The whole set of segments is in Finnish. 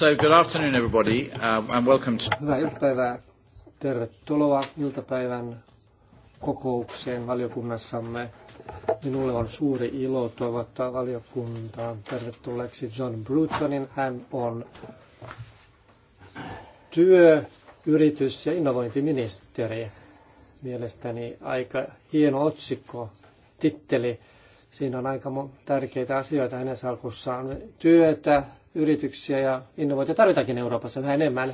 So good afternoon everybody uh, and welcome to... Hyvää iltapäivää. Tervetuloa iltapäivän kokoukseen valiokunnassamme. Minulle on suuri ilo toivottaa valiokuntaan tervetulleeksi John Brutonin. Hän on työ, yritys ja innovointiministeri. Mielestäni aika hieno otsikko, titteli. Siinä on aika tärkeitä asioita hänen salkussaan. Työtä, yrityksiä ja innovointia tarvitaankin Euroopassa vähän enemmän.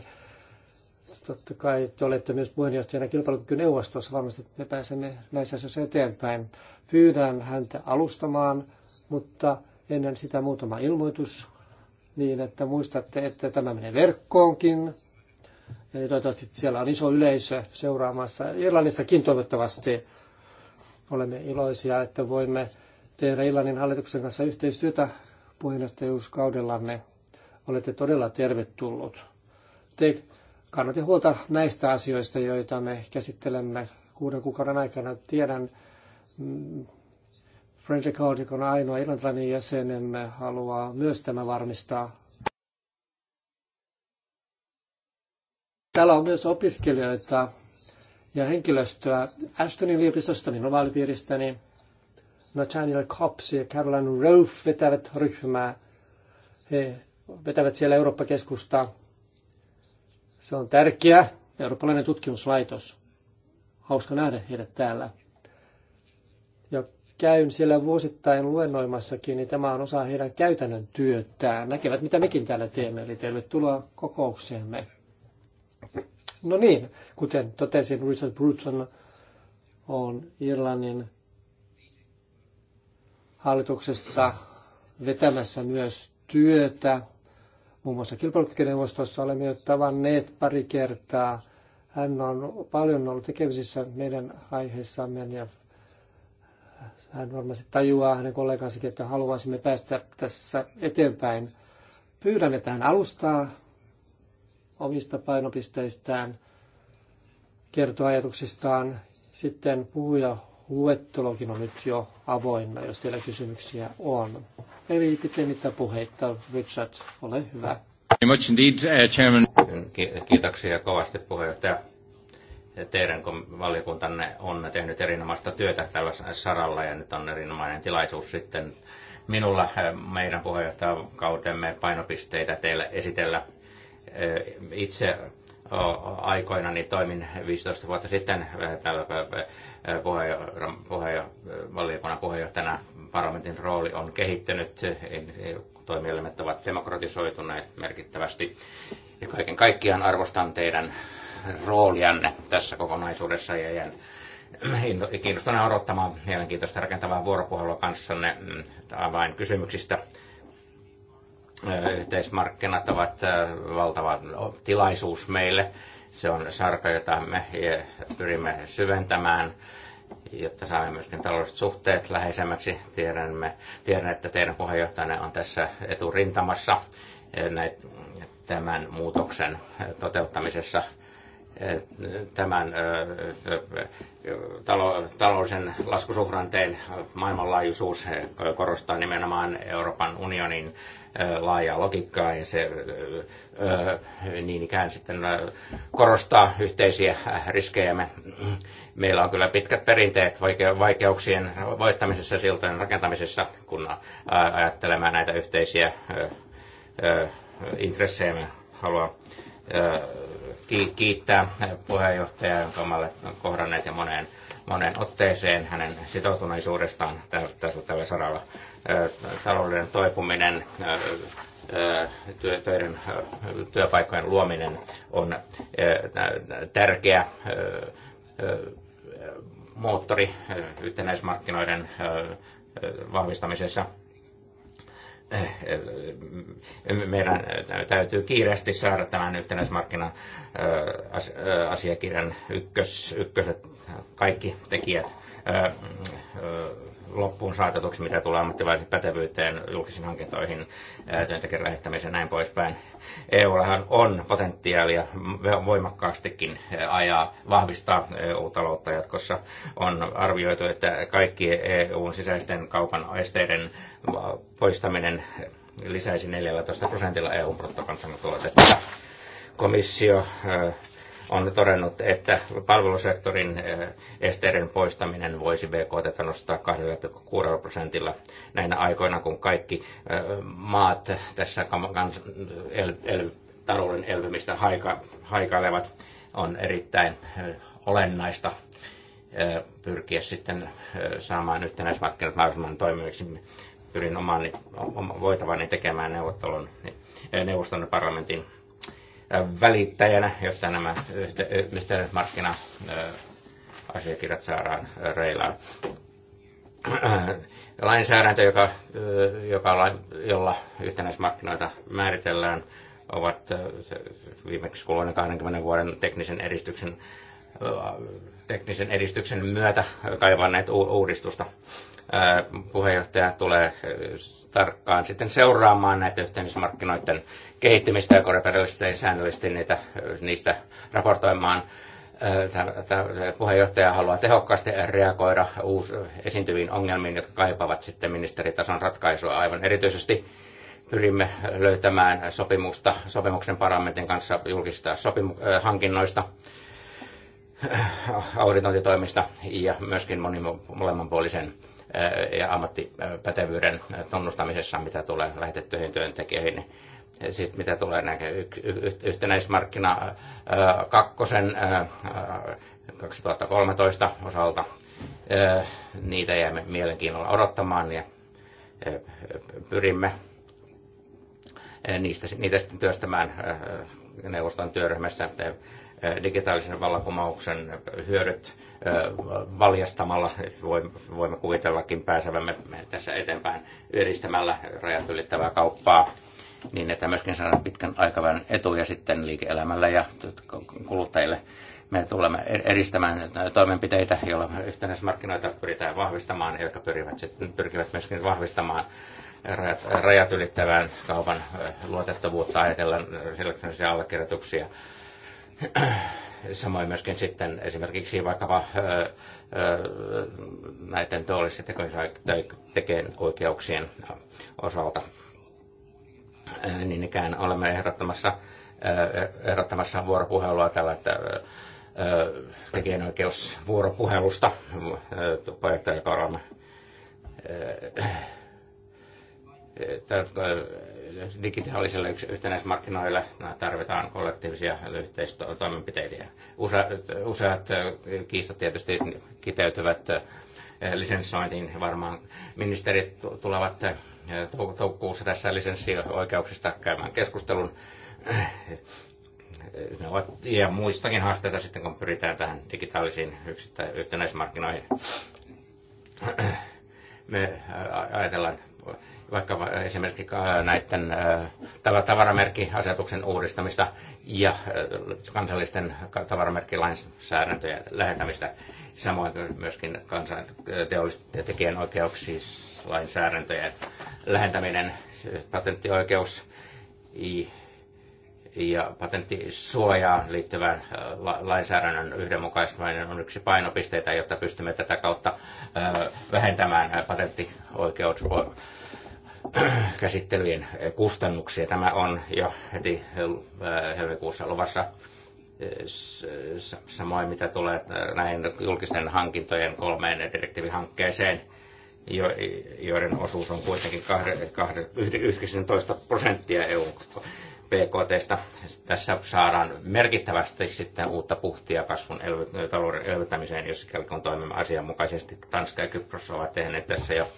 Totta kai te olette myös puheenjohtajana kilpailukykyneuvostossa, varmasti me pääsemme näissä asioissa eteenpäin. Pyydän häntä alustamaan, mutta ennen sitä muutama ilmoitus, niin että muistatte, että tämä menee verkkoonkin. Eli toivottavasti siellä on iso yleisö seuraamassa. Irlannissakin toivottavasti olemme iloisia, että voimme tehdä Irlannin hallituksen kanssa yhteistyötä puheenjohtajuuskaudellanne. Olette todella tervetullut. Te kannatte huolta näistä asioista, joita me käsittelemme kuuden kuukauden aikana. Tiedän, mm, French Accordic on ainoa irlantilainen jäsenemme, haluaa myös tämä varmistaa. Täällä on myös opiskelijoita ja henkilöstöä Ashtonin yliopistosta, minun vaalipiiristäni. Nathaniel Cops ja Caroline Roof vetävät ryhmää. He vetävät siellä Eurooppa-keskusta. Se on tärkeä eurooppalainen tutkimuslaitos. Hauska nähdä heidät täällä. Ja käyn siellä vuosittain luennoimassakin, niin tämä on osa heidän käytännön työtään. Näkevät, mitä mekin täällä teemme, eli tervetuloa kokoukseemme. No niin, kuten totesin, Richard Brutson on Irlannin hallituksessa vetämässä myös työtä. Muun muassa kilpailukykyneuvostossa olemme jo tavanneet pari kertaa. Hän on paljon ollut tekemisissä meidän aiheissamme ja hän varmasti tajuaa hänen kollegansakin, että haluaisimme päästä tässä eteenpäin. Pyydän, että hän alustaa omista painopisteistään, kertoo ajatuksistaan. Sitten puhuja luettelokin on nyt jo avoinna, jos teillä kysymyksiä on. Eli pitemmittä puheitta, Richard, ole hyvä. Much indeed, uh, chairman. Kiitoksia kovasti puheenjohtaja. Teidän valiokuntanne on tehnyt erinomaista työtä tällä saralla ja nyt on erinomainen tilaisuus sitten minulla äh, meidän puheenjohtajakautemme painopisteitä teille esitellä. Äh, itse aikoina niin toimin 15 vuotta sitten täällä valiokunnan puheenjohtajana parlamentin rooli on kehittynyt, toimielimet ovat demokratisoituneet merkittävästi ja kaiken kaikkiaan arvostan teidän roolianne tässä kokonaisuudessa ja jään kiinnostuneena odottamaan mielenkiintoista rakentavaa vuoropuhelua kanssanne mm, avainkysymyksistä kysymyksistä Yhteismarkkinat ovat valtava tilaisuus meille. Se on sarka, jota me e, pyrimme syventämään jotta saamme myöskin taloudelliset suhteet läheisemmäksi. Tiedämme, tiedän, että teidän puheenjohtajanne on tässä eturintamassa e, tämän muutoksen toteuttamisessa tämän talouden laskusuhdanteen maailmanlaajuisuus korostaa nimenomaan Euroopan unionin laajaa logiikkaa ja se niin ikään sitten korostaa yhteisiä riskejä. Meillä on kyllä pitkät perinteet vaikeuksien voittamisessa, siltojen rakentamisessa, kun ajattelemme näitä yhteisiä intressejä. Haluan kiittää puheenjohtajaa, jonka olen kohdanneet ja moneen, moneen otteeseen hänen sitoutuneisuudestaan tällä, tällä saralla. Taloudellinen toipuminen, työtöiden, työpaikkojen luominen on tärkeä moottori yhtenäismarkkinoiden vahvistamisessa – Eh, eh, meidän täytyy kiireesti saada tämän yhtenäismarkkina-asiakirjan ykkös, ykköset, kaikki tekijät loppuun saatetuksi, mitä tulee ammattilaisen pätevyyteen, julkisiin hankintoihin, työntekijän lähettämiseen ja näin poispäin. EUllahan on potentiaalia voimakkaastikin ajaa, vahvistaa EU-taloutta jatkossa. On arvioitu, että kaikki EUn sisäisten kaupan esteiden poistaminen lisäisi 14 prosentilla EUn bruttokansantuotetta. Komissio on todennut, että palvelusektorin eh, esteiden poistaminen voisi BKT nostaa 2,6 prosentilla näinä aikoina, kun kaikki eh, maat tässä eh, el, el, talouden elpymistä haika, haikailevat. On erittäin olennaista pyrkiä sitten saamaan yhtenäismarkkinat mahdollisimman toimiviksi. Pyrin omani, voitavani tekemään neuvottelun neuvoston parlamentin välittäjänä, jotta nämä yhteiset markkina-asiakirjat saadaan reilaan. Lainsäädäntö, joka, joka, jolla yhtenäismarkkinoita määritellään, ovat viimeksi kuluneen 20 vuoden teknisen edistyksen, teknisen edistyksen myötä kaivanneet uudistusta puheenjohtaja tulee tarkkaan sitten seuraamaan näitä yhteismarkkinoiden kehittymistä ja korjapäivällisesti ja säännöllisesti niitä, niistä raportoimaan. Puheenjohtaja haluaa tehokkaasti reagoida uus, esiintyviin ongelmiin, jotka kaipaavat sitten ministeritason ratkaisua. Aivan erityisesti pyrimme löytämään sopimusta sopimuksen parlamentin kanssa julkisista sopimu- hankinnoista auditointitoimista ja myöskin moni molemminpuolisen ja ammattipätevyyden tunnustamisessa, mitä tulee lähetettyihin työntekijöihin. Sitten mitä tulee yhtenäismarkkina kakkosen 2013 osalta, niitä jäämme mielenkiinnolla odottamaan ja pyrimme niistä, niitä sitten työstämään neuvoston työryhmässä digitaalisen vallankumouksen hyödyt valjastamalla. Voimme kuvitellakin pääsevämme tässä eteenpäin yhdistämällä rajat ylittävää kauppaa niin, että myöskin saadaan pitkän aikavälin etuja sitten liike-elämällä ja kuluttajille. Me tulemme edistämään toimenpiteitä, joilla yhtenäismarkkinoita pyritään vahvistamaan, jotka pyrivät sitten, pyrkivät myöskin vahvistamaan rajat, rajat ylittävään kaupan luotettavuutta ajatellen sellaisia allekirjoituksia Samoin myöskin sitten esimerkiksi vaikkapa näiden teollisten tekeen oikeuksien osalta. Niin ikään olemme ehdottamassa, ehdottamassa vuoropuhelua tällä, että tekijänoikeusvuoropuhelusta puheenjohtajakaudella digitaalisille yhtenäismarkkinoille tarvitaan kollektiivisia yhteistoimenpiteitä. Useat, useat kiistat tietysti kiteytyvät eh, lisenssointiin. Varmaan ministerit tulevat eh, toukokuussa tässä lisenssioikeuksista käymään keskustelun. Eh, ne ovat ja muistakin haasteita sitten, kun pyritään tähän digitaalisiin yhtenäismarkkinoihin. Me ajatellaan vaikka esimerkiksi äh, näiden äh, tavaramerkkiasetuksen uudistamista ja äh, kansallisten tavaramerkkilainsäädäntöjen lähetämistä, samoin myöskin kansan teollisten tekijänoikeuslainsäädäntöjen lähentäminen, patenttioikeus ja patenttisuojaan liittyvän äh, lainsäädännön yhdenmukaistaminen on yksi painopisteitä, jotta pystymme tätä kautta äh, vähentämään äh, patenttioikeus käsittelyjen kustannuksia. Tämä on jo heti helmikuussa luvassa samoin mitä tulee näihin julkisten hankintojen kolmeen direktiivihankkeeseen, joiden osuus on kuitenkin 19 prosenttia EU PKTstä. Tässä saadaan merkittävästi sitten uutta puhtia kasvun elvy- talouden elvyttämiseen, jos on toimimme asianmukaisesti. Tanska ja Kypros ovat tehneet tässä jo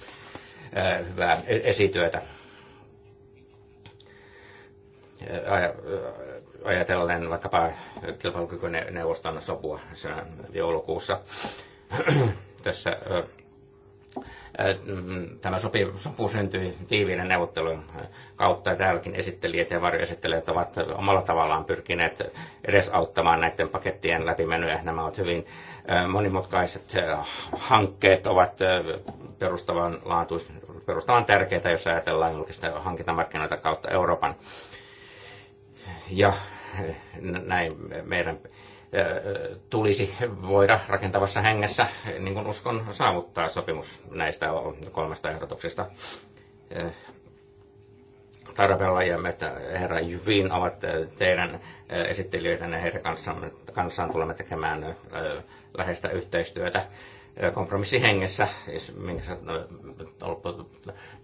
hyvää e- esityötä ajatellen vaikkapa kilpailukykyneuvoston sopua joulukuussa. Tässä Mm, tämä sopii sopu syntyi tiiviiden neuvottelujen kautta. Täälläkin esittelijät ja varjoesittelijät ovat omalla tavallaan pyrkineet edesauttamaan näiden pakettien läpimenoja. Nämä ovat hyvin monimutkaiset hankkeet, ovat perustavan, laatuis, perustavan tärkeitä, jos ajatellaan julkista hankintamarkkinoita kautta Euroopan. Ja näin meidän tulisi voida rakentavassa hengessä, niin kuin uskon, saavuttaa sopimus näistä kolmesta ehdotuksesta. Tarabella ja herra Jyvin ovat teidän ja heidän kanssaan, kanssaan tulemme tekemään läheistä yhteistyötä kompromissihengessä, minkä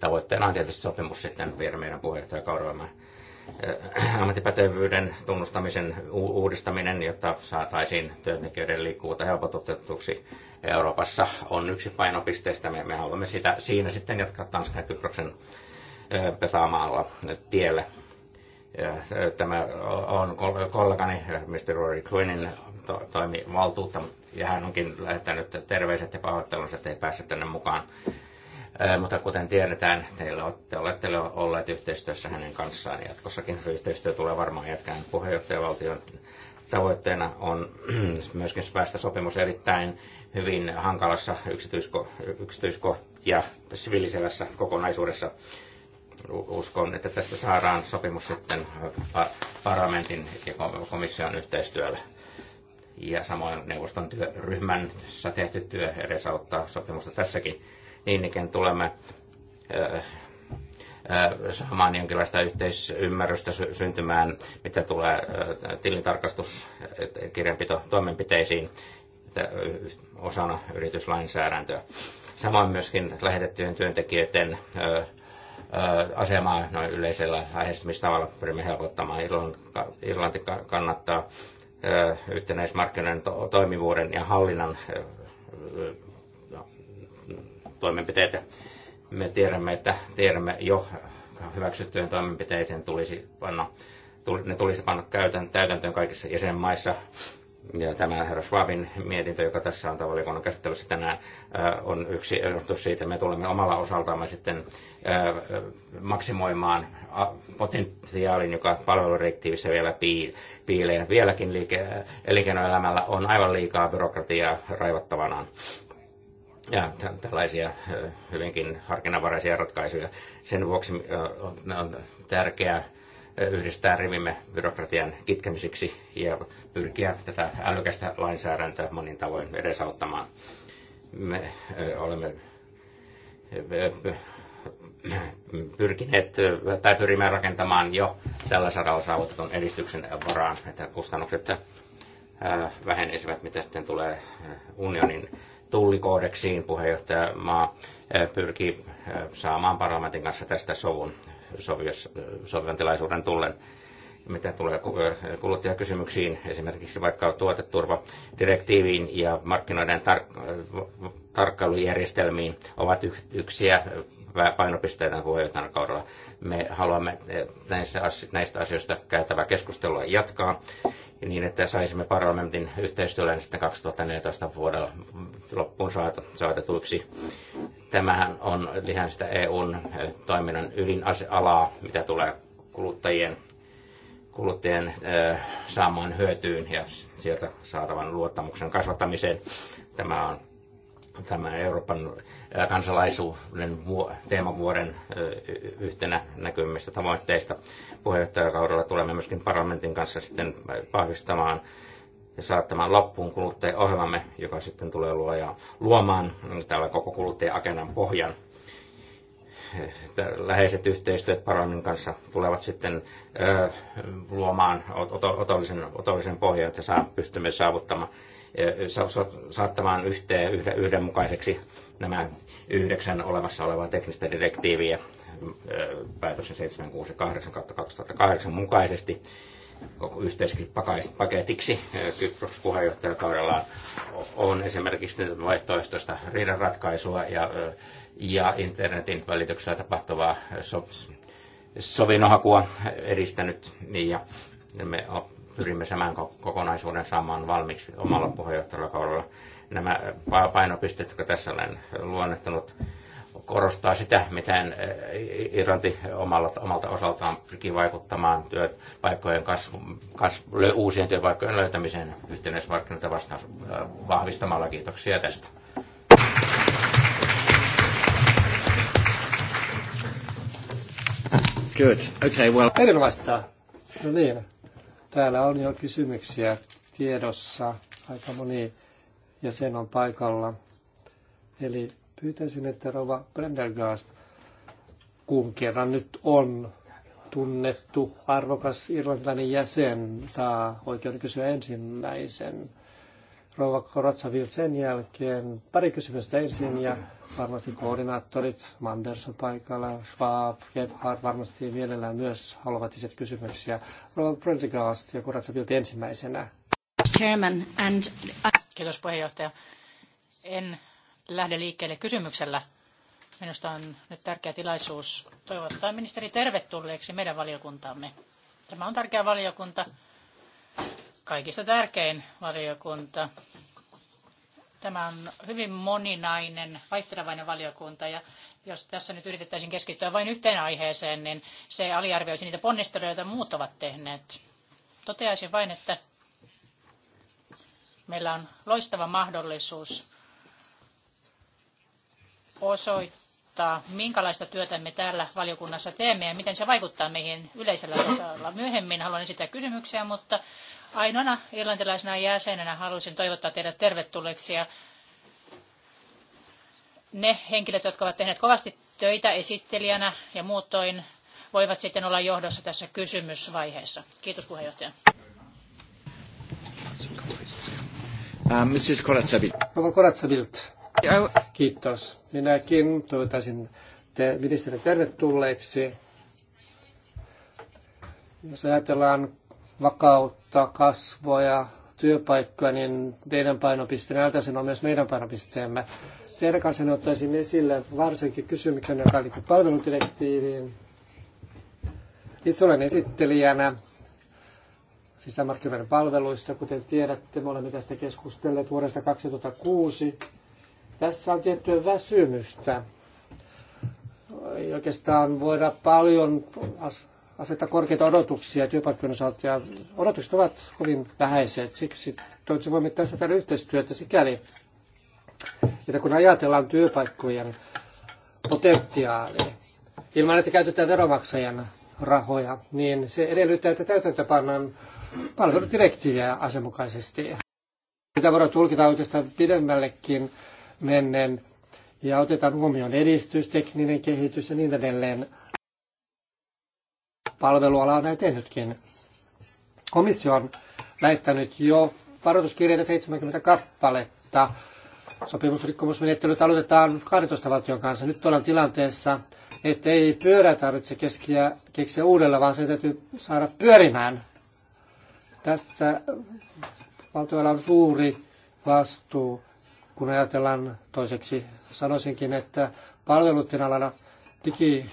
tavoitteena on tietysti sopimus sitten viedä meidän puheenjohtajakaudella Äh, ammattipätevyyden tunnustamisen uudistaminen, jotta saataisiin työntekijöiden liikkuvuutta helpotutettuksi Euroopassa, on yksi painopisteistä. Me, me haluamme sitä, siinä sitten jatkaa Tanskan ja Kyproksen äh, petaamaalla tielle. Äh, tämä on kollegani, Mr. Rory Quinnin to, toimivaltuutta, ja hän onkin lähettänyt terveiset ja pahoittelunsa, että ei päässyt tänne mukaan mutta kuten tiedetään, teillä te olette olleet yhteistyössä hänen kanssaan jatkossakin. Yhteistyö tulee varmaan jatkaan puheenjohtajavaltion tavoitteena on myöskin päästä sopimus erittäin hyvin hankalassa yksityisko, yksityiskohtia siviiliselässä kokonaisuudessa. Uskon, että tästä saadaan sopimus sitten parlamentin ja komission yhteistyöllä. Ja samoin neuvoston työryhmän tehty työ edesauttaa sopimusta tässäkin niin ikään tulemme saamaan jonkinlaista yhteisymmärrystä syntymään, mitä tulee tilintarkastuskirjanpito toimenpiteisiin osana yrityslainsäädäntöä. Samoin myöskin lähetettyjen työntekijöiden asemaa noin yleisellä lähestymistavalla pyrimme helpottamaan. Irlanti kannattaa yhtenäismarkkinoiden toimivuuden ja hallinnan toimenpiteet. Me tiedämme, että tiedämme jo hyväksyttyjen toimenpiteiden tulisi panna, ne tulisi panna käytän, täytäntöön kaikissa jäsenmaissa. Ja tämä herra Schwabin mietintö, joka tässä on tavallikunnan käsittelyssä tänään, äh, on yksi ehdotus siitä. Me tulemme omalla osaltamme sitten äh, maksimoimaan äh, potentiaalin, joka palveludirektiivissä vielä piilee. Vieläkin liike- elinkeinoelämällä on aivan liikaa byrokratiaa raivattavanaan ja tällaisia hyvinkin harkinnanvaraisia ratkaisuja. Sen vuoksi on tärkeää yhdistää rivimme byrokratian kitkemiseksi ja pyrkiä tätä älykästä lainsäädäntöä monin tavoin edesauttamaan. Me olemme pyrkineet tai pyrimme rakentamaan jo tällä saralla saavutetun edistyksen varaan, että kustannukset vähenisivät, mitä sitten tulee unionin tullikoodeksiin puheenjohtaja maa pyrki saamaan parlamentin kanssa tästä sovun sovion tilaisuuden tullen. Mitä tulee kuluttajakysymyksiin, esimerkiksi vaikka tuoteturvadirektiiviin ja markkinoiden tar- tarkkailujärjestelmiin, ovat yksiä painopisteenä puheenjohtajan kaudella. Me haluamme eh, näissä, näistä asioista käytävää keskustelua jatkaa niin, että saisimme parlamentin yhteistyöllä sitten 2014 vuodella loppuun saatetuiksi. Tämähän on lihän sitä EUn eh, toiminnan ydinalaa, mitä tulee kuluttajien kuluttajien eh, saamaan hyötyyn ja sieltä saatavan luottamuksen kasvattamiseen. Tämä on tämän Euroopan kansalaisuuden teemavuoden yhtenä näkymistä tavoitteista. Puheenjohtajakaudella tulemme myöskin parlamentin kanssa sitten vahvistamaan ja saattamaan loppuun kuluttajaohjelmamme, joka sitten tulee luoja, luomaan tällä koko kuluttaja pohjan. Läheiset yhteistyöt parlamentin kanssa tulevat sitten luomaan otollisen, otollisen pohjan, että saa, pystymme saavuttamaan saattamaan yhteen yhdenmukaiseksi nämä yhdeksän olemassa olevaa teknistä direktiiviä päätöksen 768-2008 mukaisesti koko paketiksi Kypros puheenjohtajakaudella on esimerkiksi vaihtoehtoista riidanratkaisua ja, ja internetin välityksellä tapahtuvaa so, sovinnohakua edistänyt. Ja me pyrimme saman kokonaisuuden saamaan valmiiksi omalla puheenjohtajakaudella. Nämä painopisteet, jotka tässä olen luonnettanut, korostaa sitä, miten eh, Irlanti omalta, omalta osaltaan pyrkii vaikuttamaan työpaikkojen kasvu, kasvu, uusien työpaikkojen löytämiseen yhtenäismarkkinoita vastaan eh, vahvistamalla. Kiitoksia tästä. Good. Okay, well. Erinomaista. No niin. Täällä on jo kysymyksiä tiedossa. Aika moni jäsen on paikalla. Eli pyytäisin, että Rova Brendergast, kun kerran nyt on tunnettu arvokas irlantilainen jäsen, saa oikeuden kysyä ensimmäisen. Rova Koratsa sen jälkeen pari kysymystä ensin ja varmasti koordinaattorit, Manders on paikalla, Schwab, Gebhardt varmasti mielellään myös haluavat esittää kysymyksiä. Roland Prendergast ja Kuratsapilt ensimmäisenä. Chairman and... Kiitos puheenjohtaja. En lähde liikkeelle kysymyksellä. Minusta on nyt tärkeä tilaisuus toivottaa ministeri tervetulleeksi meidän valiokuntaamme. Tämä on tärkeä valiokunta, kaikista tärkein valiokunta Tämä on hyvin moninainen, vaihtelevainen valiokunta ja jos tässä nyt yritettäisiin keskittyä vain yhteen aiheeseen, niin se aliarvioisi niitä ponnisteluja, joita muut ovat tehneet. Toteaisin vain, että meillä on loistava mahdollisuus osoittaa, minkälaista työtä me täällä valiokunnassa teemme ja miten se vaikuttaa meihin yleisellä tasolla. Myöhemmin haluan esittää kysymyksiä, mutta Ainoana irlantilaisena jäsenenä haluaisin toivottaa teidät tervetulleeksi ja ne henkilöt, jotka ovat tehneet kovasti töitä esittelijänä ja muutoin, voivat sitten olla johdossa tässä kysymysvaiheessa. Kiitos puheenjohtaja. Koratsabilt. Ähm, Kiitos. Minäkin toivotaisin te ministerin tervetulleeksi. Jos ajatellaan vakautta, kasvua ja työpaikkoja, niin teidän näiltä sen on myös meidän painopisteemme. Teidän kanssa ottaisin esille varsinkin kysymyksen, joka liittyy palveludirektiiviin. Itse olen esittelijänä sisämarkkinoiden palveluissa Kuten tiedätte, me olemme tästä keskustelleet vuodesta 2006. Tässä on tiettyä väsymystä. oikeastaan voida paljon asettaa korkeita odotuksia työpaikkojen osalta ja odotukset ovat kovin vähäiset. Siksi toivottavasti voimme tässä tehdä yhteistyötä sikäli, että kun ajatellaan työpaikkojen potentiaalia, ilman että käytetään veromaksajan rahoja, niin se edellyttää, että täytäntöpannaan palveludirektiiviä asianmukaisesti. Sitä voidaan tulkita oikeastaan pidemmällekin mennen ja otetaan huomioon edistys, tekninen kehitys ja niin edelleen palvelualaa näin tehnytkin. Komissio on lähettänyt jo varoituskirjeitä 70 kappaletta. Sopimusrikkomusmenettelyt aloitetaan 12 valtion kanssa. Nyt ollaan tilanteessa, että ei pyörää tarvitse keskiä, keksiä uudella, vaan se täytyy saada pyörimään. Tässä valtioilla on suuri vastuu, kun ajatellaan toiseksi. Sanoisinkin, että palveluiden alana digi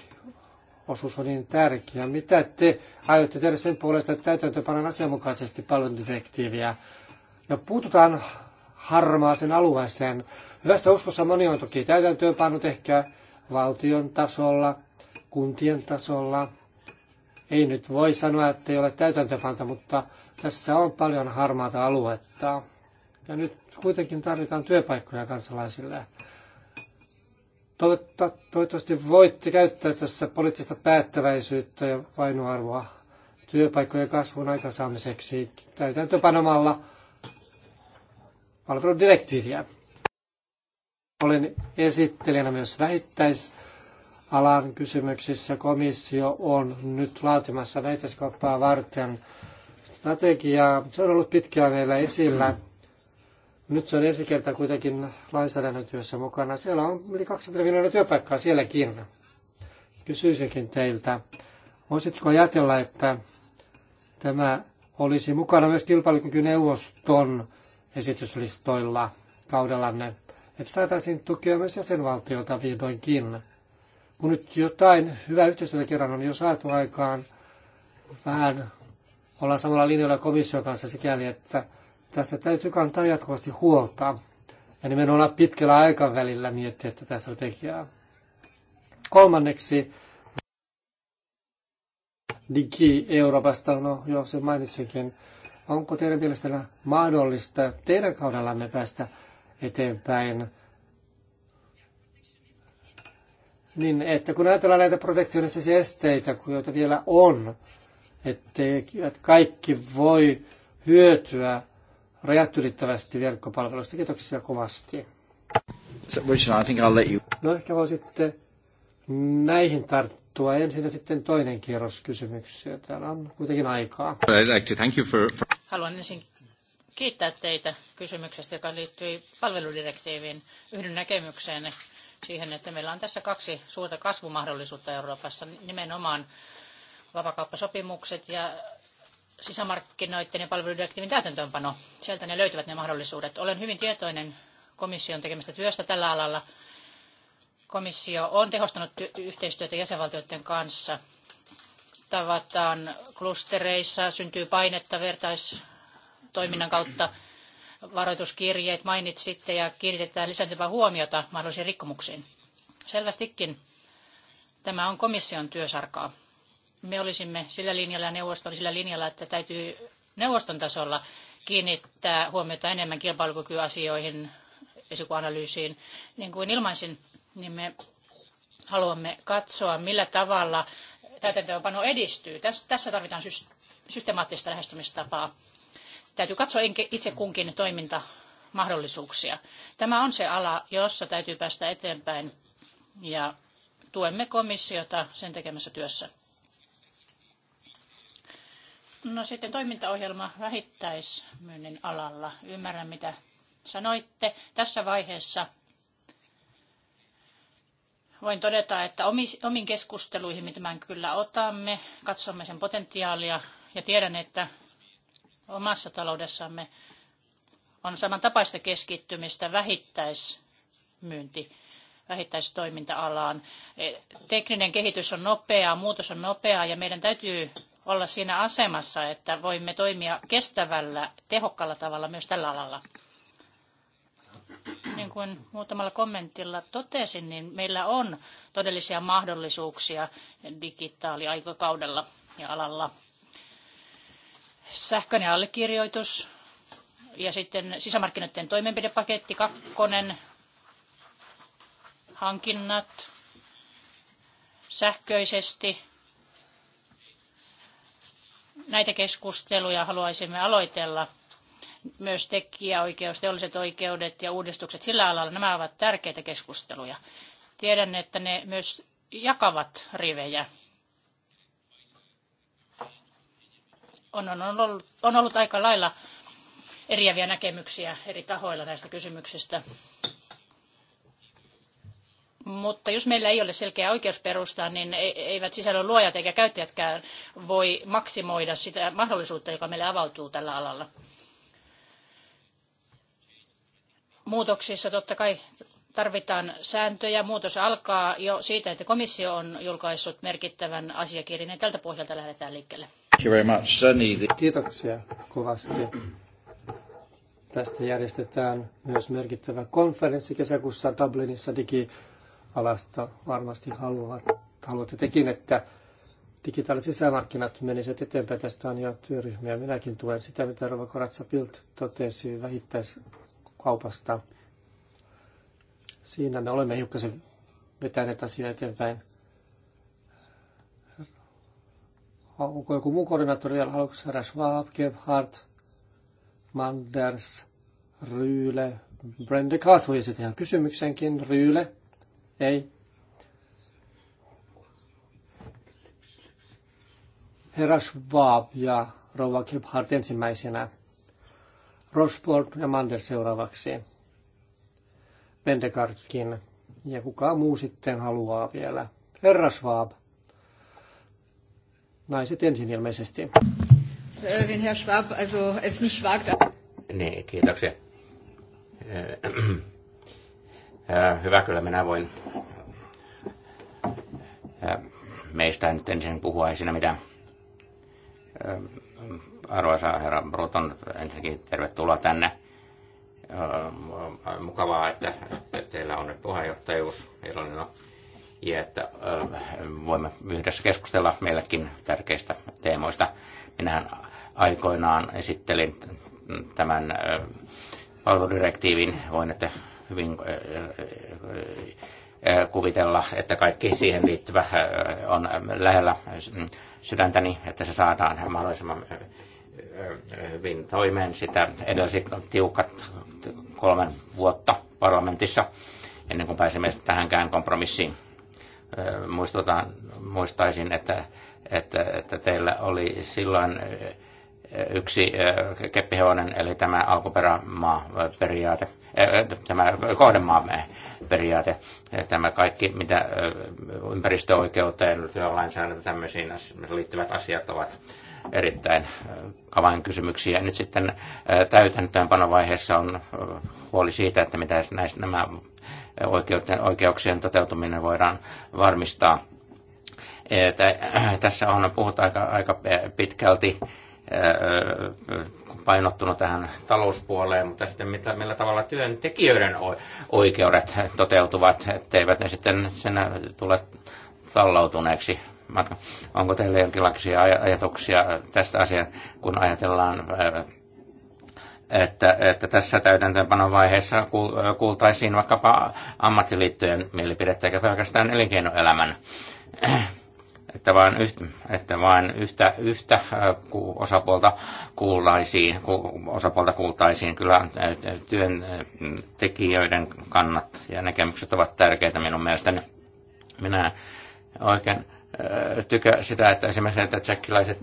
osuus on niin tärkeä. Mitä te aiotte tehdä sen puolesta, että täytäntöönpanon asianmukaisesti palveludirektiiviä ja no, puututaan harmaaseen alueeseen? Hyvässä uskossa moni on toki täytäntöönpannut ehkä valtion tasolla, kuntien tasolla. Ei nyt voi sanoa, että ei ole täytäntöönpanta, mutta tässä on paljon harmaata aluetta. Ja nyt kuitenkin tarvitaan työpaikkoja kansalaisille. Toivottavasti voitte käyttää tässä poliittista päättäväisyyttä ja painoarvoa työpaikkojen kasvun aikaansaamiseksi täytäntöpanomalla palveludirektiiviä. Olen esittelijänä myös vähittäisalan kysymyksissä. Komissio on nyt laatimassa vähittäiskauppaa varten strategiaa. Se on ollut pitkään meillä esillä. Mm nyt se on ensi kertaa kuitenkin lainsäädännötyössä mukana. Siellä on yli 20 miljoonaa työpaikkaa sielläkin. Kysyisinkin teiltä, voisitko ajatella, että tämä olisi mukana myös kilpailukykyneuvoston esityslistoilla kaudellanne, että saataisiin tukea myös jäsenvaltiota vihdoinkin. Kun nyt jotain hyvää yhteistyötä kerran on jo saatu aikaan, vähän ollaan samalla linjalla komission kanssa sikäli, että tässä täytyy kantaa jatkuvasti huolta ja nimenomaan pitkällä aikavälillä miettiä tätä strategiaa. Kolmanneksi Digi Euroopasta, no joo, se mainitsinkin. Onko teidän mielestänne mahdollista teidän kaudellanne päästä eteenpäin? Niin, että kun ajatellaan näitä protektionistisia esteitä, joita vielä on, että kaikki voi hyötyä rajat ylittävästi verkkopalveluista. Kiitoksia kovasti. So, Richard, I think I'll let you... No ehkä sitten näihin tarttua ensin ja sitten toinen kierros kysymyksiä. Täällä on kuitenkin aikaa. Thank you for, for... Haluan ensin kiittää teitä kysymyksestä, joka liittyi palveludirektiiviin. yhden näkemykseen siihen, että meillä on tässä kaksi suurta kasvumahdollisuutta Euroopassa, nimenomaan vapakauppasopimukset ja sisämarkkinoiden ja palveludirektiivin täytäntöönpano. Sieltä ne löytyvät ne mahdollisuudet. Olen hyvin tietoinen komission tekemästä työstä tällä alalla. Komissio on tehostanut yhteistyötä jäsenvaltioiden kanssa. Tavataan klustereissa, syntyy painetta vertaistoiminnan kautta. Varoituskirjeet mainitsitte ja kiinnitetään lisääntyvää huomiota mahdollisiin rikkomuksiin. Selvästikin tämä on komission työsarkaa me olisimme sillä linjalla ja neuvosto oli sillä linjalla, että täytyy neuvoston tasolla kiinnittää huomiota enemmän kilpailukykyasioihin, esikuanalyysiin. Niin kuin ilmaisin, niin me haluamme katsoa, millä tavalla täytäntöönpano edistyy. Tässä tarvitaan systemaattista lähestymistapaa. Täytyy katsoa itse kunkin toimintamahdollisuuksia. Tämä on se ala, jossa täytyy päästä eteenpäin ja tuemme komissiota sen tekemässä työssä. No sitten toimintaohjelma vähittäismyynnin alalla. Ymmärrän, mitä sanoitte. Tässä vaiheessa voin todeta, että omiin keskusteluihin me tämän kyllä otamme, katsomme sen potentiaalia ja tiedän, että omassa taloudessamme on samantapaista keskittymistä vähittäismyynti vähittäistoiminta-alaan. E, tekninen kehitys on nopeaa, muutos on nopeaa ja meidän täytyy olla siinä asemassa, että voimme toimia kestävällä, tehokkaalla tavalla myös tällä alalla. Niin kuin muutamalla kommentilla totesin, niin meillä on todellisia mahdollisuuksia digitaaliaikakaudella ja alalla. Sähköinen allekirjoitus ja sitten sisämarkkinoiden toimenpidepaketti kakkonen, hankinnat sähköisesti näitä keskusteluja haluaisimme aloitella. Myös tekijäoikeus, teolliset oikeudet ja uudistukset sillä alalla, nämä ovat tärkeitä keskusteluja. Tiedän, että ne myös jakavat rivejä. On, on, on, ollut, on ollut aika lailla eriäviä näkemyksiä eri tahoilla näistä kysymyksistä. Mutta jos meillä ei ole selkeää oikeusperustaa, niin e- eivät sisällön luojat eikä käyttäjätkään voi maksimoida sitä mahdollisuutta, joka meille avautuu tällä alalla. Muutoksissa totta kai tarvitaan sääntöjä. Muutos alkaa jo siitä, että komissio on julkaissut merkittävän asiakirjan ja tältä pohjalta lähdetään liikkeelle. Kiitoksia kovasti. Tästä järjestetään myös merkittävä konferenssi kesäkuussa Dublinissa digi alasta varmasti haluavat, haluatte tekin, että digitaaliset sisämarkkinat menisivät eteenpäin. Tästä on jo työryhmiä. Minäkin tuen sitä, mitä Rova Koratsa Pilt totesi vähittäiskaupasta. Siinä me olemme hiukkasen vetäneet asiaa eteenpäin. Onko joku muu koordinaattori vielä? Haluatko Schwab, Gebhardt, Manders, Ryyle, Brenda Kaas voi esittää kysymyksenkin. Ryyle. Ei. Herra Schwab ja Rova Kephart ensimmäisenä. Rosport ja Mander seuraavaksi. Vendekartkin ja kuka muu sitten haluaa vielä. Herra Schwab. Naiset ensin ilmeisesti. Wenn äh, Herr Schwab also es nicht wagt... Nee, niin, kiitoksia. Äh, Hyvä, kyllä minä voin meistä nyt ensin puhua, ei siinä mitään. Arvoisa herra Bruton, ensinnäkin tervetuloa tänne. Mukavaa, että teillä on nyt puheenjohtajuus, ironina. No, ja että voimme yhdessä keskustella meillekin tärkeistä teemoista. Minähän aikoinaan esittelin tämän palveludirektiivin. Voin, että hyvin äh, äh, äh, kuvitella, että kaikki siihen liittyvä on ähm, lähellä mm, sydäntäni, että se saadaan mahdollisimman hyvin toimeen. Sitä edelsi tiukat kolmen vuotta parlamentissa ennen kuin pääsimme tähänkään kompromissiin. Muistutan, muistaisin, että, että, että teillä oli silloin yksi keppihevonen, eli tämä alkuperämaa periaate, tämä kohdemaa periaate, tämä kaikki, mitä ympäristöoikeuteen, työlainsäädäntö, tämmöisiin liittyvät asiat ovat erittäin avainkysymyksiä. Nyt sitten täytäntöönpanovaiheessa on huoli siitä, että mitä näistä, nämä oikeuksien toteutuminen voidaan varmistaa. Että äh, tässä on puhuttu aika, aika pitkälti painottunut tähän talouspuoleen, mutta sitten mitä, millä tavalla työntekijöiden oikeudet toteutuvat, etteivät ne sitten sen tule tallautuneeksi. Onko teillä jonkinlaisia ajatuksia tästä asiaa, kun ajatellaan että, että tässä vaiheessa kuultaisiin vaikkapa ammattiliittojen mielipidettä eikä pelkästään elinkeinoelämän että vain, yhtä, että vain yhtä, yhtä osapuolta kuullaisiin, osapuolta kuultaisiin. Kyllä työntekijöiden kannat ja näkemykset ovat tärkeitä minun mielestäni. Minä oikein tykä sitä, että esimerkiksi että tsekkiläiset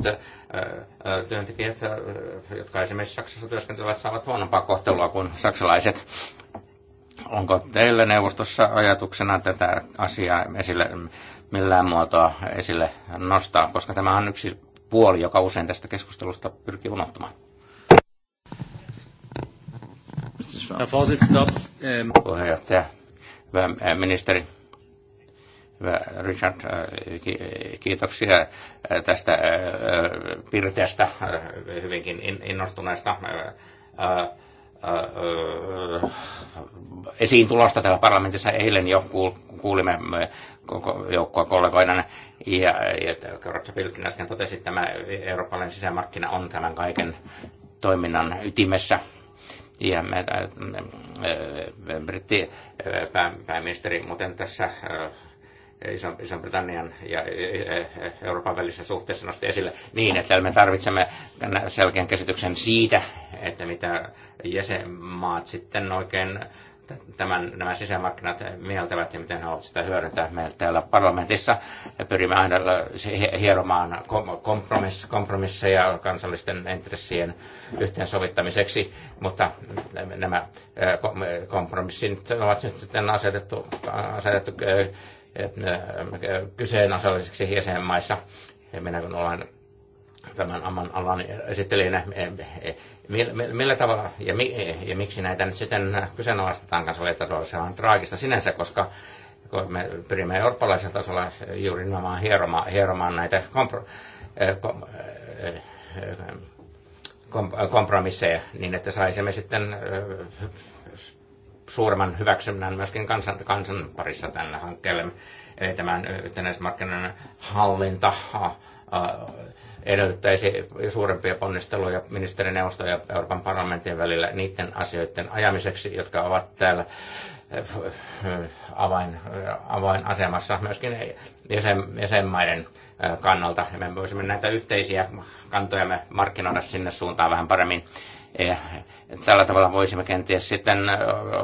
työntekijät, jotka esimerkiksi Saksassa työskentelevät, saavat huonompaa kohtelua kuin saksalaiset. Onko teille neuvostossa ajatuksena tätä asiaa esille millään muotoa esille nostaa, koska tämä on yksi puoli, joka usein tästä keskustelusta pyrkii unohtamaan. Ähm, Puheenjohtaja, hyvä äh, ministeri, hyvä Richard, äh, kiitoksia äh, tästä pirteästä, hyvinkin innostuneesta Äh, äh, esiin tulosta täällä parlamentissa. Eilen jo kuulimme äh, koko joukkoa kollegoina, ja, ja Rotsa Pilkin äsken totesi, että tämä eurooppalainen sisämarkkina on tämän kaiken toiminnan ytimessä. Ja me, me, me, britti pääministeri muuten tässä Iso-Britannian ja Euroopan välisessä suhteessa nosti esille niin, että me tarvitsemme selkeän käsityksen siitä, että mitä jäsenmaat sitten oikein tämän, nämä sisämarkkinat mieltävät ja miten he ovat sitä hyödyntää. Meillä täällä parlamentissa pyrimme aina hieromaan kompromiss, kompromisseja kansallisten intressien yhteensovittamiseksi, mutta nämä kompromissit ovat nyt sitten asetettu, asetettu kyseenalaiseksi jäsenmaissa. minä kun olen tämän aman alan esittelijänä, millä tavalla ja, mi, ja miksi näitä nyt sitten kyseenalaistetaan kansallista tasolla, se on traagista sinänsä, koska kun me pyrimme eurooppalaisella tasolla juuri nimenomaan hieromaan, hieromaan näitä kompro, kom, kompromisseja niin, että saisimme sitten suuremman hyväksynnän myöskin kansan, kansan parissa tällä hankkeella. Eli tämän yhtenäismarkkinan hallinta edellyttäisi suurempia ponnisteluja ministerineuvoston ja Euroopan parlamentin välillä niiden asioiden ajamiseksi, jotka ovat täällä avain, avainasemassa myöskin jäsen, jäsenmaiden kannalta. ja Me voisimme näitä yhteisiä kantoja markkinoida sinne suuntaan vähän paremmin. Eh, tällä tavalla voisimme kenties sitten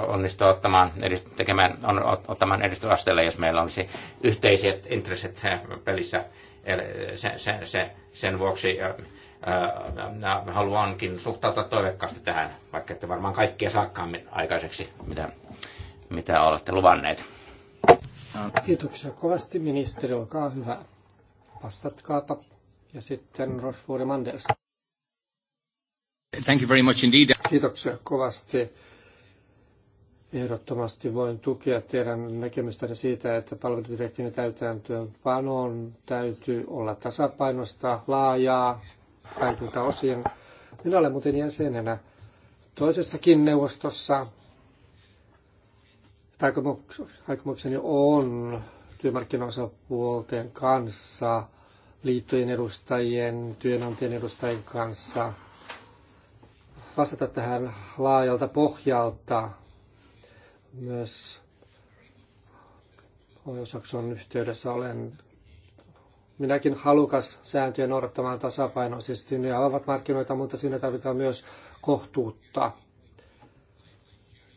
onnistua ottamaan, tekemään, on, ottamaan edistysasteelle, jos meillä olisi yhteiset intressit eh, pelissä. Eli se, se, se, sen vuoksi ää, haluankin suhtautua toivekkaasti tähän, vaikka ette varmaan kaikkia saakkaan aikaiseksi, mitä, mitä olette luvanneet. Kiitoksia kovasti ministeri, olkaa hyvä. Vastatkaapa ja sitten Rochefort Manders. Thank you very much indeed. Kiitoksia kovasti. Ehdottomasti voin tukea teidän näkemystänne siitä, että palveludirektiivin täytäntöönpanoon täytyy olla tasapainosta, laajaa, kaikilta osin. Minä olen muuten jäsenenä toisessakin neuvostossa. Aikomukseni on työmarkkinaosapuolten kanssa, liittojen edustajien, työnantajien edustajien kanssa – vastata tähän laajalta pohjalta myös ohjausjakson yhteydessä olen minäkin halukas sääntöjen noudattamaan tasapainoisesti. Ne avaavat markkinoita, mutta siinä tarvitaan myös kohtuutta.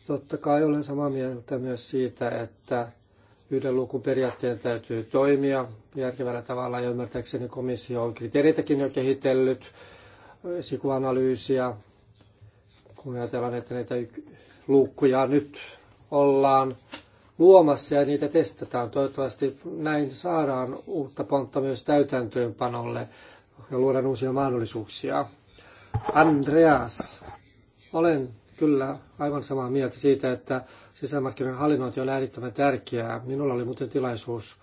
Totta kai olen samaa mieltä myös siitä, että yhden luukun periaatteen täytyy toimia järkevällä tavalla ja ymmärtääkseni komissio on kriteereitäkin jo kehitellyt, esikuvanalyysiä, kun ajatellaan, että näitä luukkuja nyt ollaan luomassa ja niitä testataan. Toivottavasti näin saadaan uutta pontta myös täytäntöönpanolle ja luodaan uusia mahdollisuuksia. Andreas, olen kyllä aivan samaa mieltä siitä, että sisämarkkinoiden hallinnointi on äärittömän tärkeää. Minulla oli muuten tilaisuus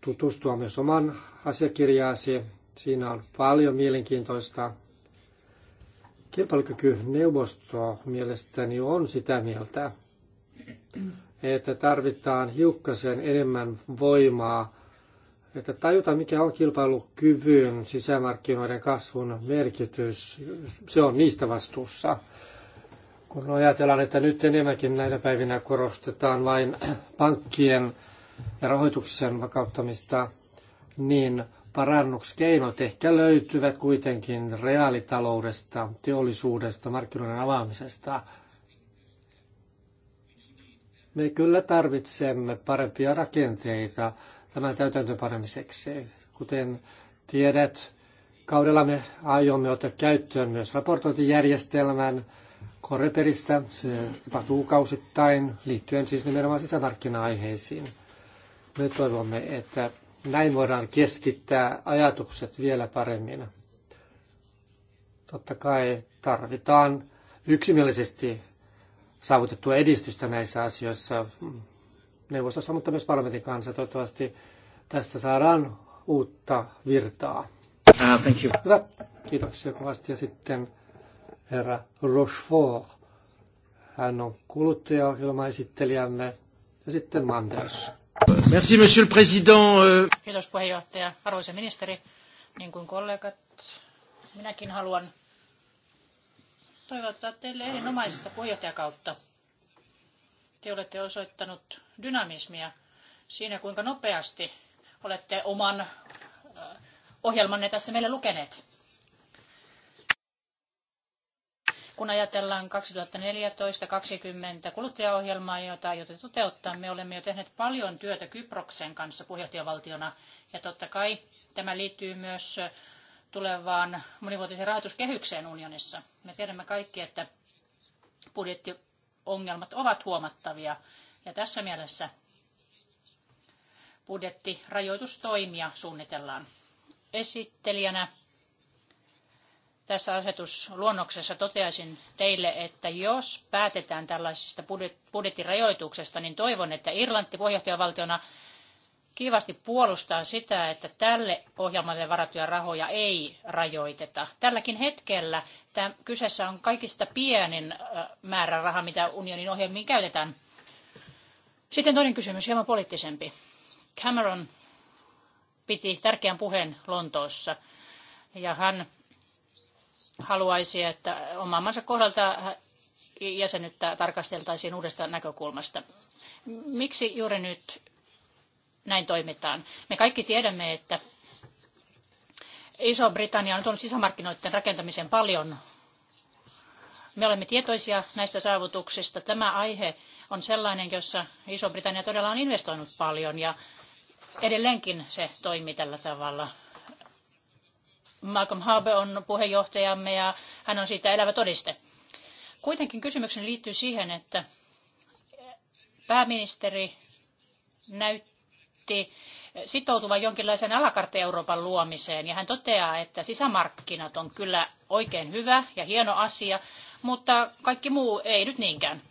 tutustua myös oman asiakirjaasi. Siinä on paljon mielenkiintoista Kilpailukykyneuvosto mielestäni on sitä mieltä, että tarvitaan hiukkasen enemmän voimaa, että tajuta mikä on kilpailukyvyn sisämarkkinoiden kasvun merkitys. Se on niistä vastuussa. Kun ajatellaan, että nyt enemmänkin näinä päivinä korostetaan vain pankkien ja rahoituksen vakauttamista, niin parannuskeinot ehkä löytyvät kuitenkin reaalitaloudesta, teollisuudesta, markkinoiden avaamisesta. Me kyllä tarvitsemme parempia rakenteita tämän täytäntöpanemiseksi. Kuten tiedät, kaudella me aiomme ottaa käyttöön myös raportointijärjestelmän Koreperissä. Se tapahtuu kausittain liittyen siis nimenomaan sisämarkkina-aiheisiin. Me toivomme, että näin voidaan keskittää ajatukset vielä paremmin. Totta kai tarvitaan yksimielisesti saavutettua edistystä näissä asioissa neuvostossa, mutta myös parlamentin kanssa. Toivottavasti tässä saadaan uutta virtaa. Uh, thank you. Hyvä. Kiitoksia kovasti. Ja sitten herra Rochefort. Hän on kuluttajaohjelmaesittelijämme. Ja sitten Manders. Merci, monsieur le président. Euh, Kiitos puheenjohtaja. Arvoisa ministeri, niin kuin kollegat, minäkin haluan toivottaa teille erinomaista puheenjohtajakautta. Te olette osoittanut dynamismia siinä, kuinka nopeasti olette oman äh, ohjelmanne tässä meille lukeneet. kun ajatellaan 2014-2020 kuluttajaohjelmaa, jota aiotte toteuttaa, me olemme jo tehneet paljon työtä Kyproksen kanssa puheenjohtajavaltiona. Ja totta kai tämä liittyy myös tulevaan monivuotiseen rahoituskehykseen unionissa. Me tiedämme kaikki, että budjettiongelmat ovat huomattavia. Ja tässä mielessä budjettirajoitustoimia suunnitellaan. Esittelijänä tässä asetusluonnoksessa toteaisin teille, että jos päätetään tällaisesta budjettirajoituksesta, niin toivon, että Irlanti puheenjohtajavaltiona kiivasti puolustaa sitä, että tälle ohjelmalle varattuja rahoja ei rajoiteta. Tälläkin hetkellä tämä kyseessä on kaikista pienin määräraha, mitä unionin ohjelmiin käytetään. Sitten toinen kysymys, hieman poliittisempi. Cameron piti tärkeän puheen Lontoossa ja hän haluaisi, että oman maansa kohdalta jäsenyyttä tarkasteltaisiin uudesta näkökulmasta. Miksi juuri nyt näin toimitaan? Me kaikki tiedämme, että Iso-Britannia on tuonut sisämarkkinoiden rakentamisen paljon. Me olemme tietoisia näistä saavutuksista. Tämä aihe on sellainen, jossa Iso-Britannia todella on investoinut paljon ja edelleenkin se toimii tällä tavalla. Malcolm Harbour on puheenjohtajamme ja hän on siitä elävä todiste. Kuitenkin kysymykseni liittyy siihen, että pääministeri näytti sitoutuvan jonkinlaisen alakartte Euroopan luomiseen ja hän toteaa, että sisämarkkinat on kyllä oikein hyvä ja hieno asia, mutta kaikki muu ei nyt niinkään.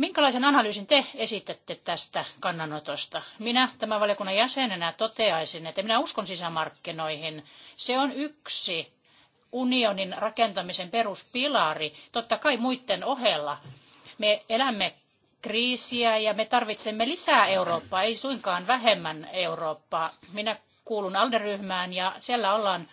Minkälaisen analyysin te esitätte tästä kannanotosta? Minä tämän valiokunnan jäsenenä toteaisin, että minä uskon sisämarkkinoihin. Se on yksi unionin rakentamisen peruspilari, totta kai muiden ohella. Me elämme kriisiä ja me tarvitsemme lisää Eurooppaa, ei suinkaan vähemmän Eurooppaa. Minä kuulun alderyhmään ja siellä ollaan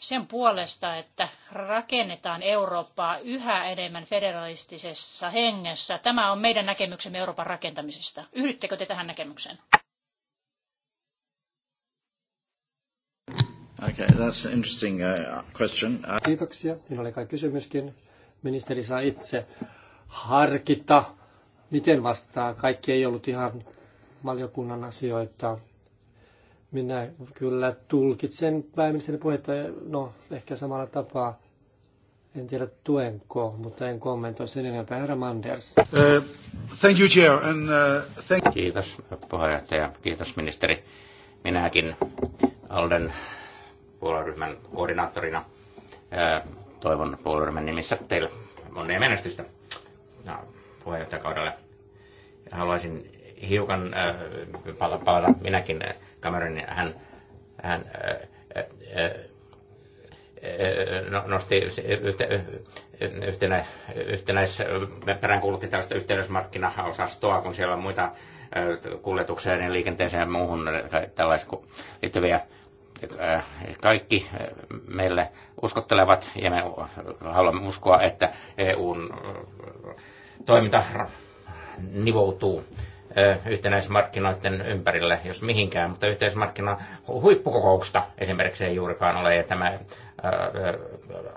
sen puolesta, että rakennetaan Eurooppaa yhä enemmän federalistisessa hengessä. Tämä on meidän näkemyksemme Euroopan rakentamisesta. Yhdyttekö te tähän näkemykseen? Okay, that's an interesting uh, question. Uh, Kiitoksia. Siinä oli kai kysymyskin. Ministeri saa itse harkita, miten vastaa. Kaikki ei ollut ihan valiokunnan asioita. Minä kyllä tulkitsen pääministerin puhetta, no ehkä samalla tapaa. En tiedä tuenko, mutta en kommentoi sen enempää. Herra Manders. Uh, thank you, Chair. And, uh, thank... Kiitos puheenjohtaja, kiitos ministeri. Minäkin Alden puolueryhmän koordinaattorina uh, toivon puolueryhmän nimissä teille onnea menestystä uh, puheenjohtajakaudelle. Haluaisin hiukan äh, palata minäkin Cameronin. Äh, niin hän, hän nosti yhtenä, yhtenäis, peräänkuulutti tällaista yhteydysmarkkinaosastoa, kun siellä on muita äh, kuljetukseen ja liikenteeseen ja muuhun tällaisia liittyviä kaikki meille uskottelevat ja me haluamme uskoa, että EUn toiminta nivoutuu yhtenäismarkkinoiden ympärille, jos mihinkään, mutta yhteismarkkina huippukokousta esimerkiksi ei juurikaan ole, ja tämä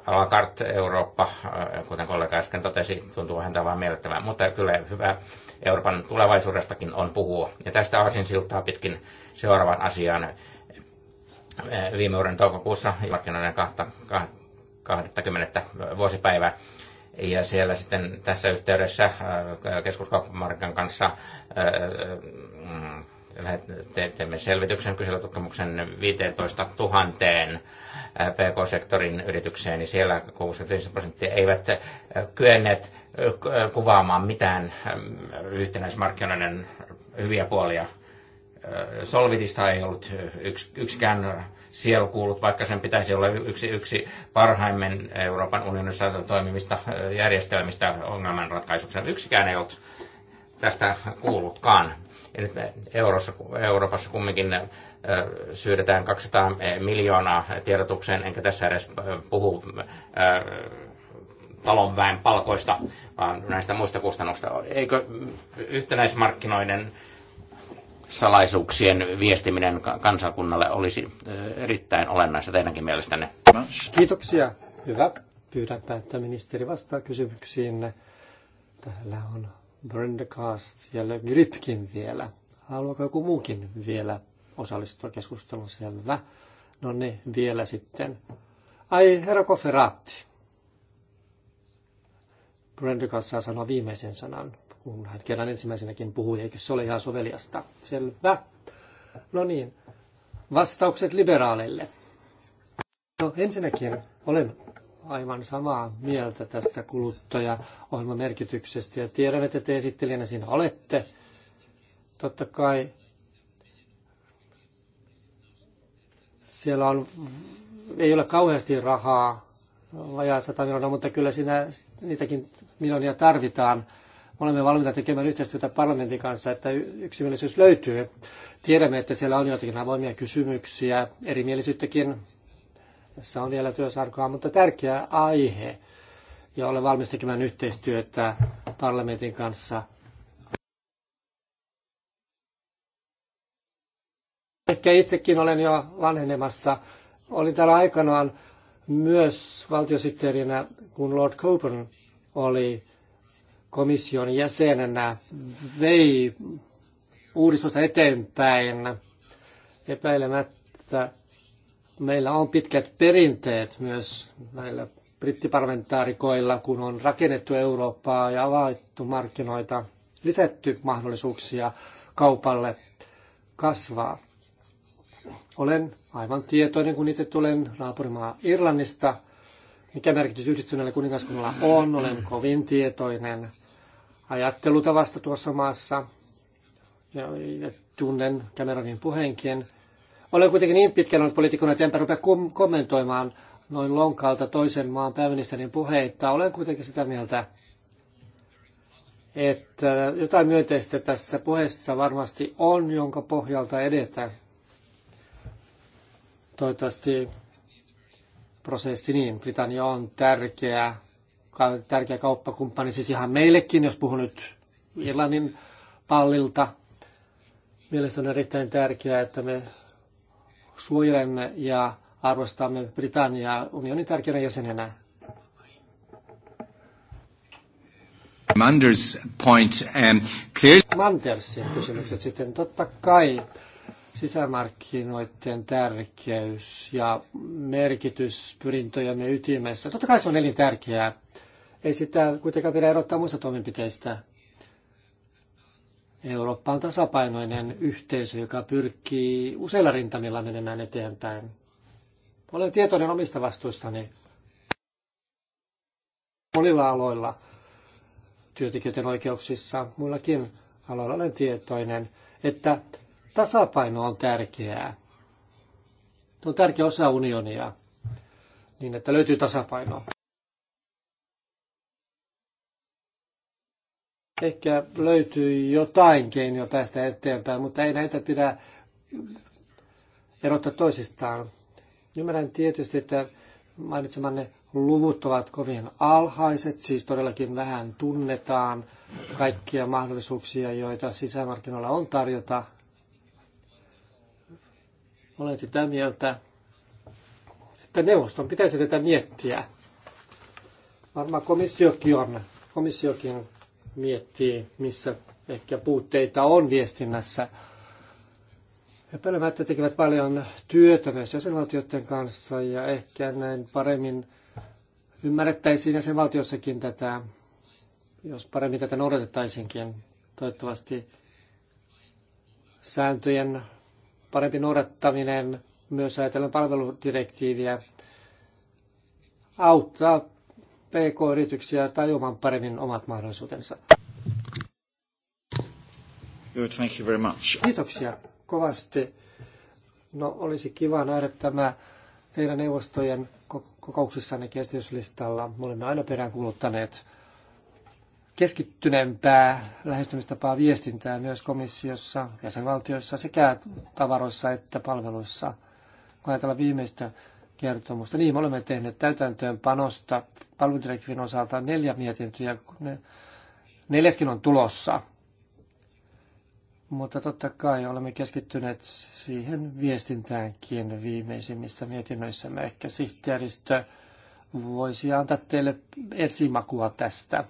Alakart Eurooppa, kuten kollega äsken totesi, tuntuu häntä vain miellyttävää, mutta kyllä hyvä Euroopan tulevaisuudestakin on puhua. Ja tästä asin siltaa pitkin seuraavan asiaan. Viime vuoden toukokuussa markkinoiden 20 vuosipäivää ja siellä sitten tässä yhteydessä äh, keskuskauppamarkan kanssa äh, äh, teemme selvityksen kyselytutkimuksen 15 000 PK-sektorin yritykseen, niin siellä 65 prosenttia eivät kyenneet kuvaamaan mitään yhtenäismarkkinoiden hyviä puolia. Solvitista ei ollut yksikään sielukuulut, vaikka sen pitäisi olla yksi, yksi parhaimmin Euroopan unionissa toimivista järjestelmistä ongelmanratkaisukseen. Yksikään ei ollut tästä kuullutkaan. Ja nyt Euroopassa, Euroopassa kumminkin syydetään 200 miljoonaa tiedotukseen, enkä tässä edes puhu talonväen palkoista, vaan näistä muista kustannuksista. Eikö yhtenäismarkkinoiden salaisuuksien viestiminen kansakunnalle olisi erittäin olennaista teidänkin mielestänne. Kiitoksia. Hyvä. Pyydänpä, että ministeri vastaa kysymyksiin. Täällä on Brenda ja Le Gripkin vielä. Haluaako joku muukin vielä osallistua keskusteluun selvä? No niin, vielä sitten. Ai, herra Koferaatti. Brenda saa sanoa viimeisen sanan kun hän kerran ensimmäisenäkin puhui, eikö se ole ihan soveliasta? Selvä. No niin, vastaukset liberaaleille. No ensinnäkin olen aivan samaa mieltä tästä kuluttajaohjelman merkityksestä ja tiedän, että te esittelijänä siinä olette. Totta kai siellä on, ei ole kauheasti rahaa, vajaa 100 miljoonaa, mutta kyllä siinä niitäkin miljoonia tarvitaan olemme valmiita tekemään yhteistyötä parlamentin kanssa, että yksimielisyys löytyy. Tiedämme, että siellä on joitakin avoimia kysymyksiä, erimielisyyttäkin. Tässä on vielä työsarkaa, mutta tärkeä aihe. Ja olen valmis tekemään yhteistyötä parlamentin kanssa. Ehkä itsekin olen jo vanhenemassa. Olin täällä aikanaan myös valtiosihteerinä, kun Lord Coburn oli komission jäsenenä vei uudistusta eteenpäin. Epäilemättä meillä on pitkät perinteet myös näillä brittiparlamentaarikoilla, kun on rakennettu Eurooppaa ja avattu markkinoita, lisätty mahdollisuuksia kaupalle kasvaa. Olen aivan tietoinen, kun itse tulen naapurimaa Irlannista, mikä merkitys yhdistyneellä kuningaskunnalla on, olen kovin tietoinen – ajattelutavasta tuossa maassa. Ja, ja tunnen Cameronin puheenkin. Olen kuitenkin niin pitkän ollut poliitikkona, että enpä rupea kom- kommentoimaan noin lonkalta toisen maan pääministerin puheita. Olen kuitenkin sitä mieltä, että jotain myönteistä tässä puheessa varmasti on, jonka pohjalta edetään. Toivottavasti prosessi niin. Britannia on tärkeä tärkeä kauppakumppani, siis ihan meillekin, jos puhun nyt Irlannin pallilta. Mielestäni on erittäin tärkeää, että me suojelemme ja arvostamme Britanniaa unionin tärkeänä jäsenenä. Manders point, um, clear... Mandersin kysymykset sitten. Totta kai sisämarkkinoiden tärkeys ja merkitys pyrintöjemme ytimessä. Totta kai se on elintärkeää. Ei sitä kuitenkaan pidä erottaa muista toimenpiteistä. Eurooppa on tasapainoinen yhteisö, joka pyrkii useilla rintamilla menemään eteenpäin. Olen tietoinen omista vastuistani monilla aloilla, työntekijöiden oikeuksissa, muillakin aloilla olen tietoinen, että tasapaino on tärkeää. Se on tärkeä osa unionia, niin että löytyy tasapaino. Ehkä löytyy jotain keinoja päästä eteenpäin, mutta ei näitä pidä erottaa toisistaan. Ymmärrän tietysti, että mainitsemanne luvut ovat kovin alhaiset, siis todellakin vähän tunnetaan kaikkia mahdollisuuksia, joita sisämarkkinoilla on tarjota olen sitä mieltä, että neuvoston pitäisi tätä miettiä. Varmaan komissiokin on. Komissiokin miettii, missä ehkä puutteita on viestinnässä. Epäilemättä tekevät paljon työtä myös jäsenvaltioiden kanssa ja ehkä näin paremmin ymmärrettäisiin jäsenvaltiossakin tätä, jos paremmin tätä noudatettaisinkin. Toivottavasti sääntöjen parempi noudattaminen, myös ajatellen palveludirektiiviä, auttaa PK-yrityksiä oman paremmin omat mahdollisuutensa. Good, thank you very much. Kiitoksia kovasti. No olisi kiva nähdä tämä teidän neuvostojen kokouksissanne kestityslistalla. Me olemme aina peräänkuuluttaneet keskittyneempää lähestymistapaa viestintää myös komissiossa, jäsenvaltioissa sekä tavaroissa että palveluissa. Kun ajatellaan viimeistä kertomusta, niin me olemme tehneet täytäntöön panosta palveludirektiivin osalta neljä mietintöjä, neljäskin on tulossa. Mutta totta kai olemme keskittyneet siihen viestintäänkin viimeisimmissä mietinnöissämme. Ehkä sihteeristö voisi antaa teille esimakua tästä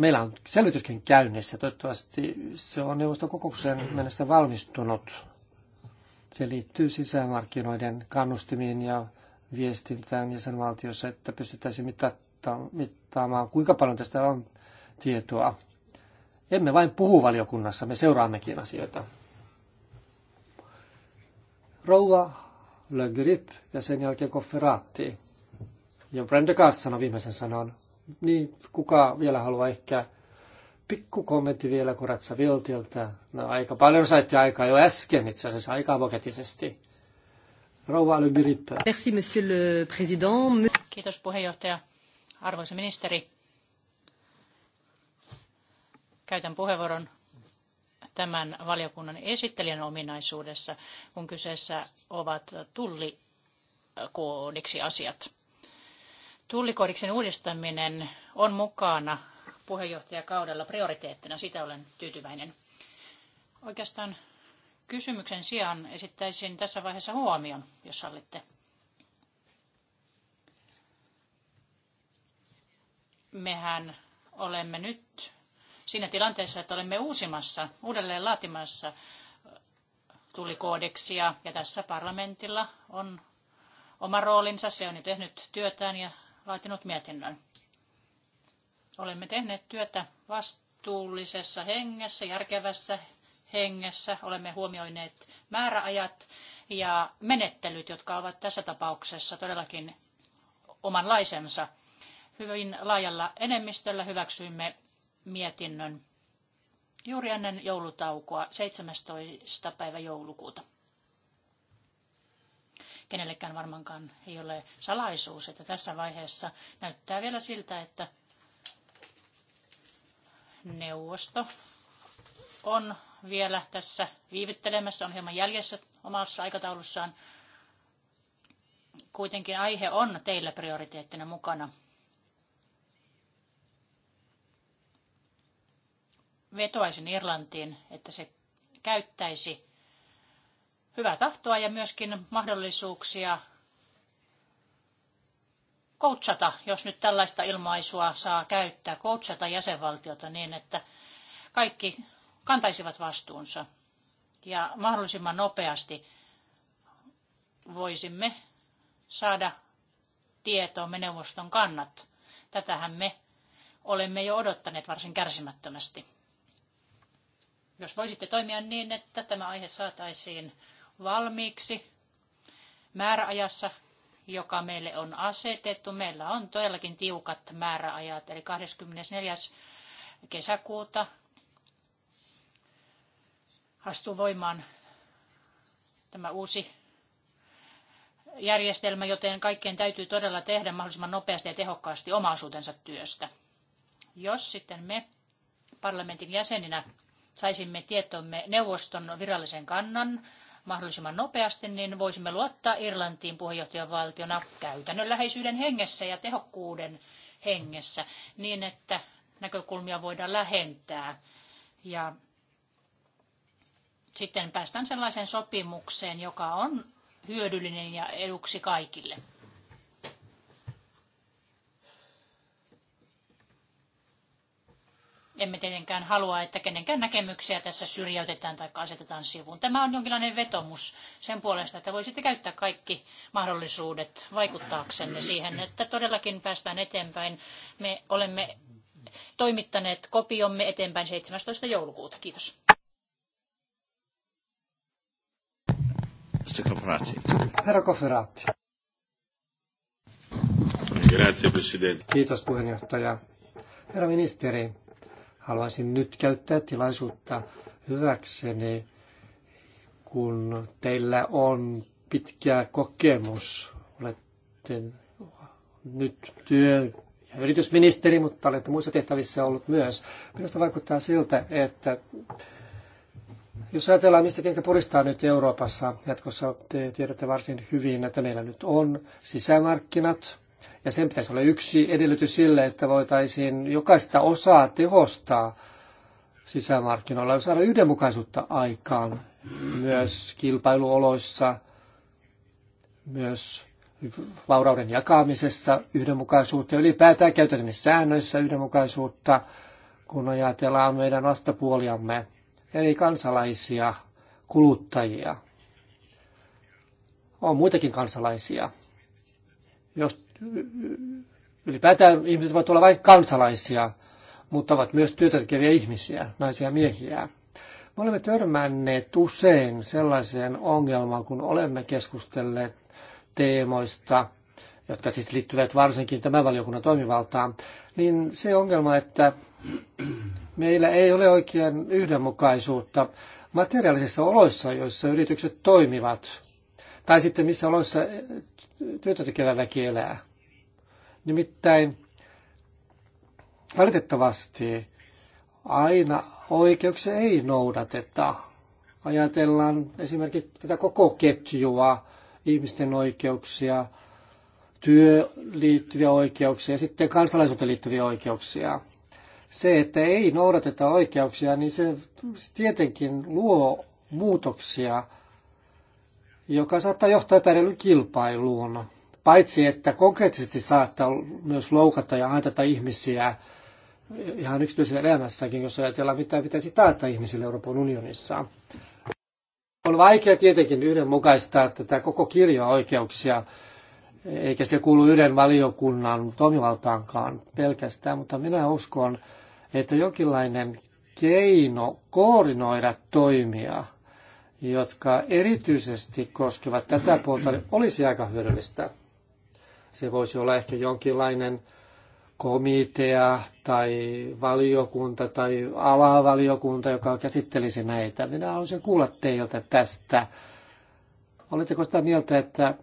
Meillä on selvityskin käynnissä. Toivottavasti se on neuvoston kokouksen mennessä valmistunut. Se liittyy sisämarkkinoiden kannustimiin ja viestintään jäsenvaltiossa, että pystyttäisiin mittaamaan, kuinka paljon tästä on tietoa. Emme vain puhu valiokunnassa, me seuraammekin asioita. Rouva Le Grip ja sen jälkeen Kofferaatti. Ja Brenda Kass sanoi viimeisen sanan. Niin, kuka vielä haluaa ehkä pikku kommentti vielä Kuratsa Viltiltä. No aika paljon saitte aikaa jo äsken itse asiassa, aika avoketisesti. Rouva Le Merci, monsieur le président. Kiitos puheenjohtaja. Arvoisa ministeri, käytän puheenvuoron tämän valiokunnan esittelijän ominaisuudessa, kun kyseessä ovat tullikoodiksi asiat. Tullikoodiksen uudistaminen on mukana puheenjohtajakaudella prioriteettina. Sitä olen tyytyväinen. Oikeastaan kysymyksen sijaan esittäisin tässä vaiheessa huomion, jos sallitte. Mehän olemme nyt siinä tilanteessa, että olemme uusimassa, uudelleen laatimassa tulikoodeksia ja tässä parlamentilla on oma roolinsa. Se on jo tehnyt työtään ja laatinut mietinnön. Olemme tehneet työtä vastuullisessa hengessä, järkevässä hengessä. Olemme huomioineet määräajat ja menettelyt, jotka ovat tässä tapauksessa todellakin omanlaisensa. Hyvin laajalla enemmistöllä hyväksyimme mietinnön juuri ennen joulutaukoa 17. päivä joulukuuta kenellekään varmaankaan ei ole salaisuus, että tässä vaiheessa näyttää vielä siltä, että neuvosto on vielä tässä viivyttelemässä, on hieman jäljessä omassa aikataulussaan. Kuitenkin aihe on teillä prioriteettina mukana. Vetoaisin Irlantiin, että se käyttäisi hyvää tahtoa ja myöskin mahdollisuuksia coachata, jos nyt tällaista ilmaisua saa käyttää, coachata jäsenvaltiota niin, että kaikki kantaisivat vastuunsa. Ja mahdollisimman nopeasti voisimme saada tietoomme neuvoston kannat. Tätähän me olemme jo odottaneet varsin kärsimättömästi. Jos voisitte toimia niin, että tämä aihe saataisiin valmiiksi määräajassa, joka meille on asetettu. Meillä on todellakin tiukat määräajat, eli 24. kesäkuuta astuu voimaan tämä uusi järjestelmä, joten kaikkien täytyy todella tehdä mahdollisimman nopeasti ja tehokkaasti omaisuutensa työstä. Jos sitten me parlamentin jäseninä saisimme tietomme neuvoston virallisen kannan mahdollisimman nopeasti, niin voisimme luottaa Irlantiin puheenjohtajavaltiona käytännönläheisyyden hengessä ja tehokkuuden hengessä niin, että näkökulmia voidaan lähentää. Ja sitten päästään sellaiseen sopimukseen, joka on hyödyllinen ja eduksi kaikille. Emme tietenkään halua, että kenenkään näkemyksiä tässä syrjäytetään tai asetetaan sivuun. Tämä on jonkinlainen vetomus sen puolesta, että voisitte käyttää kaikki mahdollisuudet vaikuttaaksenne siihen, että todellakin päästään eteenpäin. Me olemme toimittaneet kopiomme eteenpäin 17. joulukuuta. Kiitos. Herra Koferaatti. Grazie, Presidente. Kiitos puheenjohtaja. Herra ministeri, Haluaisin nyt käyttää tilaisuutta hyväkseni, kun teillä on pitkä kokemus. Olette nyt työ- ja yritysministeri, mutta olette muissa tehtävissä ollut myös. Minusta vaikuttaa siltä, että jos ajatellaan, mistä kenkä puristaa nyt Euroopassa, jatkossa te tiedätte varsin hyvin, että meillä nyt on sisämarkkinat, ja sen pitäisi olla yksi edellytys sille, että voitaisiin jokaista osaa tehostaa sisämarkkinoilla ja saada yhdenmukaisuutta aikaan myös kilpailuoloissa, myös vaurauden jakamisessa yhdenmukaisuutta ja ylipäätään käytännössä säännöissä yhdenmukaisuutta, kun ajatellaan meidän vastapuoliamme, eli kansalaisia, kuluttajia. On muitakin kansalaisia. Jos ylipäätään ihmiset voivat olla vain kansalaisia, mutta ovat myös työtä tekeviä ihmisiä, naisia ja miehiä. Me olemme törmänneet usein sellaiseen ongelmaan, kun olemme keskustelleet teemoista, jotka siis liittyvät varsinkin tämän valiokunnan toimivaltaan, niin se ongelma, että meillä ei ole oikein yhdenmukaisuutta materiaalisissa oloissa, joissa yritykset toimivat, tai sitten missä oloissa työtä tekevä väki elää. Nimittäin valitettavasti aina oikeuksia ei noudateta. Ajatellaan esimerkiksi tätä koko ketjua, ihmisten oikeuksia, työ liittyviä oikeuksia ja sitten kansalaisuuteen liittyviä oikeuksia. Se, että ei noudateta oikeuksia, niin se tietenkin luo muutoksia – joka saattaa johtaa epäreilyn kilpailuun. Paitsi, että konkreettisesti saattaa myös loukata ja haitata ihmisiä ihan yksityisessä elämässäkin, jos ajatellaan, mitä pitäisi taata ihmisille Euroopan unionissa. On vaikea tietenkin yhdenmukaistaa tätä koko kirjoa oikeuksia, eikä se kuulu yhden valiokunnan toimivaltaankaan pelkästään, mutta minä uskon, että jonkinlainen keino koordinoida toimia jotka erityisesti koskevat tätä puolta, niin olisi aika hyödyllistä. Se voisi olla ehkä jonkinlainen komitea tai valiokunta tai alavaliokunta, joka käsittelisi näitä. Minä haluaisin kuulla teiltä tästä. Oletteko sitä mieltä, että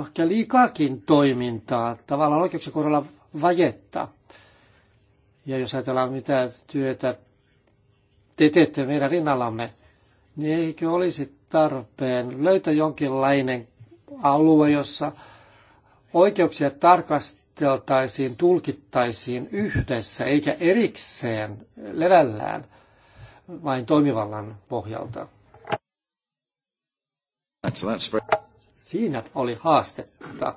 ehkä liikaakin toimintaa, tavallaan oikeuksien kohdalla vajetta? Ja jos ajatellaan, mitä työtä te teette meidän rinnallamme, niin eikö olisi tarpeen löytää jonkinlainen alue, jossa oikeuksia tarkasteltaisiin, tulkittaisiin yhdessä eikä erikseen levällään vain toimivallan pohjalta. Siinä oli haastetta.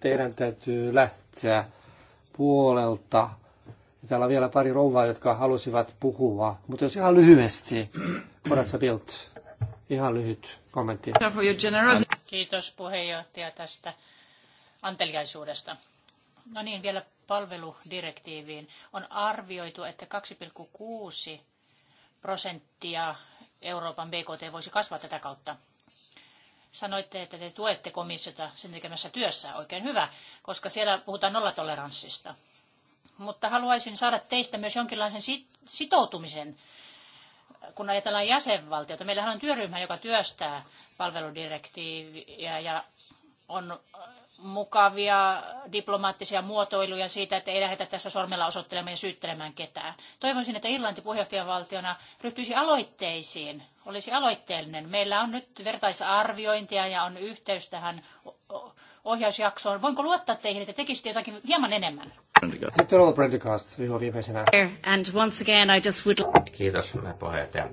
Teidän täytyy lähteä puolelta. Täällä on vielä pari rouvaa, jotka halusivat puhua, mutta jos ihan lyhyesti Koratsa Bilt, ihan lyhyt kommentti. Kiitos puheenjohtaja tästä anteliaisuudesta. No niin, vielä palveludirektiiviin. On arvioitu, että 2,6 prosenttia Euroopan BKT voisi kasvaa tätä kautta. Sanoitte, että te tuette komissiota sen tekemässä työssä. Oikein hyvä, koska siellä puhutaan nollatoleranssista. Mutta haluaisin saada teistä myös jonkinlaisen sitoutumisen kun ajatellaan jäsenvaltiota, meillähän on työryhmä, joka työstää palveludirektiiviä ja on mukavia diplomaattisia muotoiluja siitä, että ei lähdetä tässä sormella osoittelemaan ja syyttelemään ketään. Toivoisin, että Irlanti puheenjohtajavaltiona ryhtyisi aloitteisiin, olisi aloitteellinen. Meillä on nyt vertaisarviointia ja on yhteys tähän ohjausjaksoon. Voinko luottaa teihin, että tekisitte jotakin hieman enemmän? Prendergast. Sitten Rova Prendergast viimeisenä. And once again I just would... Kiitos puheenjohtaja.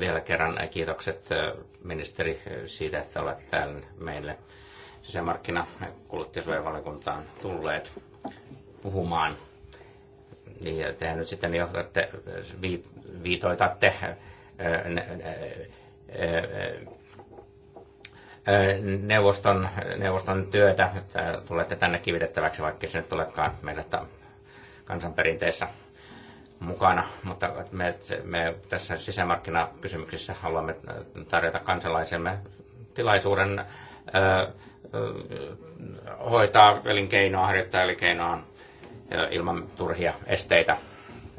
Vielä kerran kiitokset ministeri siitä, että olet täällä meille sisämarkkina- ja kuluttajasuojavaliokuntaan tulleet puhumaan. Niin, ja tehän nyt sitten johtatte, viitoitatte neuvoston, neuvoston työtä. Tulette tänne kivitettäväksi, vaikka se nyt tulekaan meille kansanperinteissä mukana, mutta me, me tässä sisämarkkinakysymyksissä haluamme tarjota kansalaisemme tilaisuuden ö, hoitaa elinkeinoa, harjoittaa elinkeinoa ilman turhia esteitä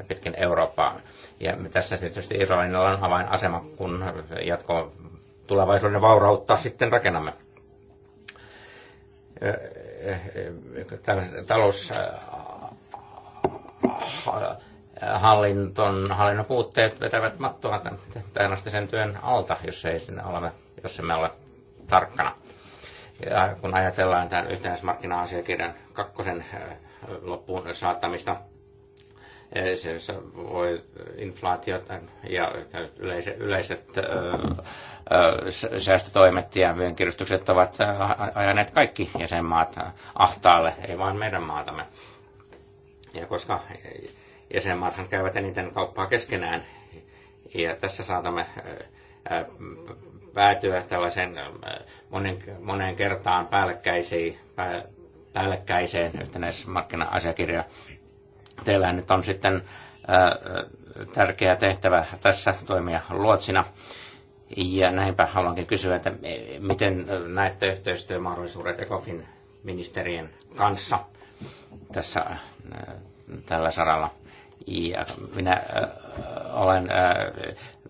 pitkin Eurooppaa. Ja tässä tietysti Irlannilla on avainasema, kun jatko tulevaisuuden vaurautta sitten rakennamme. Taloushallinnon hallinnon puutteet vetävät mattoa tähän asti sen työn alta, jos, ei sinne ole, jos emme ole tarkkana. Ja kun ajatellaan tämän yhtenäismarkkina-asiakirjan kakkosen loppuun saattamista, se, se voi inflaatiot ja yleiset, yleiset säästötoimet ja vyönkiristykset ovat ajaneet kaikki jäsenmaat ahtaalle, ei vain meidän maatamme. Ja koska jäsenmaathan käyvät eniten kauppaa keskenään, ja tässä saatamme päätyä tällaisen monen, monen kertaan päällekkäisiin, päällekkäiseen yhtenäismarkkina-asiakirjaan Teillä nyt on sitten tärkeä tehtävä tässä toimia luotsina. Ja näinpä haluankin kysyä, että e, miten näette yhteistyömahdollisuudet ECOFIN ministerien kanssa tässä tällä saralla. Ja minä olen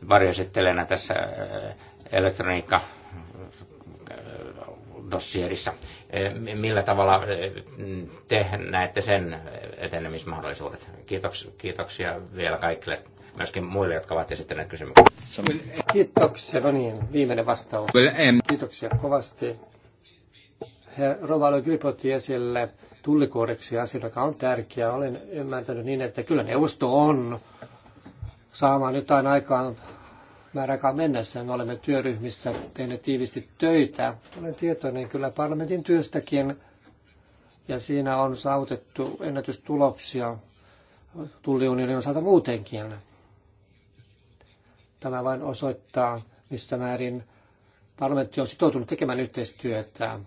varjoesittelijänä tässä elektroniikka dossierissa. Eh, millä tavalla eh, te näette sen etenemismahdollisuudet? Kiitoksia, kiitoksia vielä kaikille, myöskin muille, jotka ovat esittäneet kysymyksiä. Eh, kiitoksia, no niin, viimeinen vastaus. Kiitoksia kovasti. Rovalo Gripotti esille tullikoodeksi asia, joka on tärkeä. Olen ymmärtänyt niin, että kyllä neuvosto on saamaan jotain aikaan määräaikaan mennessä. Me olemme työryhmissä tehneet tiivisti töitä. Olen tietoinen kyllä parlamentin työstäkin ja siinä on saavutettu ennätystuloksia tulliunionin osalta muutenkin. Tämä vain osoittaa, missä määrin parlamentti on sitoutunut tekemään yhteistyötä.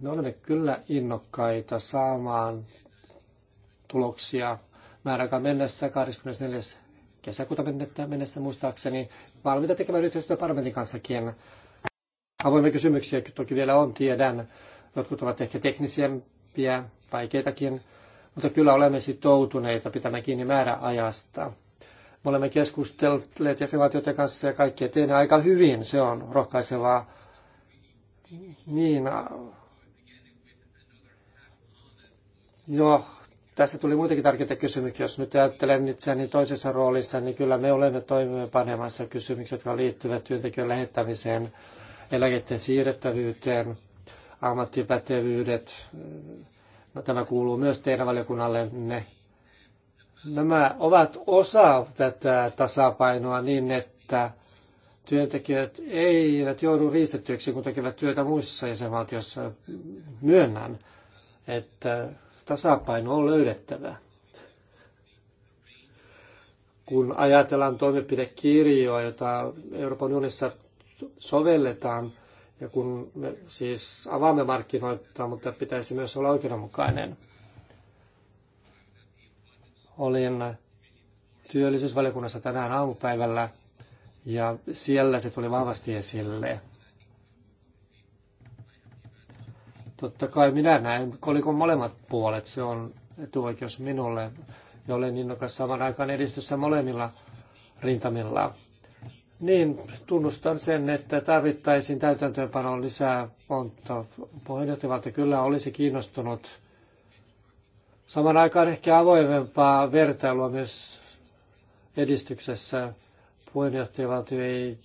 Me olemme kyllä innokkaita saamaan tuloksia määräaikaan mennessä 24. kesäkuuta mennessä muistaakseni valmiita tekemään yhteistyötä parlamentin kanssakin. Avoimia kysymyksiä toki vielä on, tiedän. Jotkut ovat ehkä teknisempiä, vaikeitakin, mutta kyllä olemme sitoutuneita pitämään kiinni määräajasta. Me olemme keskustelleet jäsenvaltioiden kanssa ja kaikkea teemme aika hyvin, se on rohkaisevaa. Niin, joo, tässä tuli muitakin tärkeitä kysymyksiä. Jos nyt ajattelen itseäni toisessa roolissa, niin kyllä me olemme toimeenpanemassa kysymyksiä, jotka liittyvät työntekijän lähettämiseen, eläkeiden siirrettävyyteen, ammattipätevyydet. No, tämä kuuluu myös teidän Ne. Nämä ovat osa tätä tasapainoa niin, että työntekijät eivät joudu riistettyiksi, kun tekevät työtä muissa jäsenvaltioissa. Myönnän, että tasapaino on löydettävä. Kun ajatellaan toimenpidekirjoa, jota Euroopan unionissa sovelletaan, ja kun me siis avaamme markkinoita, mutta pitäisi myös olla oikeudenmukainen. Olin työllisyysvaliokunnassa tänään aamupäivällä ja siellä se tuli vahvasti esille. Totta kai minä näen kolikon molemmat puolet. Se on etuoikeus minulle ja olen innokas saman aikaan edistyssä molemmilla rintamilla. Niin, tunnustan sen, että tarvittaisiin täytäntöönpanoon lisää monta. Pohjoitivalta kyllä olisi kiinnostunut saman aikaan ehkä avoimempaa vertailua myös edistyksessä. Puheenjohtajavaltio ei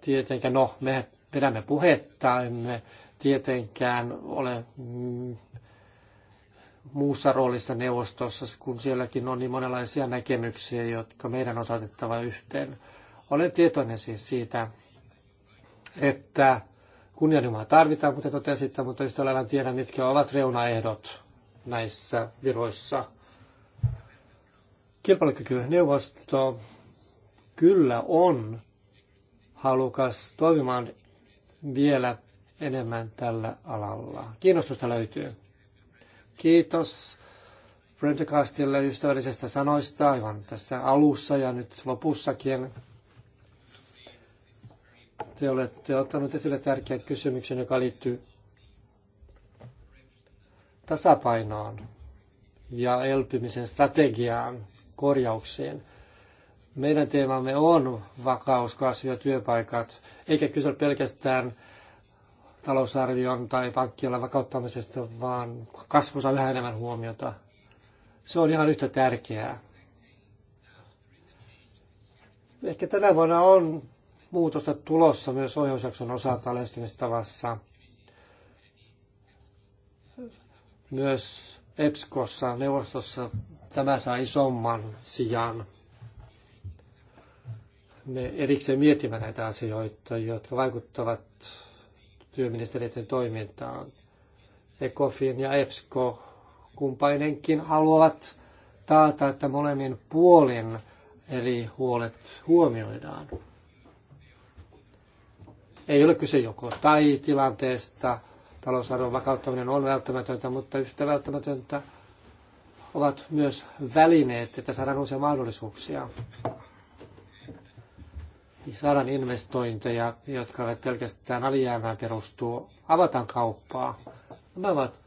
tietenkään, no me pidämme puhetta, emme tietenkään ole muussa roolissa neuvostossa, kun sielläkin on niin monenlaisia näkemyksiä, jotka meidän on saatettava yhteen. Olen tietoinen siis siitä, että kunnianhimoa tarvitaan, kuten totesit, mutta yhtä lailla tiedän, mitkä ovat reunaehdot näissä viroissa. Kilpailukykyneuvosto kyllä on halukas toimimaan vielä enemmän tällä alalla. Kiinnostusta löytyy. Kiitos Brentecastille ystävällisestä sanoista aivan tässä alussa ja nyt lopussakin. Te olette ottanut esille tärkeän kysymyksen, joka liittyy tasapainoon ja elpymisen strategiaan, korjauksiin. Meidän teemamme on vakaus, kasvu ja työpaikat, eikä kyse pelkästään talousarvion tai pankkialan vakauttamisesta, vaan kasvu saa yhä enemmän huomiota. Se on ihan yhtä tärkeää. Ehkä tänä vuonna on muutosta tulossa myös ohjausjakson osalta lähestymistavassa. Myös EPSKossa, neuvostossa, tämä saa isomman sijaan. Me erikseen mietimme näitä asioita, jotka vaikuttavat työministeriöiden toimintaan. ECOFIN ja EPSCO kumpainenkin haluavat taata, että molemmin puolin eri huolet huomioidaan. Ei ole kyse joko tai tilanteesta. Talousarvon vakauttaminen on välttämätöntä, mutta yhtä välttämätöntä ovat myös välineet, että saadaan uusia mahdollisuuksia saadaan investointeja, jotka eivät pelkästään alijäämään perustuu, avataan kauppaa. Nämä ovat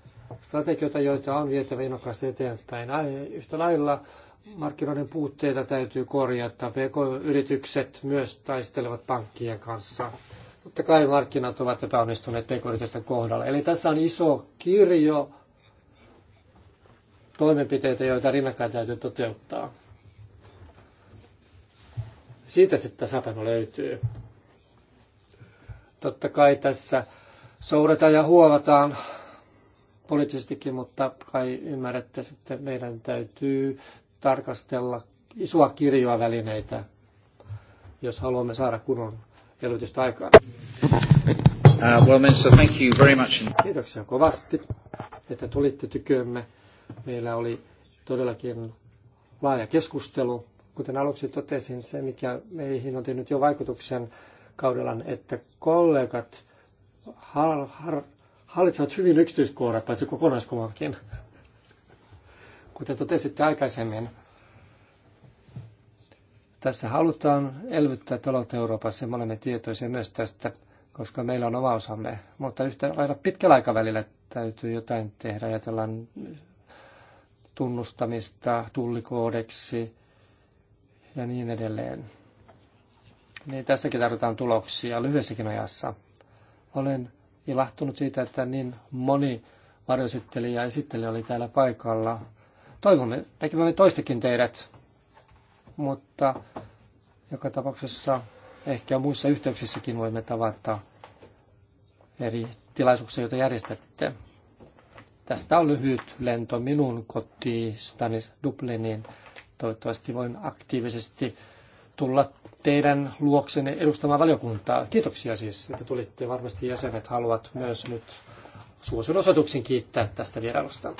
strategioita, joita on vietävä innokkaasti eteenpäin. Yhtä lailla markkinoiden puutteita täytyy korjata. PK-yritykset myös taistelevat pankkien kanssa. Totta kai markkinat ovat epäonnistuneet PK-yritysten kohdalla. Eli tässä on iso kirjo toimenpiteitä, joita rinnakkain täytyy toteuttaa. Siitä se tasapaino löytyy. Totta kai tässä soudataan ja huovataan poliittisestikin, mutta kai ymmärrätte, että meidän täytyy tarkastella isoa kirjoa välineitä, jos haluamme saada kunnon elvytystä aikaan. Uh, well, minister, thank you very much. Kiitoksia kovasti, että tulitte tykömme. Meillä oli todellakin laaja keskustelu kuten aluksi totesin, se mikä meihin on tehnyt jo vaikutuksen kaudellaan, että kollegat har, har, hallitsevat hyvin yksityiskohdat, paitsi kokonaiskuvankin. Kuten totesitte aikaisemmin, tässä halutaan elvyttää taloutta Euroopassa ja me olemme tietoisia myös tästä, koska meillä on oma osamme. Mutta yhtä lailla pitkällä aikavälillä täytyy jotain tehdä. Ajatellaan tunnustamista, tullikoodeksi, ja niin edelleen. Niin tässäkin tarvitaan tuloksia lyhyessäkin ajassa. Olen ilahtunut siitä, että niin moni varjoesitteli ja esitteli oli täällä paikalla. Toivomme näkemämme toistakin teidät, mutta joka tapauksessa ehkä muissa yhteyksissäkin voimme tavata eri tilaisuuksia, joita järjestätte. Tästä on lyhyt lento minun kotiistani Dubliniin Toivottavasti voin aktiivisesti tulla teidän luoksenne edustamaan valiokuntaa. Kiitoksia siis, että tulitte. Varmasti jäsenet haluavat myös nyt suosion osoituksen kiittää tästä vierailusta.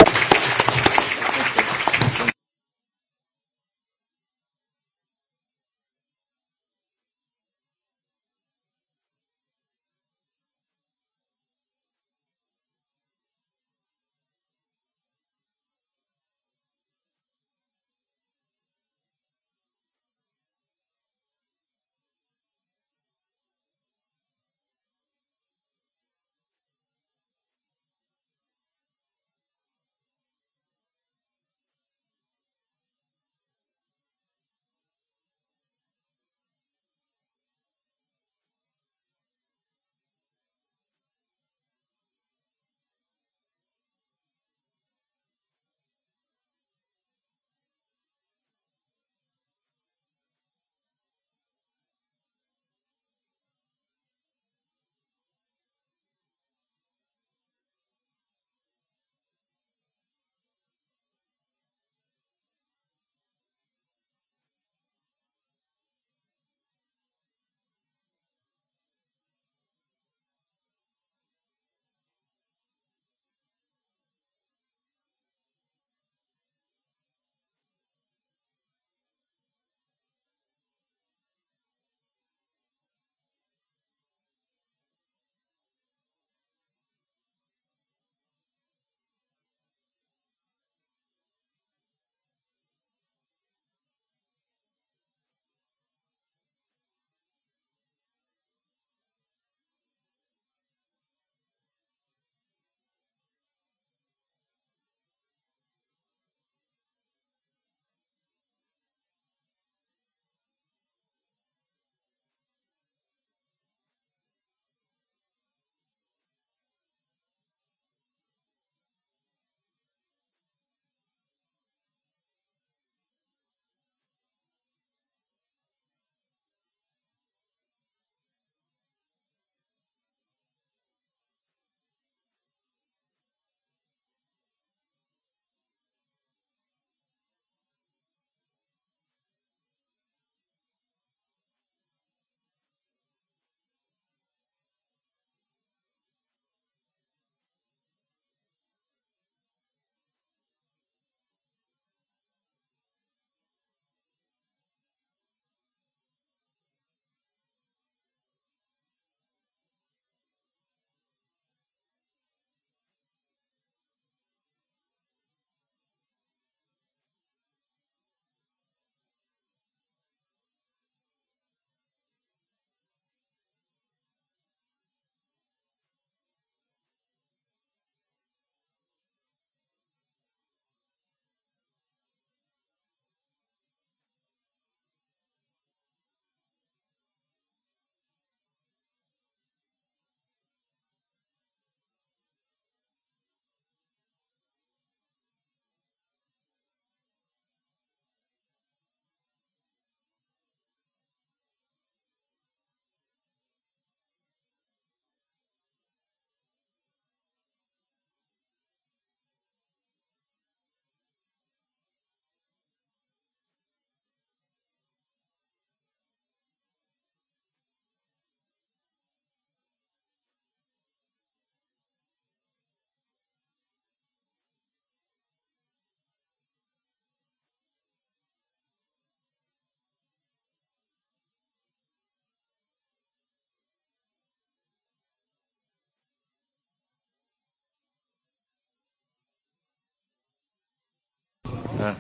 Uh,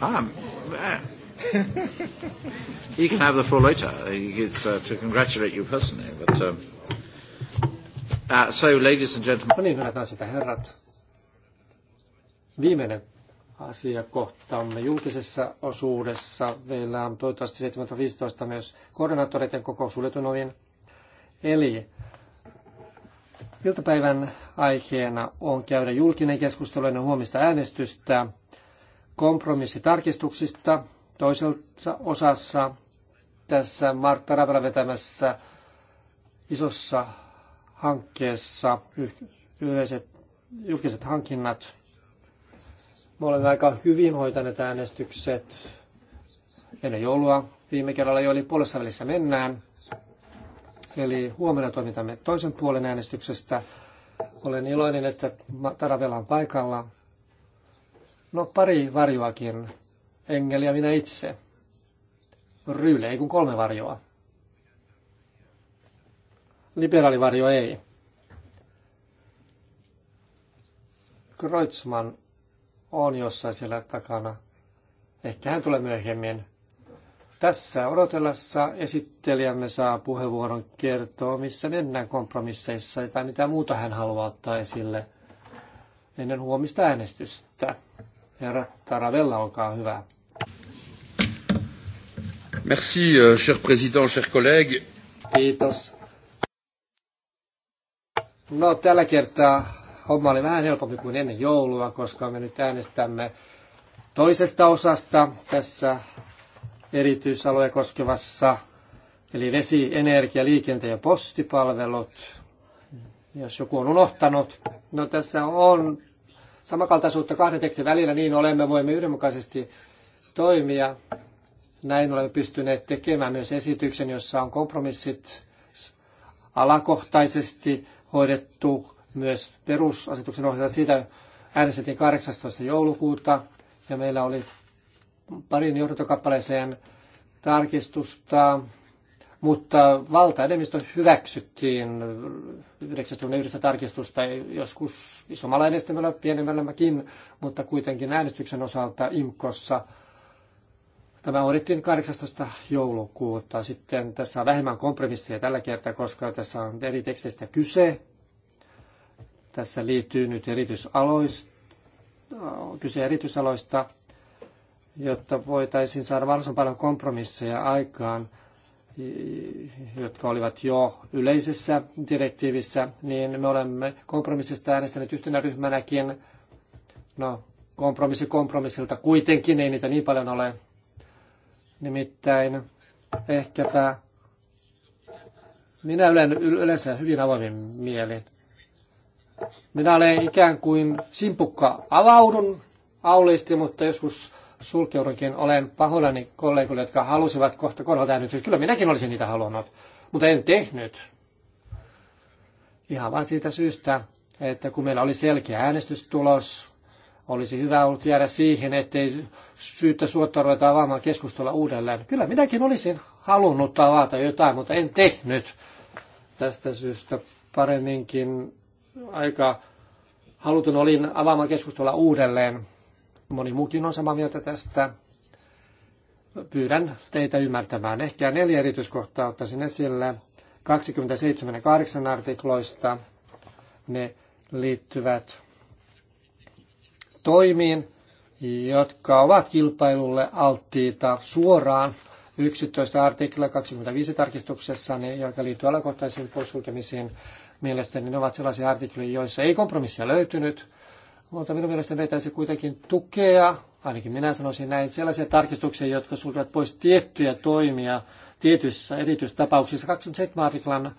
Ah, uh, he can have the floor later. It's uh, to congratulate you personally. But, um, uh, so, ladies and gentlemen. No niin, hyvät naiset ja herrat. Viimeinen asiakohtaamme julkisessa osuudessa. Meillä on toivottavasti 7.15 myös koordinaattoreiden kokous suljetun ovin. Eli Iltapäivän aiheena on käydä julkinen keskustelu ennen huomista äänestystä kompromissitarkistuksista toisessa osassa tässä Mark Tarabella vetämässä isossa hankkeessa yleiset julkiset hankinnat. Me olemme aika hyvin hoitaneet äänestykset ennen joulua. Viime kerralla jo oli puolessa välissä mennään. Eli huomenna toimitamme toisen puolen äänestyksestä. Olen iloinen, että Taravella on paikalla. No pari varjoakin. Engel ja minä itse. Ryyle, ei kun kolme varjoa. Liberaalivarjo ei. Kreutzmann on jossain siellä takana. Ehkä hän tulee myöhemmin. Tässä odotellessa esittelijämme saa puheenvuoron kertoa, missä mennään kompromisseissa tai mitä muuta hän haluaa ottaa esille ennen huomista äänestystä. Herra Taravella, olkaa hyvä. Merci, euh, cher président, cher collègue. Kiitos. No, tällä kertaa homma oli vähän helpompi kuin ennen joulua, koska me nyt äänestämme toisesta osasta tässä erityisaloja koskevassa, eli vesi, energia, liikenteen ja postipalvelut, jos joku on unohtanut. No tässä on samankaltaisuutta kahden tekstin välillä, niin olemme, voimme yhdenmukaisesti toimia. Näin olemme pystyneet tekemään myös esityksen, jossa on kompromissit alakohtaisesti hoidettu myös perusasetuksen ohjelta. Siitä äänestettiin 18. joulukuuta ja meillä oli parin johdantokappaleeseen tarkistusta, mutta valtaenemmistö hyväksyttiin 91 tarkistusta, joskus isommalla äänestämällä, pienemmälläkin, mutta kuitenkin äänestyksen osalta IMKossa. Tämä hoidettiin 18. joulukuuta. Sitten tässä on vähemmän kompromisseja tällä kertaa, koska tässä on eri teksteistä kyse. Tässä liittyy nyt erityisaloista, kyse erityisaloista, jotta voitaisiin saada varsin paljon kompromisseja aikaan, jotka olivat jo yleisessä direktiivissä, niin me olemme kompromissista äänestäneet yhtenä ryhmänäkin. No, kompromissi kompromissilta kuitenkin, ei niitä niin paljon ole. Nimittäin ehkäpä minä olen yleensä hyvin avoimin mielin. Minä olen ikään kuin simpukka avaudun auliisti, mutta joskus sulkeudunkin. Olen pahoillani kollegoille, jotka halusivat kohta korvatäynnyksen. Siis kyllä minäkin olisin niitä halunnut, mutta en tehnyt. Ihan vain siitä syystä, että kun meillä oli selkeä äänestystulos, olisi hyvä ollut jäädä siihen, ettei syyttä suotta ruveta avaamaan keskustella uudelleen. Kyllä minäkin olisin halunnut avata jotain, mutta en tehnyt. Tästä syystä paremminkin aika halutun olin avaamaan keskustella uudelleen Moni muukin on samaa mieltä tästä. Pyydän teitä ymmärtämään. Ehkä neljä erityiskohtaa ottaisin esille. 27 ja 8 artikloista ne liittyvät toimiin, jotka ovat kilpailulle alttiita suoraan 11 artikla 25 tarkistuksessa, ne, jotka liittyvät alakohtaisiin poissulkemisiin, mielestäni ne ovat sellaisia artikloja, joissa ei kompromissia löytynyt mutta minun mielestäni se kuitenkin tukea, ainakin minä sanoisin näin, sellaisia tarkistuksia, jotka sulkevat pois tiettyjä toimia tietyissä erityistapauksissa 27 artiklan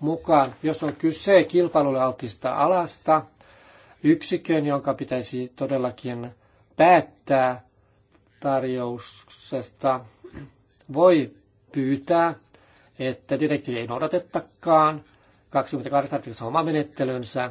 mukaan, jos on kyse kilpailulle altista alasta, yksikön, jonka pitäisi todellakin päättää tarjouksesta, voi pyytää, että direktiivi ei noudatettakaan. 28 artiklassa oma menettelynsä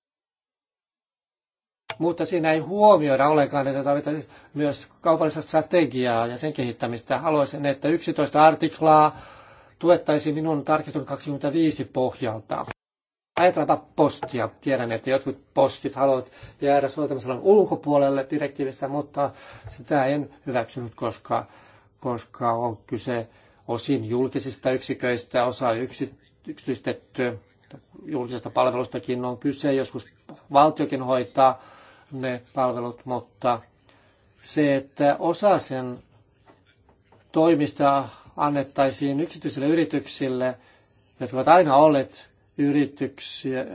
mutta siinä ei huomioida ollenkaan, että tarvitaan myös kaupallista strategiaa ja sen kehittämistä. Haluaisin, että 11 artiklaa tuettaisiin minun tarkistunut 25 pohjalta. Ajatellaanpa postia. Tiedän, että jotkut postit haluavat jäädä soveltamisalan ulkopuolelle direktiivissä, mutta sitä en hyväksynyt, koska, koska on kyse osin julkisista yksiköistä, osa yksi, yksityistetty julkisesta palvelustakin on kyse, joskus valtiokin hoitaa ne palvelut, mutta se, että osa sen toimista annettaisiin yksityisille yrityksille, jotka ovat aina olleet yrityksiä.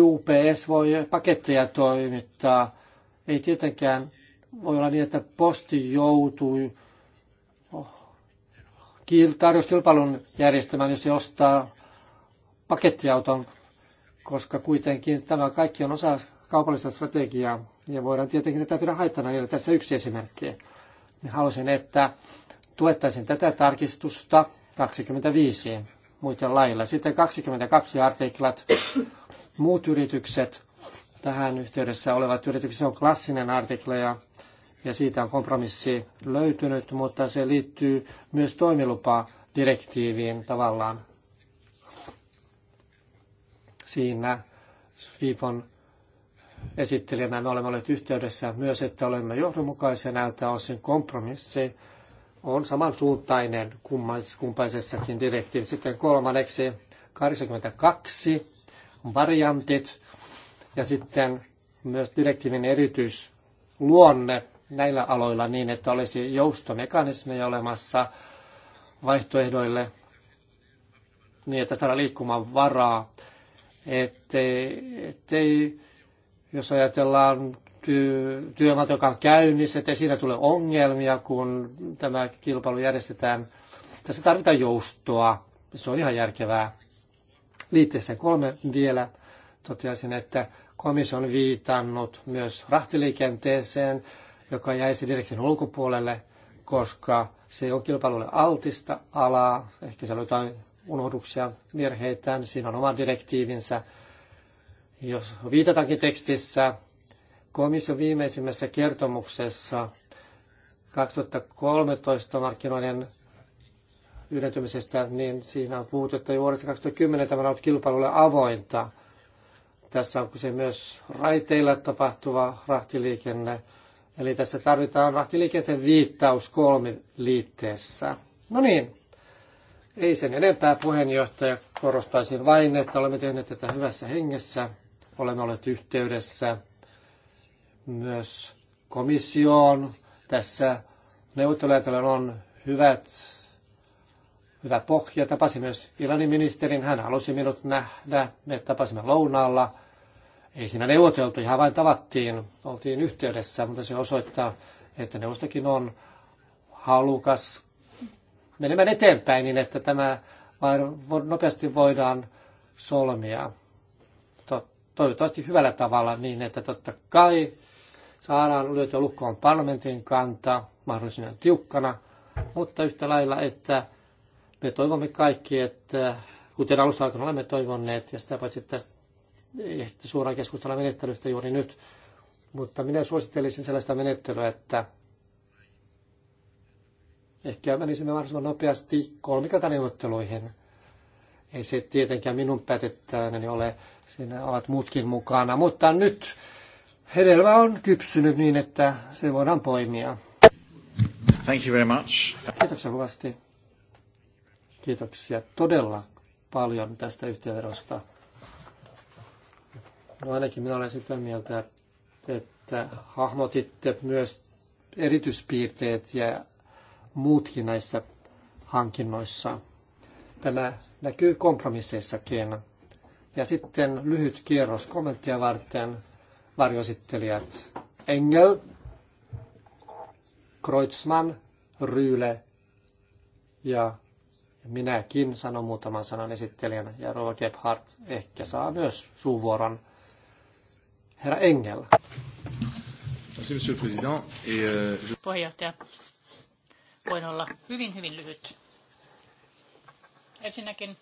UPS voi paketteja toimittaa. Ei tietenkään voi olla niin, että posti joutuu tarjouskilpailun järjestämään, jos se ostaa pakettiauton, koska kuitenkin tämä kaikki on osa kaupallista strategiaa. Ja voidaan tietenkin tätä pidä haittana. vielä tässä yksi esimerkki. Niin halusin, että tuettaisiin tätä tarkistusta 25 muita lailla. Sitten 22 artiklat, muut yritykset, tähän yhteydessä olevat yritykset, on klassinen artikla ja, ja siitä on kompromissi löytynyt, mutta se liittyy myös toimilupadirektiiviin tavallaan. Siinä FIFON esittelijänä me olemme olleet yhteydessä myös, että olemme johdonmukaisia näiltä osin kompromissi on samansuuntainen kumpaisessakin direktiivissä. Sitten kolmanneksi 82 variantit ja sitten myös direktiivin erityisluonne näillä aloilla niin, että olisi joustomekanismeja olemassa vaihtoehdoille niin, että saada liikkumaan varaa, ettei, ettei jos ajatellaan työmaat, joka on käynnissä, että siinä tulee ongelmia, kun tämä kilpailu järjestetään. Tässä tarvitaan joustoa. Se on ihan järkevää. Liitteessä kolme vielä toteaisin, että komissio on viitannut myös rahtiliikenteeseen, joka jäisi direktin ulkopuolelle, koska se on kilpailulle altista alaa. Ehkä siellä on jotain unohduksia, virheitä, Siinä on oma direktiivinsä jos viitataankin tekstissä, komission viimeisimmässä kertomuksessa 2013 markkinoiden yhdentymisestä, niin siinä on puhuttu, että vuodesta 2010 tämä on ollut kilpailulle avointa. Tässä on kyse myös raiteilla tapahtuva rahtiliikenne. Eli tässä tarvitaan rahtiliikenteen viittaus liitteessä. No niin, ei sen enempää puheenjohtaja. Korostaisin vain, että olemme tehneet tätä hyvässä hengessä. Olemme olleet yhteydessä myös komissioon. Tässä neuvottelijoilla on hyvät, hyvä pohja. Tapasin myös Iranin ministerin. Hän halusi minut nähdä. Me tapasimme lounaalla. Ei siinä neuvoteltu, ihan vain tavattiin, oltiin yhteydessä, mutta se osoittaa, että neuvostokin on halukas menemään eteenpäin niin, että tämä nopeasti voidaan solmia toivottavasti hyvällä tavalla niin, että totta kai saadaan lyötyä lukkoon parlamentin kanta mahdollisimman tiukkana, mutta yhtä lailla, että me toivomme kaikki, että kuten alusta alkaen olemme toivonneet, ja sitä paitsi tästä suoraan keskustella menettelystä juuri nyt, mutta minä suosittelisin sellaista menettelyä, että ehkä menisimme mahdollisimman nopeasti kolmikantaneuvotteluihin. Ei se tietenkään minun päätettäväni ole, Siinä ovat muutkin mukana, mutta nyt hedelmä on kypsynyt niin, että se voidaan poimia. Thank you very much. Kiitoksia kovasti. Kiitoksia todella paljon tästä yhtiöverosta. No ainakin minä olen sitä mieltä, että hahmotitte myös erityispiirteet ja muutkin näissä hankinnoissa. Tämä näkyy kompromisseissakin. Ja sitten lyhyt kierros kommenttia varten varjoesittelijät Engel, Kreutzmann, Ryyle ja minäkin sanon muutaman sanan esittelijänä ja Rova Gebhardt ehkä saa myös suuvuoron. Herra Engel. Euh, Puheenjohtaja, voin olla hyvin, hyvin lyhyt. Ensinnäkin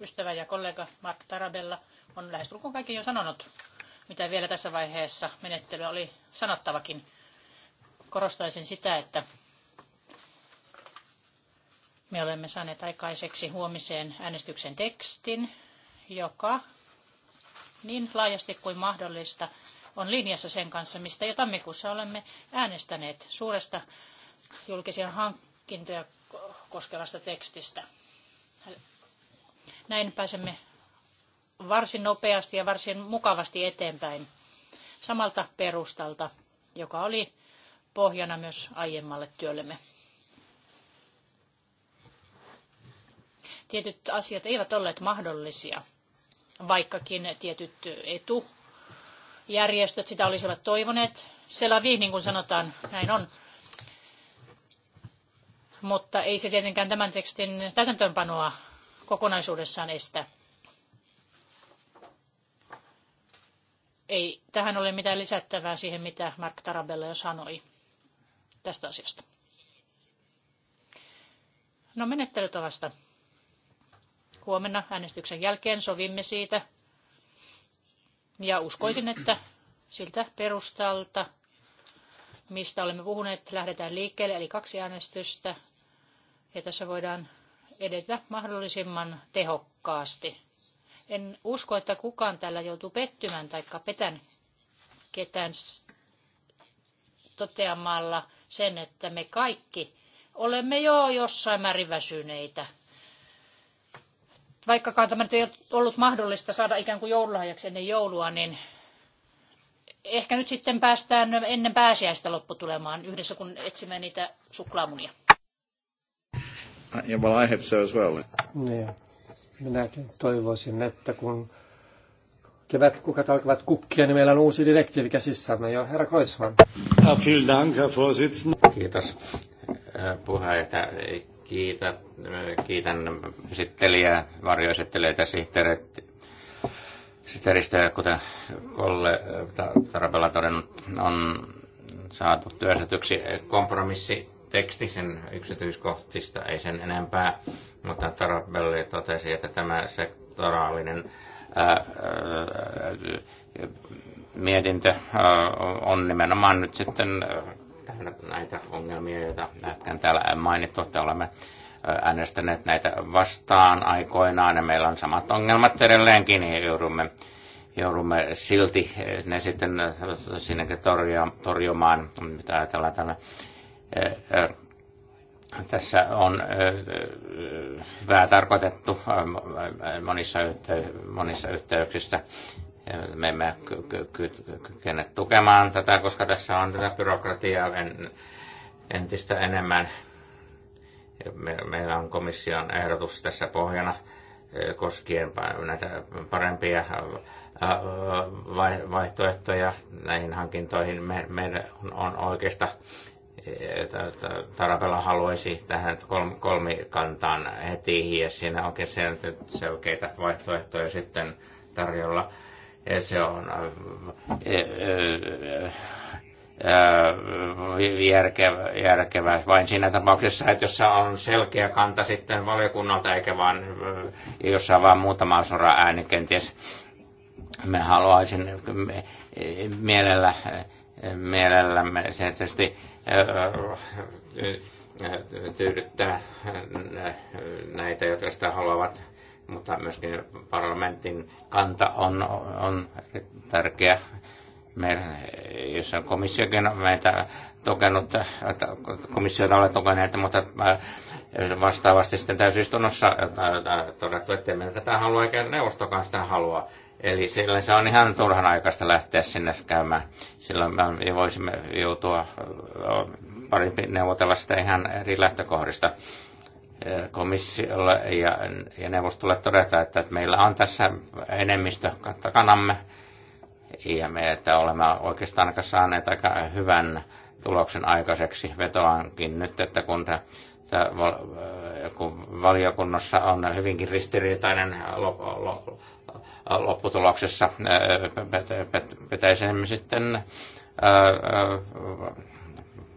Ystävä ja kollega Mark Tarabella on lähestulkoon kaikki jo sanonut, mitä vielä tässä vaiheessa menettelyä oli sanottavakin. Korostaisin sitä, että me olemme saaneet aikaiseksi huomiseen äänestyksen tekstin, joka niin laajasti kuin mahdollista on linjassa sen kanssa, mistä jo tammikuussa olemme äänestäneet suuresta julkisia hankintoja koskevasta tekstistä. Näin pääsemme varsin nopeasti ja varsin mukavasti eteenpäin samalta perustalta, joka oli pohjana myös aiemmalle työllemme. Tietyt asiat eivät olleet mahdollisia, vaikkakin tietyt etujärjestöt sitä olisivat toivoneet. Selavi, niin kuin sanotaan, näin on. Mutta ei se tietenkään tämän tekstin täytäntöönpanoa kokonaisuudessaan estä. Ei tähän ole mitään lisättävää siihen, mitä Mark Tarabella jo sanoi tästä asiasta. No menettelytavasta. Huomenna äänestyksen jälkeen sovimme siitä. Ja uskoisin, että siltä perustalta, mistä olemme puhuneet, lähdetään liikkeelle, eli kaksi äänestystä. Ja tässä voidaan edetä mahdollisimman tehokkaasti. En usko, että kukaan täällä joutuu pettymään tai petän ketään toteamalla sen, että me kaikki olemme jo jossain määrin väsyneitä. Vaikkakaan tämä ei ollut mahdollista saada ikään kuin joululahjaksi ennen joulua, niin ehkä nyt sitten päästään ennen pääsiäistä lopputulemaan yhdessä, kun etsimme niitä suklaamunia. Yeah, well, I hope so as well. Niin. Minäkin toivoisin, että kun kevät kukat alkavat kukkia, niin meillä on uusi direktiivi käsissämme jo. Herra Kreuzmann. Ja, vielen Dank, Herr Vorsitzender. Kiitos puheenjohtaja. Kiitän, kiitän esittelijää, varjoesittelijöitä, sihteerit, sihteeristöä, kuten Kolle Tarabella todennut, on saatu työstetyksi kompromissi teksti sen yksityiskohtista, ei sen enempää, mutta Tarabelli totesi, että tämä sektoraalinen ää, ää, mietintö ää, on nimenomaan nyt sitten ää, näitä ongelmia, joita äsken täällä mainittu, että olemme äänestäneet näitä vastaan aikoinaan, ja meillä on samat ongelmat edelleenkin, niin joudumme, joudumme silti ne sitten sinne torjumaan, mitä ajatellaan tällä tässä on vähän tarkoitettu monissa, yhtey- monissa yhteyksissä. Me emme kykene tukemaan tätä, koska tässä on tätä byrokratiaa en, entistä enemmän. Me, meillä on komission ehdotus tässä pohjana koskien näitä parempia vaihtoehtoja näihin hankintoihin. Me, meidän on oikeasta Tarapella haluaisi tähän kolmikantaan heti ja siinä onkin selkeitä vaihtoehtoja sitten tarjolla. Ja se on äh, äh, äh, järkevä, järkevä vain siinä tapauksessa, että jossa on selkeä kanta sitten valiokunnalta, eikä vaan jossa vain muutama sora ääni kenties. Me haluaisin mielellä, mielellämme tietysti Äh, äh, äh, tyydyttää näitä, jotka sitä haluavat, mutta myöskin parlamentin kanta on, on tärkeä. Me, jos on komissiokin meitä tukenut, komissiota ole tukeneet, mutta vastaavasti sitten täysistunnossa todettu, että emme tätä halua, eikä neuvostokaan sitä halua. Eli sillä se on ihan turhan aikaista lähteä sinne käymään. Silloin me voisimme joutua pari neuvotella sitä ihan eri lähtökohdista komissiolle ja, ja neuvostolle todeta, että meillä on tässä enemmistö takanamme ja me että olemme oikeastaan saaneet aika hyvän tuloksen aikaiseksi. Vetoankin nyt, että kun tämä kun valiokunnassa on hyvinkin ristiriitainen lopputuloksessa pitäisi äh, sitten äh, äh,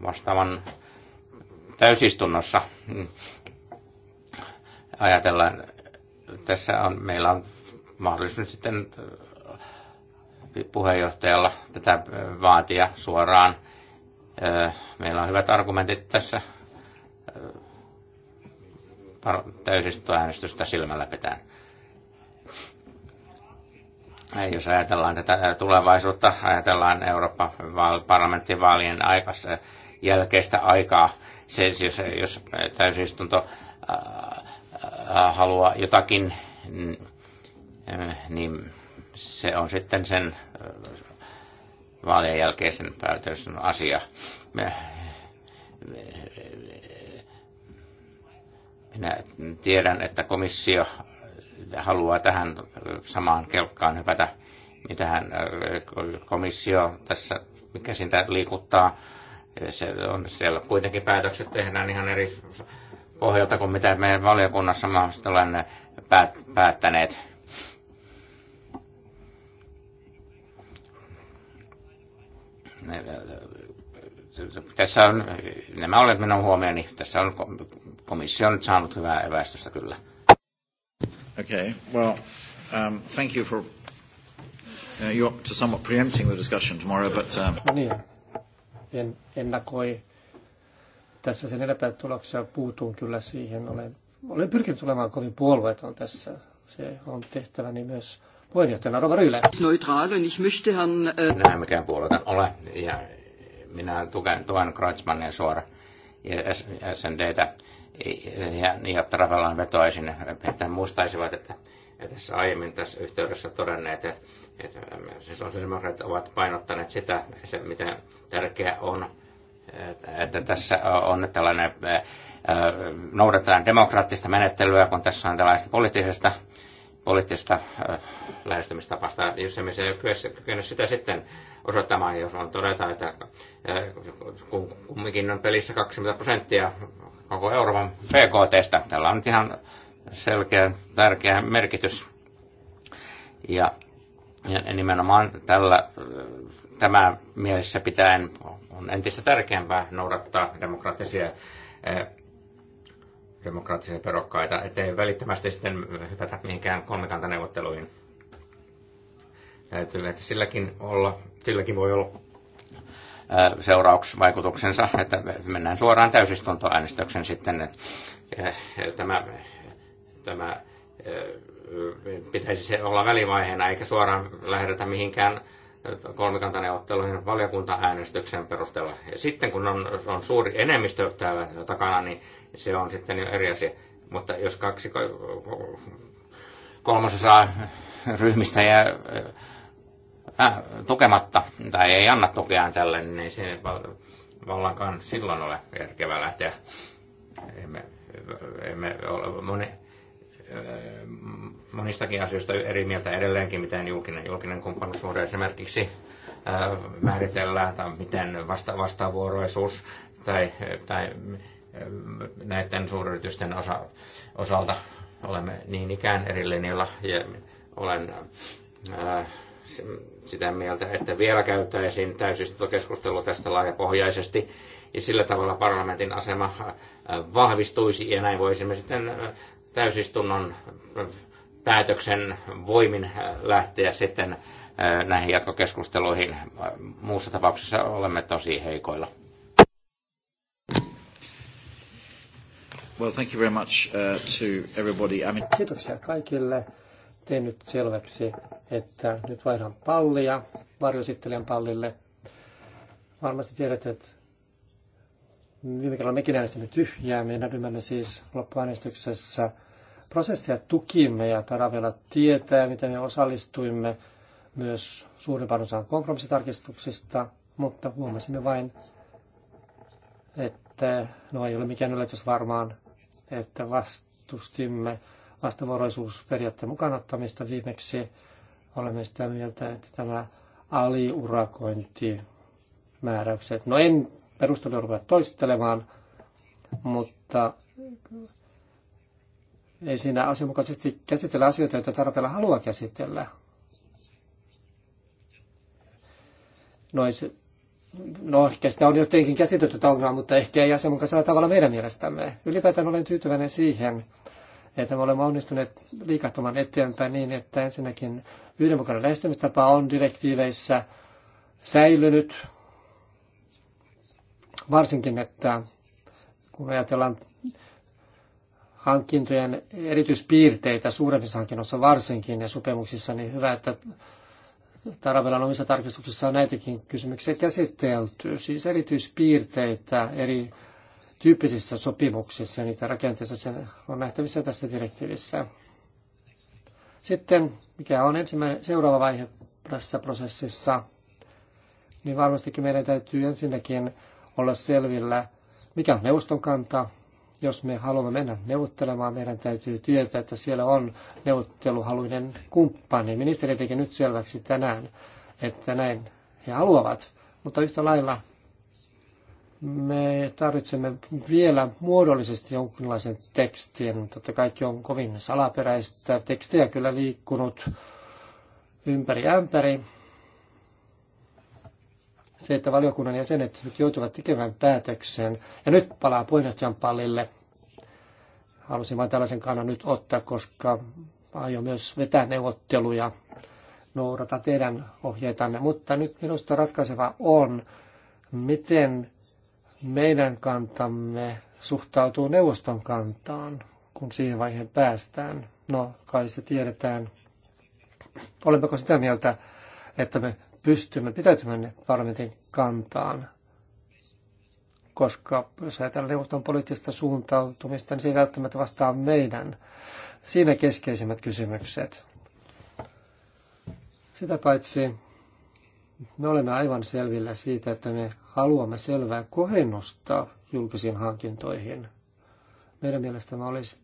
vastaavan täysistunnossa ajatellaan, tässä on, meillä on mahdollisuus sitten puheenjohtajalla tätä vaatia suoraan. Meillä on hyvät argumentit tässä täysistuntoäänestystä silmällä pitäen jos ajatellaan tätä tulevaisuutta, ajatellaan Euroopan parlamenttivaalien aikassa jälkeistä aikaa, se, jos, jos täysistunto haluaa jotakin, niin se on sitten sen vaalien jälkeisen päätöksen asia. Minä tiedän, että komissio haluaa tähän äh, samaan kelkkaan hypätä, mitä niin hän äh, komissio tässä käsintä liikuttaa. Se on siellä kuitenkin päätökset tehdään ihan eri pohjalta kuin mitä me valiokunnassa mahdollisesti olemme päät, päättäneet. Tässä on, nämä olet minun huomioni, tässä on komissio on nyt saanut hyvää evästystä kyllä. Okay. Well, um, thank you for uh, you're to somewhat preempting the discussion tomorrow, but... Um... No niin. En ennakoi tässä sen enempää tuloksia. Puutuun kyllä siihen. Olen, olen pyrkinyt olemaan kovin puolueeton tässä. Se on tehtäväni myös puheenjohtajana Rova Ryle. Neutral, und ich möchte Herrn... Minä äh, en mikään puolueeton ole. Ja minä tuen Kreutzmannia suora ja SNDtä ja, ja tavallaan vetoaisin, että muistaisivat, että, että tässä aiemmin tässä yhteydessä todenneet, että, että siis sosiaalidemokraatit ovat painottaneet sitä, se, miten tärkeää on, että tässä on tällainen, noudatetaan demokraattista menettelyä, kun tässä on tällaista poliittisesta poliittista lähestymistapasta, jos emme se kykene sitä sitten osoittamaan, jos on todeta, että kumminkin on pelissä 20 prosenttia koko Euroopan PKT. Tällä on nyt ihan selkeä, tärkeä merkitys. Ja, ja nimenomaan tällä, tämä mielessä pitäen on entistä tärkeämpää noudattaa demokraattisia eh, demokraattisia perokkaita, ettei välittömästi sitten hypätä mihinkään kolmikantaneuvotteluihin. Täytyy, että silläkin, olla, silläkin voi olla seurauksvaikutuksensa, että mennään suoraan täysistuntoäänestyksen sitten. Tämä, tämä pitäisi se olla välivaiheena, eikä suoraan lähdetä mihinkään kolmikantaneuvotteluihin valiokuntaäänestyksen perusteella. Ja sitten kun on, on suuri enemmistö täällä takana, niin se on sitten jo eri asia. Mutta jos kaksi kolmasosaa ryhmistä ja äh, tukematta tai ei anna tukeaan tälle, niin se vallankaan silloin ole järkevää lähteä. Emme, emme ole moni, äh, monistakin asioista eri mieltä edelleenkin, miten julkinen, julkinen kumppanuussuhde esimerkiksi äh, määritellään, tai miten vasta, vastavuoroisuus tai, tai äh, näiden suuryritysten osa, osalta olemme niin ikään eri linjalla Ja olen äh, sitä mieltä, että vielä käytäisiin täysistuntokeskustelu tästä laajapohjaisesti ja sillä tavalla parlamentin asema äh, vahvistuisi ja näin voisimme sitten äh, täysistunnon äh, päätöksen voimin lähteä sitten näihin jatkokeskusteluihin. Muussa tapauksessa olemme tosi heikoilla. Well, thank you very much uh, to everybody. I mean... Kiitoksia kaikille tehnyt selväksi, että nyt vaihdan pallia varjosittelijän pallille. Varmasti tiedät, että viime kerralla mekin äänestimme tyhjää. Me näkymämme siis loppuäänestyksessä prosessia tukimme ja Taravella tietää, miten me osallistuimme myös suurimpaan osaan kompromissitarkistuksista, mutta huomasimme vain, että no ei ole mikään yllätys varmaan, että vastustimme vastavuoroisuusperiaatteen mukanottamista viimeksi. Olemme sitä mieltä, että tämä aliurakointimääräykset, no en perusteluja ruveta toistelemaan, mutta ei siinä asianmukaisesti käsitellä asioita, joita tarpeella haluaa käsitellä. No, ei se, no ehkä sitä on jotenkin käsitelty ongelmaa, mutta ehkä ei asianmukaisella tavalla meidän mielestämme. Ylipäätään olen tyytyväinen siihen, että me olemme onnistuneet liikahtamaan eteenpäin niin, että ensinnäkin yhdenmukainen lähestymistapa on direktiiveissä säilynyt, varsinkin, että kun ajatellaan hankintojen erityispiirteitä suuremmissa hankinnoissa varsinkin ja sopimuksissa, niin hyvä, että Taravelan omissa tarkistuksissa on näitäkin kysymyksiä käsitelty, siis erityispiirteitä eri tyyppisissä sopimuksissa ja niitä rakenteissa sen on nähtävissä tässä direktiivissä. Sitten, mikä on ensimmäinen, seuraava vaihe tässä prosessissa, niin varmastikin meidän täytyy ensinnäkin olla selvillä, mikä on neuvoston kanta. Jos me haluamme mennä neuvottelemaan, meidän täytyy tietää, että siellä on neuvotteluhaluinen kumppani. Ministeri teki nyt selväksi tänään, että näin he haluavat, mutta yhtä lailla me tarvitsemme vielä muodollisesti jonkinlaisen tekstin. Totta kaikki on kovin salaperäistä. Tekstejä kyllä liikkunut ympäri ämpäri. Se, että valiokunnan jäsenet nyt joutuvat tekemään päätöksen. Ja nyt palaa puheenjohtajan pallille. Halusin vain tällaisen kannan nyt ottaa, koska aion myös vetää neuvotteluja noudata teidän ohjeitanne. Mutta nyt minusta ratkaiseva on, miten meidän kantamme suhtautuu neuvoston kantaan, kun siihen vaiheen päästään. No, kai se tiedetään. Olemmeko sitä mieltä, että me pystymme pitäytymään parlamentin kantaan? Koska jos ajatellaan neuvoston poliittista suuntautumista, niin se ei välttämättä vastaa meidän. Siinä keskeisimmät kysymykset. Sitä paitsi me olemme aivan selvillä siitä, että me haluamme selvää kohennusta julkisiin hankintoihin. Meidän mielestämme olisi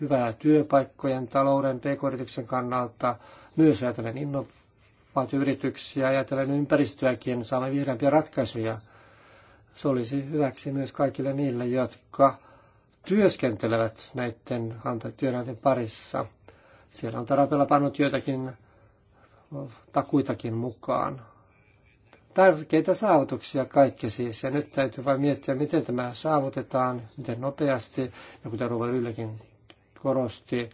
hyvää työpaikkojen, talouden, pk-yrityksen kannalta, myös ajatellen innovaatioyrityksiä, ajatellen ympäristöäkin, saamme vihreämpiä ratkaisuja. Se olisi hyväksi myös kaikille niille, jotka työskentelevät näiden työnantajien parissa. Siellä on tarpeella pannut joitakin takuitakin mukaan tärkeitä saavutuksia kaikki siis. Ja nyt täytyy vain miettiä, miten tämä saavutetaan, miten nopeasti. Ja kuten Ruva Ylläkin korosti,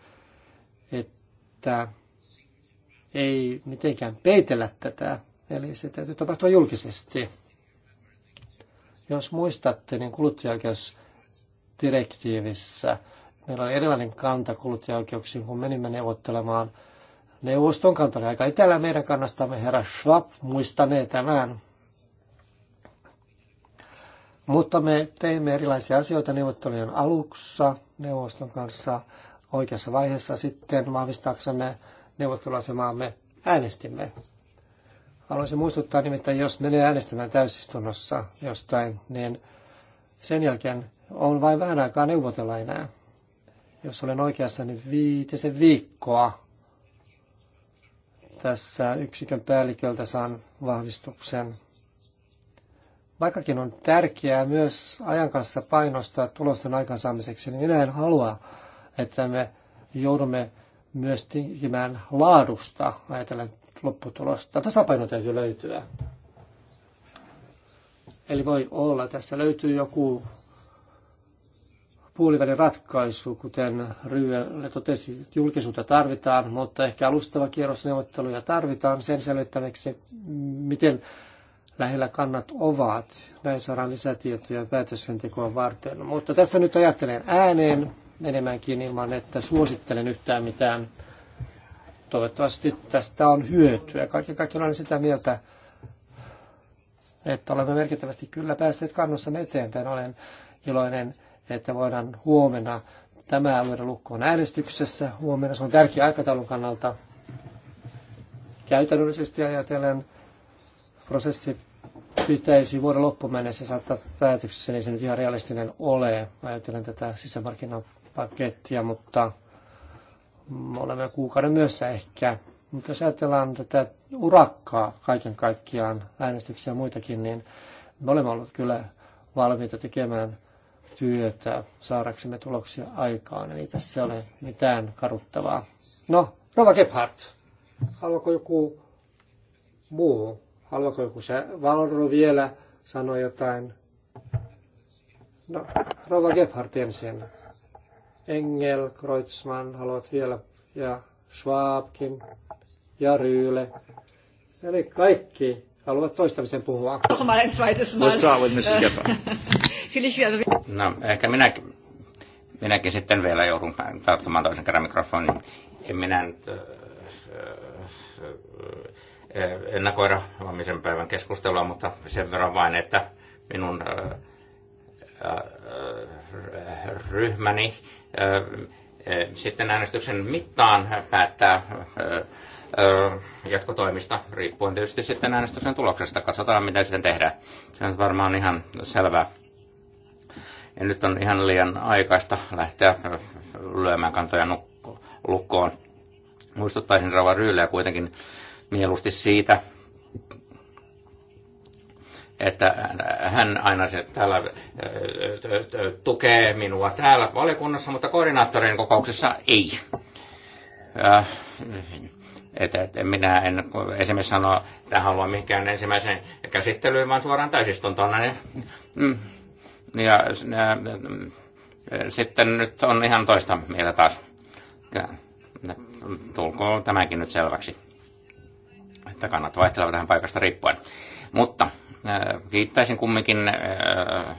että ei mitenkään peitellä tätä. Eli se täytyy tapahtua julkisesti. Jos muistatte, niin kuluttajaoikeusdirektiivissä meillä oli erilainen kanta kuluttajaoikeuksiin, kun menimme neuvottelemaan – neuvoston kantana aika etelä meidän kannastamme. Herra Schwab muistanee tämän. Mutta me teimme erilaisia asioita neuvottelujen alussa neuvoston kanssa oikeassa vaiheessa sitten vahvistaaksemme neuvotteluasemaamme äänestimme. Haluaisin muistuttaa nimittäin, jos menee äänestämään täysistunnossa jostain, niin sen jälkeen on vain vähän aikaa neuvotella enää. Jos olen oikeassa, niin viitisen viikkoa tässä yksikön päälliköltä saan vahvistuksen. Vaikkakin on tärkeää myös ajan kanssa painostaa tulosten aikaansaamiseksi, niin minä en halua, että me joudumme myös tinkimään laadusta ajatellen lopputulosta. Tasapaino täytyy löytyä. Eli voi olla, tässä löytyy joku puolivälin ratkaisu, kuten Ryölle totesi, että julkisuutta tarvitaan, mutta ehkä alustava kierros neuvotteluja tarvitaan sen selvittämiseksi, miten lähellä kannat ovat. Näin saadaan lisätietoja päätöksentekoa varten. Mutta tässä nyt ajattelen ääneen menemäänkin ilman, että suosittelen yhtään mitään. Toivottavasti tästä on hyötyä. Kaiken kaikkiaan olen sitä mieltä, että olemme merkittävästi kyllä päässeet kannussa eteenpäin. Olen iloinen että voidaan huomenna tämä lyödä lukkoon äänestyksessä. Huomenna se on tärkeä aikataulun kannalta. Käytännöllisesti ajatellen prosessi pitäisi vuoden loppuun mennessä saattaa päätöksessä, niin se nyt ihan realistinen ole. Ajatellen tätä sisämarkkinapakettia, mutta olemme kuukauden myössä ehkä. Mutta jos ajatellaan tätä urakkaa kaiken kaikkiaan, äänestyksiä ja muitakin, niin me olemme olleet kyllä valmiita tekemään työtä saadaksemme tuloksia aikaan. Eli tässä ei ole mitään karuttavaa. No, Rova Gebhardt, haluaako joku muu? Haluaako joku se Valro vielä sanoa jotain? No, Rova Gebhardt ensin. Engel, Kreutzmann haluat vielä ja Schwabkin ja Ryyle. Eli kaikki haluavat toistamisen puhua. No, ehkä minäkin, minäkin sitten vielä joudun tarttumaan toisen kerran mikrofoniin. En minä nyt, ennakoida huomisen päivän keskustelua, mutta sen verran vain, että minun ryhmäni sitten äänestyksen mittaan päättää jatkotoimista, riippuen tietysti sitten äänestyksen tuloksesta. Katsotaan, mitä sitten tehdään. Se on varmaan ihan selvää. Ja nyt on ihan liian aikaista lähteä lyömään kantoja lukkoon. Muistuttaisin Rava Ryyliä kuitenkin mieluusti siitä, että hän aina se täällä tukee minua täällä valiokunnassa, mutta koordinaattorin kokouksessa ei että, että minä en esimerkiksi sano, että haluan mihinkään ensimmäiseen käsittelyyn, vaan suoraan täysistuntoon. Niin, mm, ja, ja, sitten nyt on ihan toista mieltä taas. Tulkoon tämäkin nyt selväksi. Että kannat vaihtelevat tähän paikasta riippuen. Mutta kiittäisin kumminkin ää,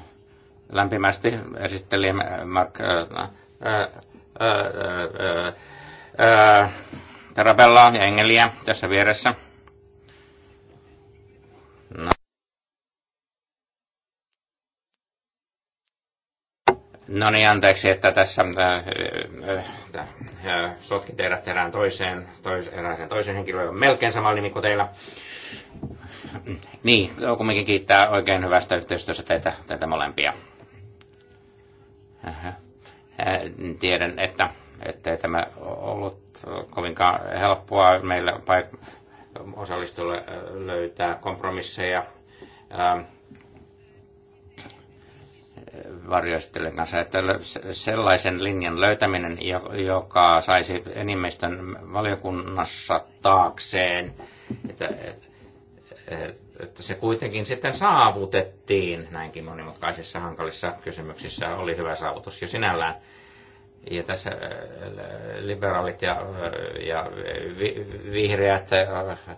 lämpimästi esittelijä Mark Ää, ää, ää, ää, ää, Tarabellaa ja Engeliä tässä vieressä. No. No niin, anteeksi, että tässä äh, äh, äh, äh sotkin teidät erään toiseen, tois, erääseen toiseen henkilöön, on melkein sama nimi kuin teillä. Niin, kumminkin kiittää oikein hyvästä yhteistyöstä teitä, teitä molempia. Tiedän, että ettei tämä ollut kovinkaan helppoa meillä paik- osallistujille löytää kompromisseja Varjoistelen kanssa, että sellaisen linjan löytäminen, joka saisi enimmäisten valiokunnassa taakseen, että, että se kuitenkin sitten saavutettiin näinkin monimutkaisissa hankalissa kysymyksissä, oli hyvä saavutus jo sinällään. Ja tässä äh, liberaalit ja, ja vihreät äh,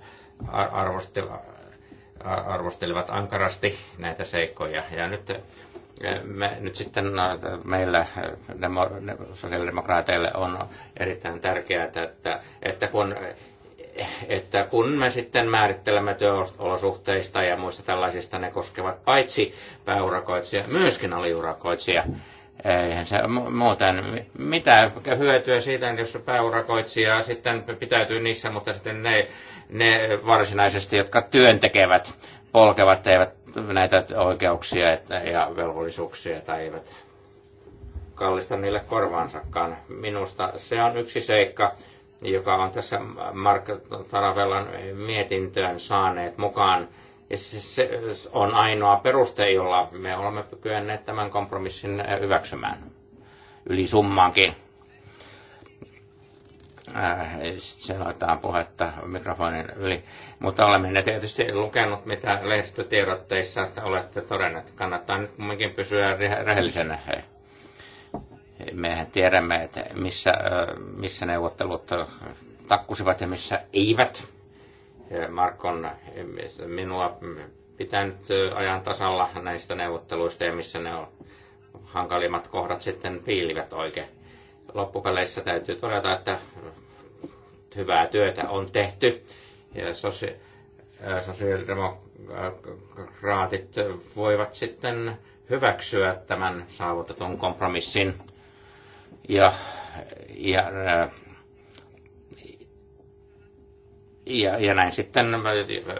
arvostelivat ankarasti näitä seikkoja. Ja nyt, äh, me, nyt sitten meillä sosiaalidemokraateille on erittäin tärkeää, että, että kun että kun me sitten määrittelemme työolosuhteista ja muista tällaisista, ne koskevat paitsi pääurakoitsijaa, myöskin aliurakoitsijaa, Eihän se muuten, mitä hyötyä siitä, jos pääurakoitsija sitten pitäytyy niissä, mutta sitten ne, ne varsinaisesti, jotka työntekevät, polkevat, eivät näitä oikeuksia ja velvollisuuksia tai eivät kallista niille korvaansakaan. Minusta se on yksi seikka, joka on tässä Mark Taravellan mietintöön saaneet mukaan ja se on ainoa peruste, jolla me olemme kyenneet tämän kompromissin hyväksymään yli summankin. Äh, se laitetaan puhetta mikrofonin yli. Mutta olemme ne tietysti lukenut, mitä lehdistötiedotteissa olette todenneet. Kannattaa nyt kumminkin pysyä rehellisenä. Mehän tiedämme, että missä, missä neuvottelut takkusivat ja missä eivät Eh, Markon eh, minua pitänyt eh, ajan tasalla näistä neuvotteluista ja missä ne on hankalimmat kohdat sitten piilivät oikein. Loppupeleissä täytyy todeta, että hyvää työtä on tehty. Ja sosi- sosiaalidemokraatit voivat sitten hyväksyä tämän saavutetun kompromissin. Ja, ja ja, ja näin sitten äh,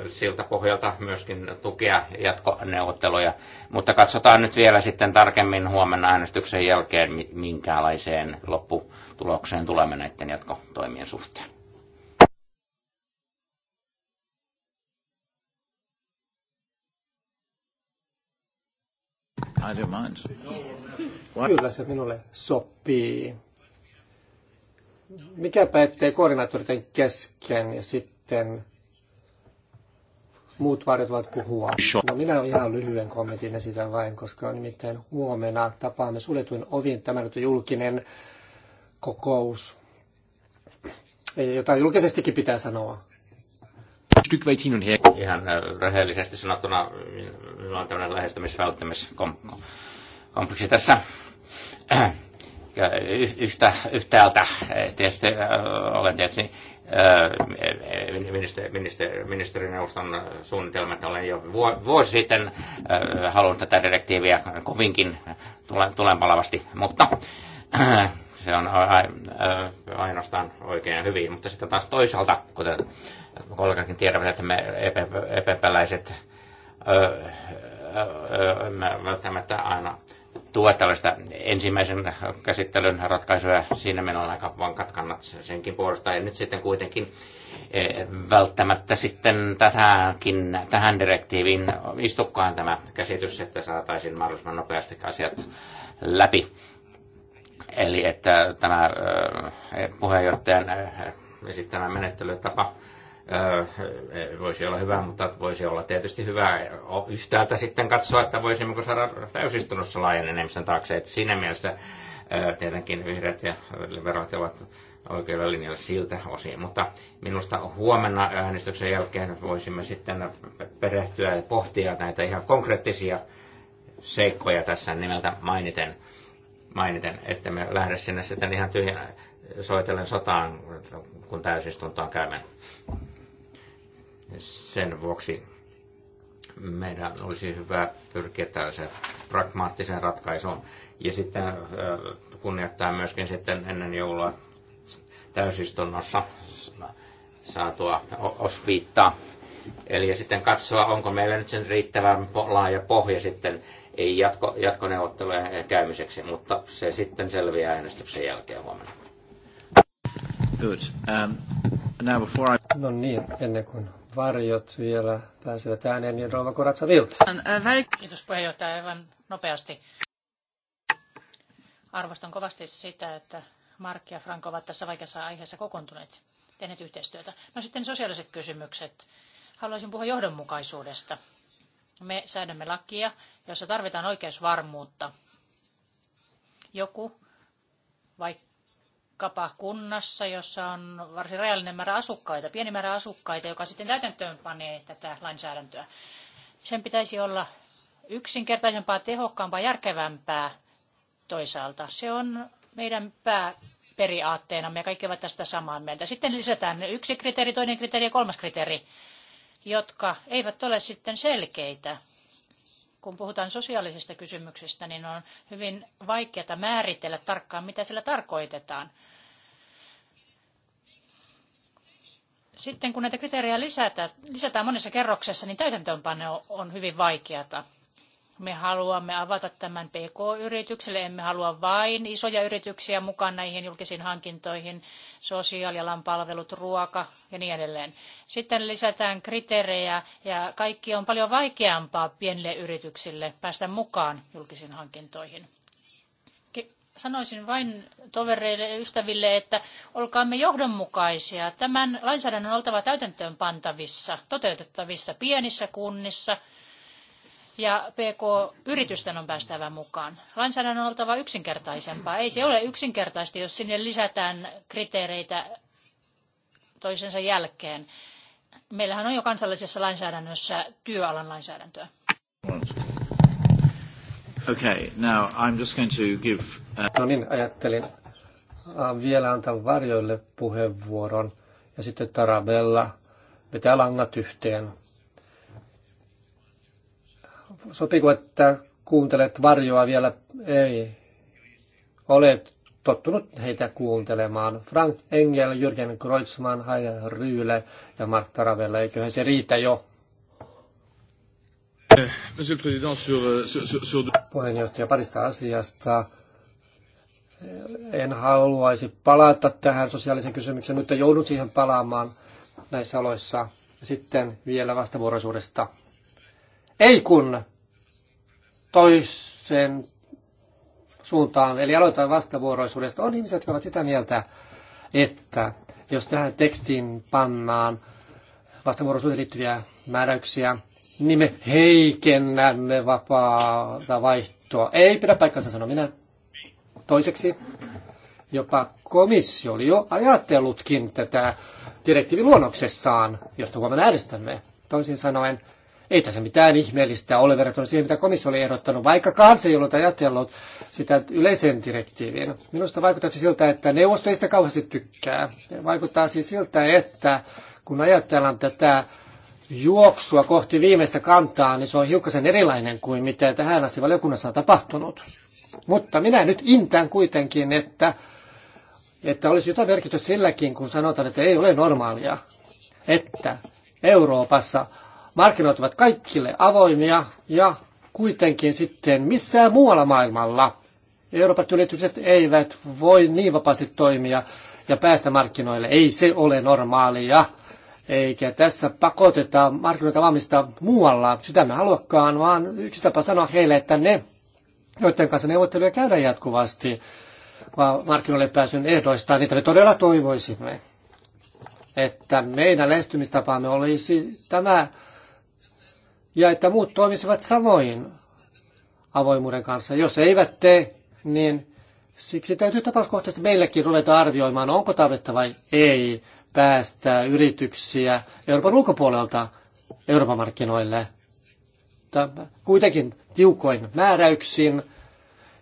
siltä pohjalta myöskin tukea jatkoneuvotteluja. Mutta katsotaan nyt vielä sitten tarkemmin huomenna äänestyksen jälkeen, minkälaiseen lopputulokseen tulemme näiden jatkotoimien suhteen. Kyllä se minulle sopii mikä päättää koordinaattoreiden kesken ja sitten muut varjot voivat puhua. No minä ihan lyhyen kommentin esitän vain, koska on nimittäin huomenna tapaamme suljetuin ovin. Tämä nyt on julkinen kokous, jota julkisestikin pitää sanoa. Ihan äh, rehellisesti sanottuna minulla on tämmöinen lähestymisvälttämiskompleksi tässä yhtä, yhtäältä eh, tietysti, eh, olen tietysti eh, ministeri, ministeri, ministerineuvoston suunnitelmat. Olen jo vuosi sitten halunnut tätä direktiiviä kovinkin palavasti, mutta se on ainoastaan oikein hyvin. Mutta sitten taas toisaalta, kuten kollegakin tiedämme, että me epäpäläiset e me välttämättä aina tue tällaista ensimmäisen käsittelyn ratkaisuja. Siinä meillä on aika vankat kannat senkin puolesta. Ja nyt sitten kuitenkin eh, välttämättä sitten tätäkin, tähän direktiiviin istukkaan tämä käsitys, että saataisiin mahdollisimman nopeasti asiat läpi. Eli että tämä eh, puheenjohtajan eh, esittämä menettelytapa voisi olla hyvä, mutta voisi olla tietysti hyvä yhtäältä sitten katsoa, että voisimmeko saada täysistunnossa laajan enemmistön taakse. Että siinä mielessä tietenkin vihreät ja liberaalit ovat oikealla linjalla siltä osin. Mutta minusta huomenna äänestyksen jälkeen voisimme sitten perehtyä ja pohtia näitä ihan konkreettisia seikkoja tässä nimeltä mainiten, mainiten että me lähde sinne sitten ihan tyhjänä soitellen sotaan, kun täysistuntoon käymme. Sen vuoksi meidän olisi hyvä pyrkiä tällaiseen pragmaattiseen ratkaisuun. Ja sitten kunnioittaa myöskin sitten ennen joulua täysistunnossa saatua osviittaa. Eli sitten katsoa, onko meillä nyt sen riittävän laaja pohja sitten ei jatko, jatkoneuvottelujen käymiseksi, mutta se sitten selviää äänestyksen jälkeen huomenna. Good. Um, now before I... No niin, ennen kuin varjot vielä pääsevät ääneen, niin Rova Koratsa Vilt. Kiitos puheenjohtaja aivan nopeasti. Arvostan kovasti sitä, että Mark ja Frank ovat tässä vaikeassa aiheessa kokoontuneet, tehneet yhteistyötä. No sitten sosiaaliset kysymykset. Haluaisin puhua johdonmukaisuudesta. Me säädämme lakia, jossa tarvitaan oikeusvarmuutta. Joku, vaikka vaikkapa kunnassa, jossa on varsin rajallinen määrä asukkaita, pieni määrä asukkaita, joka sitten täytäntöön panee tätä lainsäädäntöä. Sen pitäisi olla yksinkertaisempaa, tehokkaampaa, järkevämpää toisaalta. Se on meidän pääperiaatteena. Me kaikki ovat tästä samaa mieltä. Sitten lisätään yksi kriteeri, toinen kriteeri ja kolmas kriteeri, jotka eivät ole sitten selkeitä kun puhutaan sosiaalisista kysymyksistä, niin on hyvin vaikeaa määritellä tarkkaan, mitä sillä tarkoitetaan. sitten kun näitä kriteerejä lisätään, lisätään monessa kerroksessa, niin täytäntöönpano on hyvin vaikeata. Me haluamme avata tämän PK-yritykselle, emme halua vain isoja yrityksiä mukaan näihin julkisiin hankintoihin, sosiaalialan palvelut, ruoka ja niin edelleen. Sitten lisätään kriteerejä ja kaikki on paljon vaikeampaa pienille yrityksille päästä mukaan julkisiin hankintoihin sanoisin vain tovereille ja ystäville, että olkaamme johdonmukaisia. Tämän lainsäädännön on oltava täytäntöön pantavissa, toteutettavissa pienissä kunnissa ja PK-yritysten on päästävä mukaan. Lainsäädännön on oltava yksinkertaisempaa. Ei se ole yksinkertaista, jos sinne lisätään kriteereitä toisensa jälkeen. Meillähän on jo kansallisessa lainsäädännössä työalan lainsäädäntöä. Okay, now I'm just going to give... Uh... No niin, ajattelin äh, vielä antaa varjoille puheenvuoron ja sitten Tarabella vetää langat yhteen. Sopiiko, että kuuntelet varjoa vielä? Ei. Olet tottunut heitä kuuntelemaan. Frank Engel, Jürgen Kreutzmann, Heide Ryyle ja Mark Tarabella, Eiköhän se riitä jo. Monsieur le Président, sur, euh, sur, sur... Puheenjohtaja, parista asiasta. En haluaisi palata tähän sosiaalisen kysymykseen, mutta joudun siihen palaamaan näissä oloissa. Sitten vielä vastavuoroisuudesta. Ei kun toisen suuntaan, eli aloitetaan vastavuoroisuudesta. On ihmisiä, jotka ovat sitä mieltä, että jos tähän tekstiin pannaan vastavuoroisuuteen liittyviä määräyksiä, niin me heikennämme vapaata vaihtoa. Ei pidä paikkansa sanoa minä. Toiseksi, jopa komissio oli jo ajatellutkin tätä direktiiviluonnoksessaan, josta huomenna äänestämme. Toisin sanoen, ei tässä mitään ihmeellistä ole verrattuna siihen, mitä komissio oli ehdottanut, vaikka kansa ei ollut ajatellut sitä yleiseen direktiiviin. Minusta vaikuttaa siltä, että neuvosto ei sitä kauheasti tykkää. Vaikuttaa siis siltä, että kun ajatellaan tätä juoksua kohti viimeistä kantaa, niin se on hiukkasen erilainen kuin mitä tähän asti valiokunnassa on tapahtunut. Mutta minä nyt intään kuitenkin, että, että olisi jotain merkitystä silläkin, kun sanotaan, että ei ole normaalia, että Euroopassa markkinoit ovat kaikille avoimia ja kuitenkin sitten missään muualla maailmalla Euroopan yritykset eivät voi niin vapaasti toimia ja päästä markkinoille. Ei se ole normaalia eikä tässä pakoteta markkinoita valmistaa muualla. Sitä me haluakaan, vaan yksi tapa sanoa heille, että ne, joiden kanssa neuvotteluja käydään jatkuvasti markkinoille pääsyn ehdoista, niitä me todella toivoisimme, että meidän lähestymistapaamme olisi tämä, ja että muut toimisivat samoin avoimuuden kanssa. Jos eivät tee, niin Siksi täytyy tapauskohtaisesti meillekin ruveta arvioimaan, onko tarvetta vai ei päästää yrityksiä Euroopan ulkopuolelta Euroopan markkinoille. Tämä kuitenkin tiukoin määräyksin.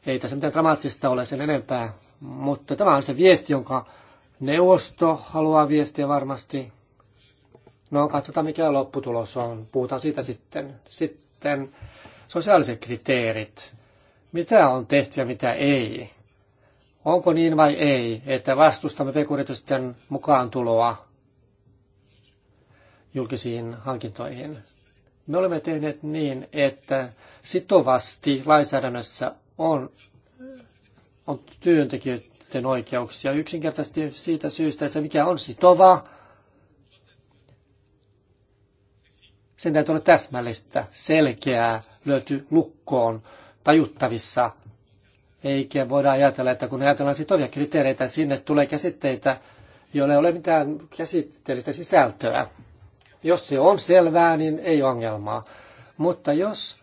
Ei tässä mitään dramaattista ole sen enempää, mutta tämä on se viesti, jonka neuvosto haluaa viestiä varmasti. No, katsotaan mikä lopputulos on. Puhutaan siitä sitten. Sitten sosiaaliset kriteerit. Mitä on tehty ja mitä ei. Onko niin vai ei, että vastustamme pk-yritysten mukaan tuloa julkisiin hankintoihin? Me olemme tehneet niin, että sitovasti lainsäädännössä on, on työntekijöiden oikeuksia yksinkertaisesti siitä syystä, että se mikä on sitova, sen täytyy olla täsmällistä, selkeää, löyty lukkoon, tajuttavissa – eikä voida ajatella, että kun ajatellaan sitovia kriteereitä, sinne tulee käsitteitä, joille ei ole mitään käsitteellistä sisältöä. Jos se on selvää, niin ei ongelmaa. Mutta jos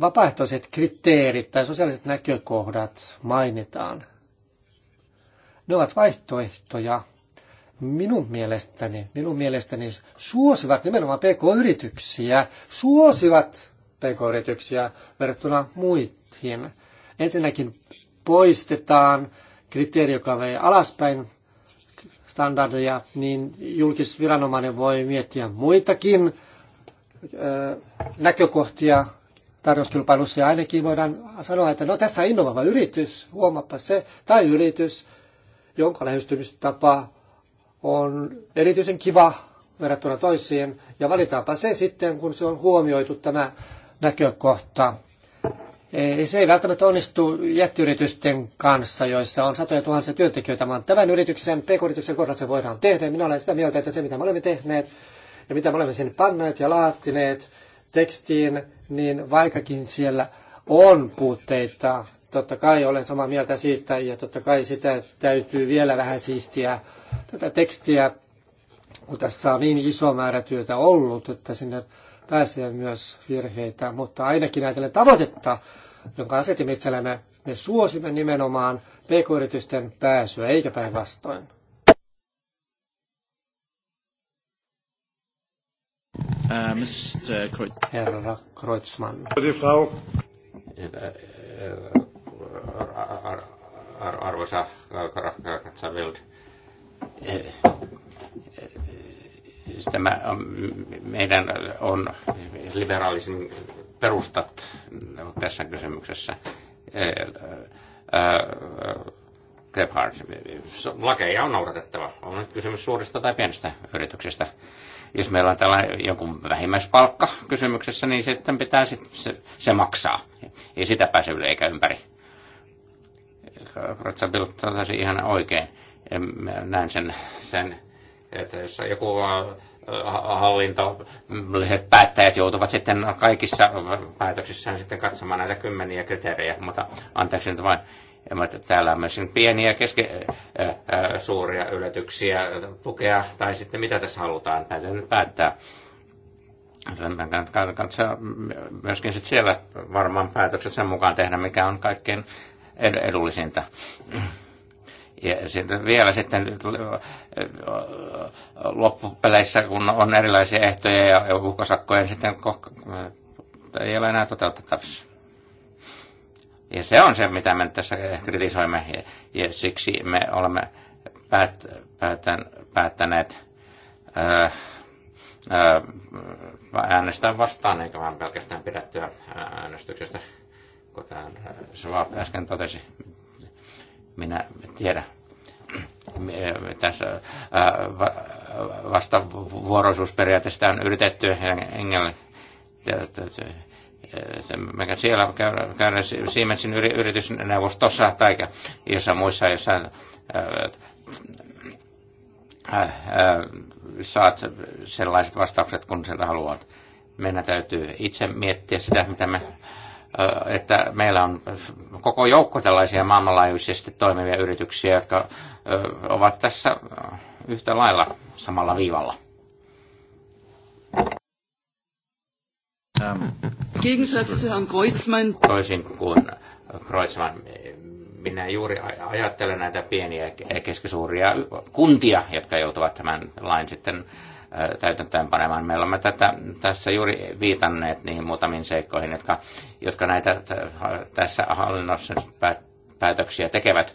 vapaaehtoiset kriteerit tai sosiaaliset näkökohdat mainitaan, ne ovat vaihtoehtoja minun mielestäni, minun mielestäni suosivat nimenomaan pk-yrityksiä, suosivat pk-yrityksiä verrattuna muihin. Ensinnäkin poistetaan kriteeri, joka vei alaspäin standardeja, niin julkisviranomainen voi miettiä muitakin näkökohtia tarjouskilpailussa ja ainakin voidaan sanoa, että no tässä on innovaava yritys, huomappa se, tai yritys, jonka lähestymistapa on erityisen kiva verrattuna toisiin, ja valitaanpa se sitten, kun se on huomioitu tämä näkökohta se ei välttämättä onnistu jättiyritysten kanssa, joissa on satoja tuhansia työntekijöitä, vaan tämän yrityksen, pk-yrityksen kohdalla se voidaan tehdä. Minä olen sitä mieltä, että se mitä me olemme tehneet ja mitä me olemme sinne panneet ja laattineet tekstiin, niin vaikkakin siellä on puutteita, totta kai olen samaa mieltä siitä ja totta kai sitä täytyy vielä vähän siistiä tätä tekstiä, kun tässä on niin iso määrä työtä ollut, että sinne pääsee myös virheitä, mutta ainakin ajatellen tavoitetta, jonka asetimme itsellemme, me suosimme nimenomaan pk-yritysten pääsyä, eikä päinvastoin. Uh, Herra Kreutzmann. Eh, arvoisa äh, Karatsavild, eh, eh, tämä on, meidän on liberaalisin perustat tässä kysymyksessä. lakeja on noudatettava. On nyt kysymys suurista tai pienistä yrityksistä. Jos meillä on tällainen joku vähimmäispalkka kysymyksessä, niin sitten pitää sit se, se maksaa. Ei sitä pääse yli eikä ympäri. Ratsabilt ihan oikein. Näen sen, sen että jos joku hallinto, päättäjät joutuvat sitten kaikissa päätöksissään sitten katsomaan näitä kymmeniä kriteerejä, mutta anteeksi nyt vain, täällä on myös pieniä keske, suuria yllätyksiä, tukea tai sitten mitä tässä halutaan, täytyy nyt päättää. myöskin sitten siellä varmaan päätökset sen mukaan tehdä, mikä on kaikkein edullisinta. Ja sitten vielä sitten loppupeleissä, kun on erilaisia ehtoja ja uhkosakkoja, niin sitten kohka, ei ole enää toteutettavissa. Ja se on se, mitä me tässä kritisoimme, ja, ja siksi me olemme päät, päätän, päättäneet ää, ää, äänestää vastaan, eikä vaan pelkästään pidettyä äänestyksestä, kuten Svab äsken totesi minä tiedä. Tässä vastavuoroisuusperiaatteesta on yritetty Se, mikä siellä käydään Siemensin yritysneuvostossa tai jossa muissa, jossa saat sellaiset vastaukset, kun sieltä haluat. Meidän täytyy itse miettiä sitä, mitä me että meillä on koko joukko tällaisia maailmanlaajuisesti toimivia yrityksiä, jotka ovat tässä yhtä lailla samalla viivalla. Ähm, Toisin kuin Kreuzmann minä juuri ajattelen näitä pieniä ja keskisuuria kuntia, jotka joutuvat tämän lain sitten täytäntöön panemaan. Me olemme tätä, tässä juuri viitanneet niihin muutamiin seikkoihin, jotka, jotka näitä tässä hallinnossa päätöksiä tekevät.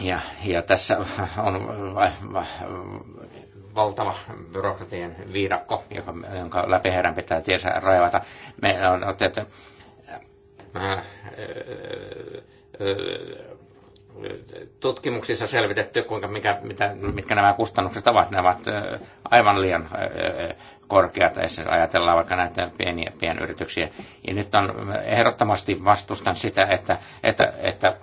Ja, ja tässä on valtava byrokratian viidakko, joka, jonka läpi heidän pitää tiesä rajoita. Me on otettu äh, äh, tutkimuksissa selvitetty, kuinka, mikä, mitä, mitkä nämä kustannukset ovat. Ne ovat aivan liian korkeat, jos ajatellaan vaikka näitä pieniä pienyrityksiä. Ja nyt on ehdottomasti vastustan sitä, että, että, että,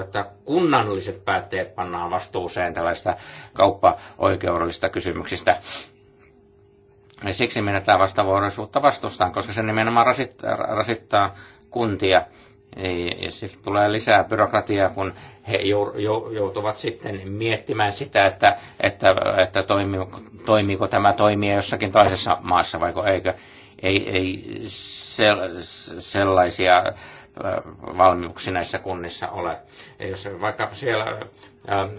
että kunnalliset päätteet pannaan vastuuseen tällaista kauppa-oikeudellisista kysymyksistä. Ja siksi minä tätä vastavuoroisuutta vastustan, koska se nimenomaan rasittaa, rasittaa kuntia ei, ja sitten tulee lisää byrokratiaa, kun he joutuvat sitten miettimään sitä, että, että, että toimiiko, toimiiko tämä toimija jossakin toisessa maassa vai eikö. Ei, ei sellaisia valmiuksia näissä kunnissa ole. Jos vaikka siellä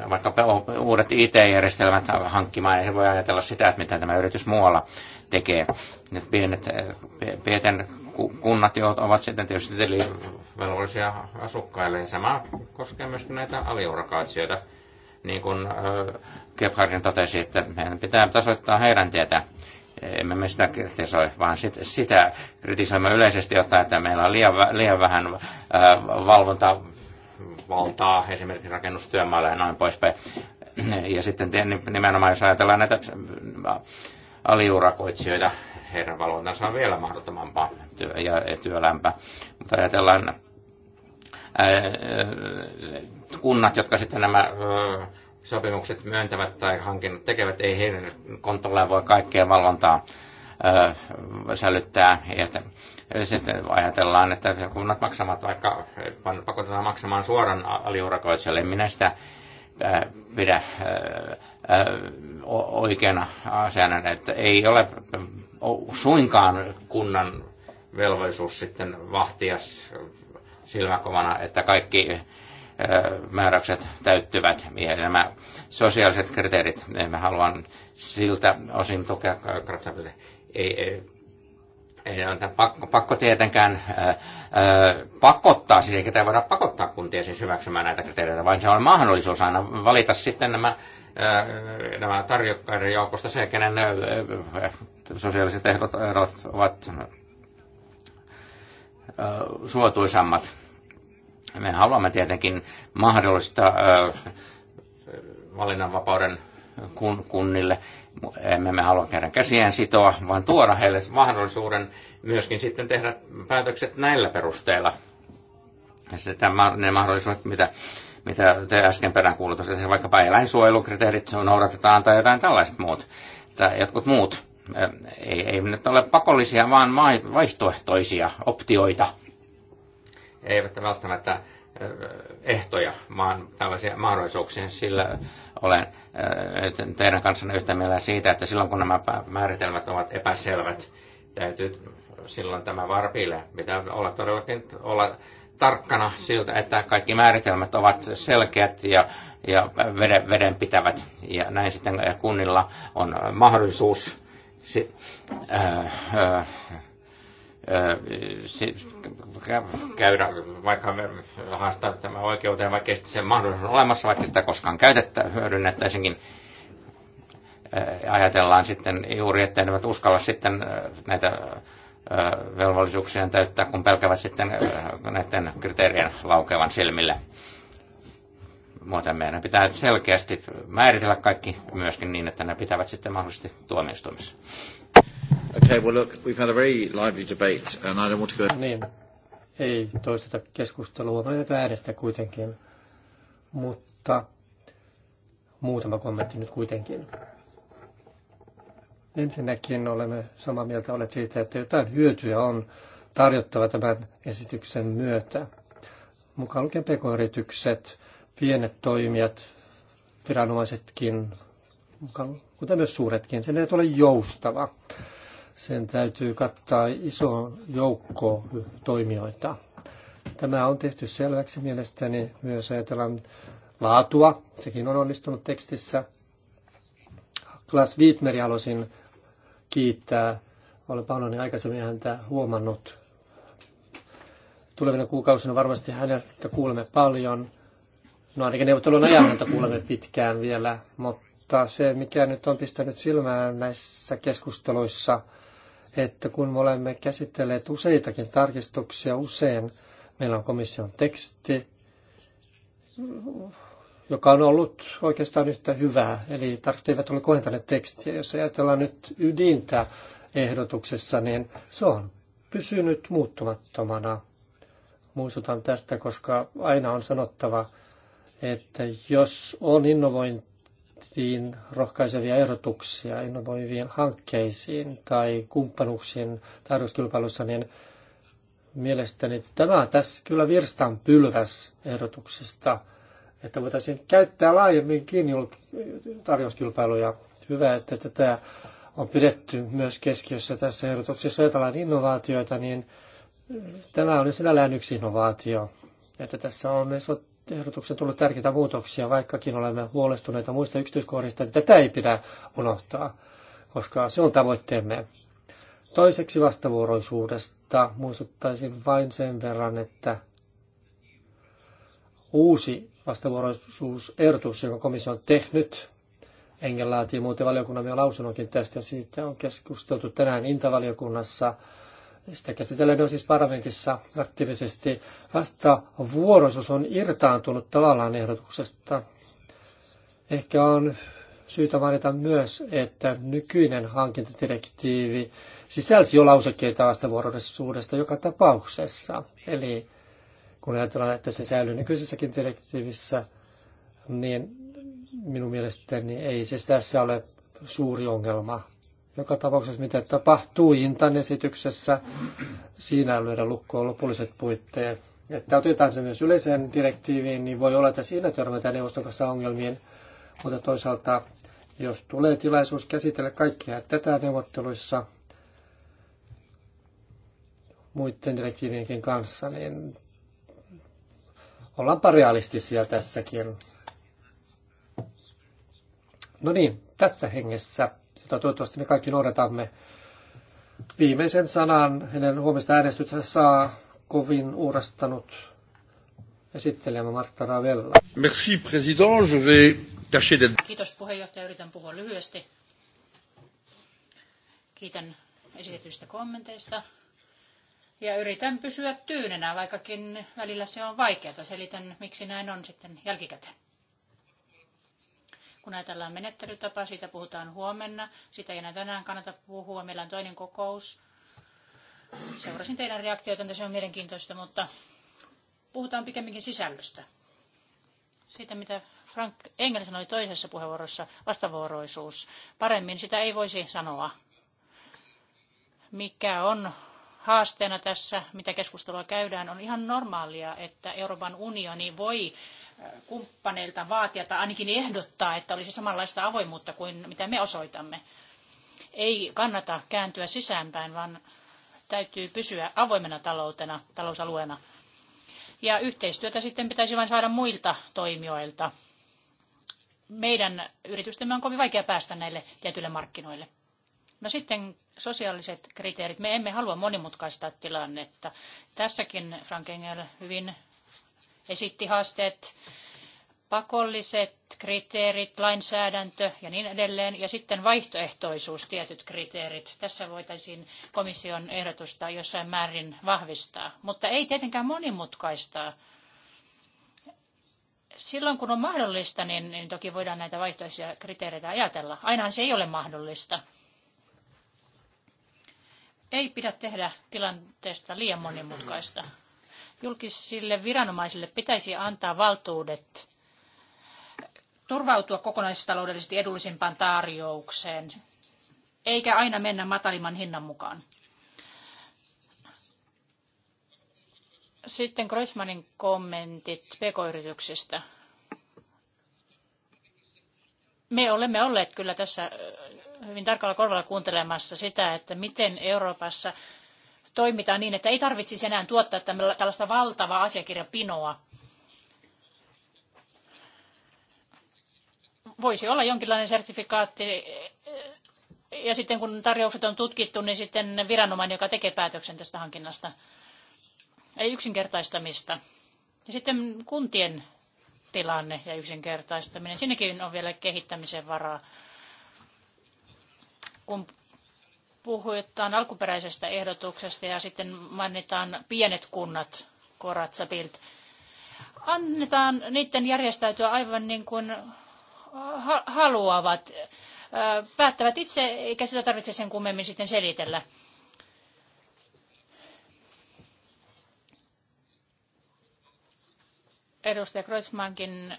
vaikka uudet IT-järjestelmät hankkimaan, niin he voi ajatella sitä, että mitä tämä yritys muualla tekee. Nyt pienet, pienten kunnat jo ovat sitten tietysti velvollisia asukkaille. Sama koskee myöskin näitä aliurakatsijoita. Niin kuin Gebhardin totesi, että meidän pitää tasoittaa heidän tietä. Emme me sitä kritisoi, vaan sit, sitä kritisoimme yleisesti ottaen, että meillä on liian, liian vähän valvonta valtaa esimerkiksi rakennustyömaalle ja noin poispäin. Ja sitten nimenomaan jos ajatellaan näitä aliurakoitsijoita, heidän valvontansa on vielä mahdottomampaa työ, ja työlämpää. Mutta ajatellaan äh, äh, kunnat, jotka sitten nämä äh, sopimukset myöntävät tai hankinnat tekevät, ei heidän kontolleen voi kaikkea valvontaa sälyttää. Ja sitten ajatellaan, että kunnat maksavat vaikka, pakotetaan maksamaan suoran aliurakoitselle, minä sitä pidä oikeana asiana, että ei ole suinkaan kunnan velvollisuus sitten vahtia silmäkovana, että kaikki määräykset täyttyvät. Ja nämä sosiaaliset kriteerit, me haluan siltä osin tukea Kratsaville. Ei, ei, ei ole pakko, pakko tietenkään ää, ää, pakottaa, siis eikä voida pakottaa kuntia siis hyväksymään näitä kriteereitä, vaan se on mahdollisuus aina valita sitten nämä, ää, nämä tarjokkaiden joukosta se, kenen ää, sosiaaliset ehdot, erot ovat suotuisammat. Me haluamme tietenkin mahdollista valinnanvapauden kun, kunnille. Emme me halua käydä käsiään sitoa, vaan tuoda heille mahdollisuuden myöskin sitten tehdä päätökset näillä perusteilla. Ja sitten ne mahdollisuudet, mitä, mitä te äsken perään peräänkuulutus, vaikkapa eläinsuojelukriteerit noudatetaan tai jotain tällaiset muut, tai jotkut muut ei, ei nyt ole pakollisia, vaan vaihtoehtoisia optioita. Eivät välttämättä ehtoja, vaan tällaisia mahdollisuuksia, sillä olen teidän kanssanne yhtä mieltä siitä, että silloin kun nämä määritelmät ovat epäselvät, täytyy silloin tämä varpille. Pitää olla todellakin olla tarkkana siltä, että kaikki määritelmät ovat selkeät ja, ja veden, vedenpitävät. Ja näin sitten kunnilla on mahdollisuus se, äh, äh, äh se, käydä, vaikka haastaa tämä oikeuteen, vaikka se mahdollisuus on olemassa, vaikka sitä koskaan käytettä hyödynnettäisinkin, äh, ajatellaan sitten juuri, että ne uskalla sitten näitä velvollisuuksien täyttää, kun pelkävät sitten näiden kriteerien laukevan silmille. Muuten meidän pitää selkeästi määritellä kaikki myöskin niin, että ne pitävät sitten mahdollisesti tuomioistuimissa. Okay, well look, we've had a very lively debate and I don't want to go... Niin, ei toisteta keskustelua, vaan tätä äänestä kuitenkin. Mutta muutama kommentti nyt kuitenkin. Ensinnäkin olemme samaa mieltä olleet siitä, että jotain hyötyä on tarjottava tämän esityksen myötä. Mukaan lukien pk-yritykset pienet toimijat, viranomaisetkin, kuten myös suuretkin, sen ei olla joustava. Sen täytyy kattaa iso joukko toimijoita. Tämä on tehty selväksi mielestäni myös ajatellaan laatua. Sekin on onnistunut tekstissä. Klas Wittmeri halusin kiittää. Olen paljon aikaisemmin häntä huomannut. Tulevina kuukausina varmasti häneltä kuulemme paljon. No ainakin neuvottelun ajan, mutta kuulemme pitkään vielä, mutta se mikä nyt on pistänyt silmään näissä keskusteluissa, että kun me olemme käsitelleet useitakin tarkistuksia usein, meillä on komission teksti, joka on ollut oikeastaan yhtä hyvää, eli tarkistukset eivät ole kohentaneet tekstiä. Jos ajatellaan nyt ydintä ehdotuksessa, niin se on pysynyt muuttumattomana. Muistutan tästä, koska aina on sanottava, että jos on innovointiin rohkaisevia ehdotuksia innovoiviin hankkeisiin tai kumppanuuksiin tarjouskilpailussa, niin mielestäni tämä tässä kyllä virstan pylväs ehdotuksista, että voitaisiin käyttää laajemminkin tarjouskilpailuja. Hyvä, että tätä on pidetty myös keskiössä tässä ehdotuksessa. Jos ajatellaan innovaatioita, niin tämä on sinällään yksi innovaatio. Että tässä on ehdotuksen tullut tärkeitä muutoksia, vaikkakin olemme huolestuneita muista yksityiskohdista, niin tätä ei pidä unohtaa, koska se on tavoitteemme. Toiseksi vastavuoroisuudesta muistuttaisin vain sen verran, että uusi vastavuoroisuusehdotus, jonka komissio on tehnyt, Engel laatii muuten valiokunnan vielä lausunnonkin tästä, siitä on keskusteltu tänään intavaliokunnassa – sitä käsitellään on siis parlamentissa aktiivisesti. Vasta vuoroisuus on irtaantunut tavallaan ehdotuksesta. Ehkä on syytä mainita myös, että nykyinen hankintadirektiivi sisälsi jo lausekkeita vastavuoroisuudesta joka tapauksessa. Eli kun ajatellaan, että se säilyy nykyisessäkin direktiivissä, niin minun mielestäni ei siis tässä ole suuri ongelma. Joka tapauksessa mitä tapahtuu Intan esityksessä, siinä lyödään lukkoon lopulliset puitteet. Että otetaan se myös yleiseen direktiiviin, niin voi olla, että siinä törmätään neuvoston kanssa ongelmiin, mutta toisaalta jos tulee tilaisuus käsitellä kaikkia tätä neuvotteluissa muiden direktiivienkin kanssa, niin ollaanpa realistisia tässäkin. No niin, tässä hengessä jota toivottavasti me kaikki noudatamme. Viimeisen sanan hänen huomista äänestystä saa kovin uurastanut esittelemä Martta Ravella. Merci, président. Je vais tâcher Kiitos puheenjohtaja. Yritän puhua lyhyesti. Kiitän esitetyistä kommenteista. Ja yritän pysyä tyynenä, vaikkakin välillä se on vaikeaa. Selitän, miksi näin on sitten jälkikäteen. Kun ajatellaan menettelytapaa, siitä puhutaan huomenna. Sitä ei enää tänään kannata puhua. Meillä on toinen kokous. Seurasin teidän reaktioitanne, se on mielenkiintoista, mutta puhutaan pikemminkin sisällöstä. Siitä, mitä Frank Engel sanoi toisessa puheenvuorossa, vastavuoroisuus. Paremmin sitä ei voisi sanoa. Mikä on haasteena tässä, mitä keskustelua käydään, on ihan normaalia, että Euroopan unioni voi kumppaneilta vaatia tai ainakin ehdottaa, että olisi samanlaista avoimuutta kuin mitä me osoitamme. Ei kannata kääntyä sisäänpäin, vaan täytyy pysyä avoimena taloutena, talousalueena. Ja yhteistyötä sitten pitäisi vain saada muilta toimijoilta. Meidän yritystemme on kovin vaikea päästä näille tietyille markkinoille. No sitten sosiaaliset kriteerit. Me emme halua monimutkaistaa tilannetta. Tässäkin Frank Engel hyvin esitti haasteet, pakolliset kriteerit, lainsäädäntö ja niin edelleen, ja sitten vaihtoehtoisuus, tietyt kriteerit. Tässä voitaisiin komission ehdotusta jossain määrin vahvistaa, mutta ei tietenkään monimutkaistaa. Silloin kun on mahdollista, niin, niin toki voidaan näitä vaihtoehtoisia kriteereitä ajatella. Ainahan se ei ole mahdollista. Ei pidä tehdä tilanteesta liian monimutkaista. Julkisille viranomaisille pitäisi antaa valtuudet turvautua kokonaistaloudellisesti edullisimpaan tarjoukseen, eikä aina mennä matalimman hinnan mukaan. Sitten Kreutzmannin kommentit pk-yrityksistä. Me olemme olleet kyllä tässä hyvin tarkalla korvalla kuuntelemassa sitä, että miten Euroopassa toimitaan niin, että ei tarvitsisi enää tuottaa tällaista valtavaa asiakirjapinoa. Voisi olla jonkinlainen sertifikaatti, ja sitten kun tarjoukset on tutkittu, niin sitten viranomainen, joka tekee päätöksen tästä hankinnasta. Ei yksinkertaistamista. Ja sitten kuntien tilanne ja yksinkertaistaminen. Siinäkin on vielä kehittämisen varaa. Kun puhutaan alkuperäisestä ehdotuksesta ja sitten mainitaan pienet kunnat, Koratsabild. Annetaan niiden järjestäytyä aivan niin kuin haluavat. Päättävät itse, eikä sitä tarvitse sen kummemmin sitten selitellä. Edustaja Kreutzmannkin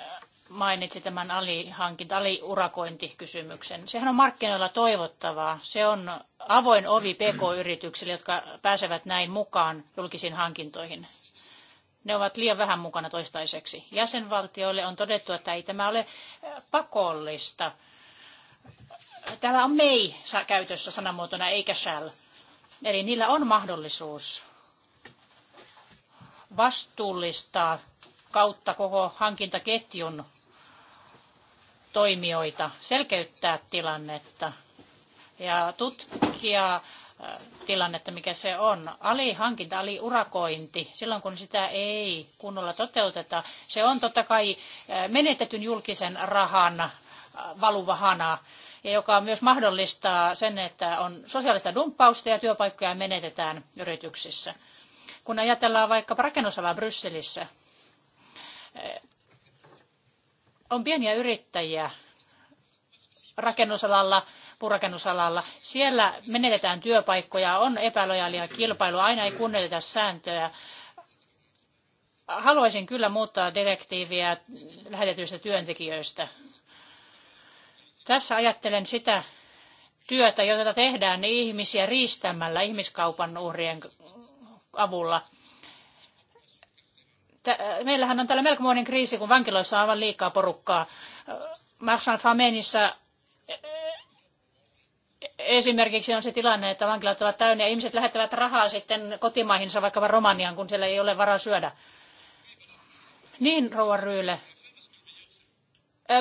mainitsi tämän alihankinta, aliurakointikysymyksen. Sehän on markkinoilla toivottavaa. Se on avoin ovi PK-yrityksille, jotka pääsevät näin mukaan julkisiin hankintoihin. Ne ovat liian vähän mukana toistaiseksi. Jäsenvaltioille on todettu, että ei tämä ole pakollista. Täällä on mei käytössä sanamuotona eikä shall. Eli niillä on mahdollisuus vastuullistaa kautta koko hankintaketjun toimijoita, selkeyttää tilannetta ja tutkia äh, tilannetta, mikä se on. Alihankinta, aliurakointi, silloin kun sitä ei kunnolla toteuteta, se on totta kai äh, menetetyn julkisen rahan äh, valuva hana, ja joka myös mahdollistaa sen, että on sosiaalista dumppausta ja työpaikkoja menetetään yrityksissä. Kun ajatellaan vaikka rakennusalaa Brysselissä, on pieniä yrittäjiä rakennusalalla, puurakennusalalla. Siellä menetetään työpaikkoja, on epälojaalia kilpailua, aina ei kunnioiteta sääntöjä. Haluaisin kyllä muuttaa direktiiviä lähetetyistä työntekijöistä. Tässä ajattelen sitä työtä, jota tehdään ihmisiä riistämällä ihmiskaupan uhrien avulla. Äh, meillähän on täällä melkomoinen kriisi, kun vankiloissa on aivan liikaa porukkaa. Äh, Marsan Famenissa äh, esimerkiksi on se tilanne, että vankilat ovat täynnä ja ihmiset lähettävät rahaa sitten kotimaihinsa, vaikkapa Romaniaan, kun siellä ei ole varaa syödä. Niin, rouva Ryyle.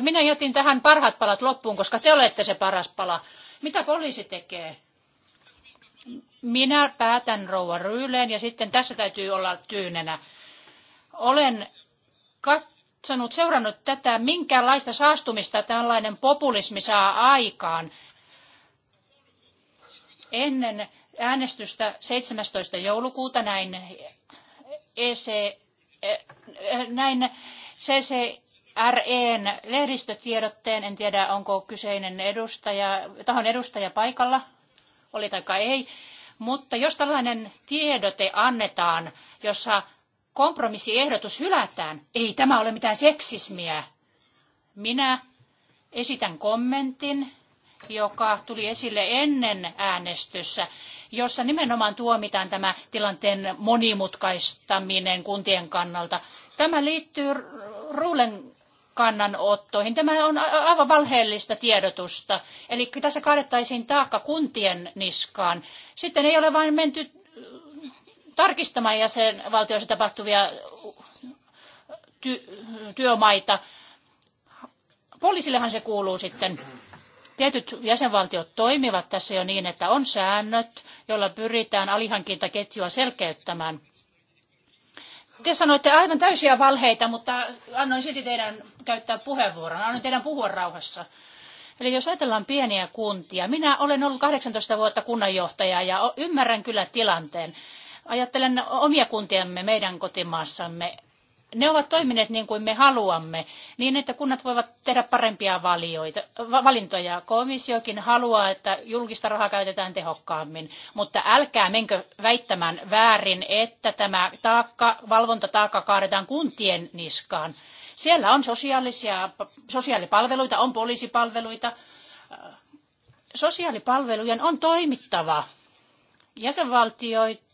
Minä jätin tähän parhaat palat loppuun, koska te olette se paras pala. Mitä poliisi tekee? Minä päätän rouva Ryyleen ja sitten tässä täytyy olla tyynenä. Olen katsonut, seurannut tätä, minkälaista saastumista tällainen populismi saa aikaan. Ennen äänestystä 17. joulukuuta näin, EC, eh, näin lehdistötiedotteen. En tiedä, onko kyseinen edustaja, tahon edustaja paikalla, oli taikka ei. Mutta jos tällainen tiedote annetaan, jossa kompromissiehdotus hylätään. Ei tämä ole mitään seksismiä. Minä esitän kommentin, joka tuli esille ennen äänestyssä, jossa nimenomaan tuomitaan tämä tilanteen monimutkaistaminen kuntien kannalta. Tämä liittyy ruulen kannanottoihin. Tämä on aivan valheellista tiedotusta. Eli tässä kaadettaisiin taakka kuntien niskaan. Sitten ei ole vain menty tarkistamaan jäsenvaltioissa tapahtuvia ty- työmaita. Poliisillehan se kuuluu sitten. Tietyt jäsenvaltiot toimivat tässä jo niin, että on säännöt, joilla pyritään alihankintaketjua selkeyttämään. Te sanoitte aivan täysiä valheita, mutta annoin silti teidän käyttää puheenvuoron. Annoin teidän puhua rauhassa. Eli jos ajatellaan pieniä kuntia, minä olen ollut 18 vuotta kunnanjohtaja ja ymmärrän kyllä tilanteen. Ajattelen omia kuntiamme meidän kotimaassamme. Ne ovat toimineet niin kuin me haluamme, niin että kunnat voivat tehdä parempia valioita, valintoja. Komissiokin haluaa, että julkista rahaa käytetään tehokkaammin, mutta älkää menkö väittämään väärin, että tämä taakka, valvontataakka kaadetaan kuntien niskaan. Siellä on sosiaalisia, sosiaalipalveluita, on poliisipalveluita. Sosiaalipalvelujen on toimittava jäsenvaltioita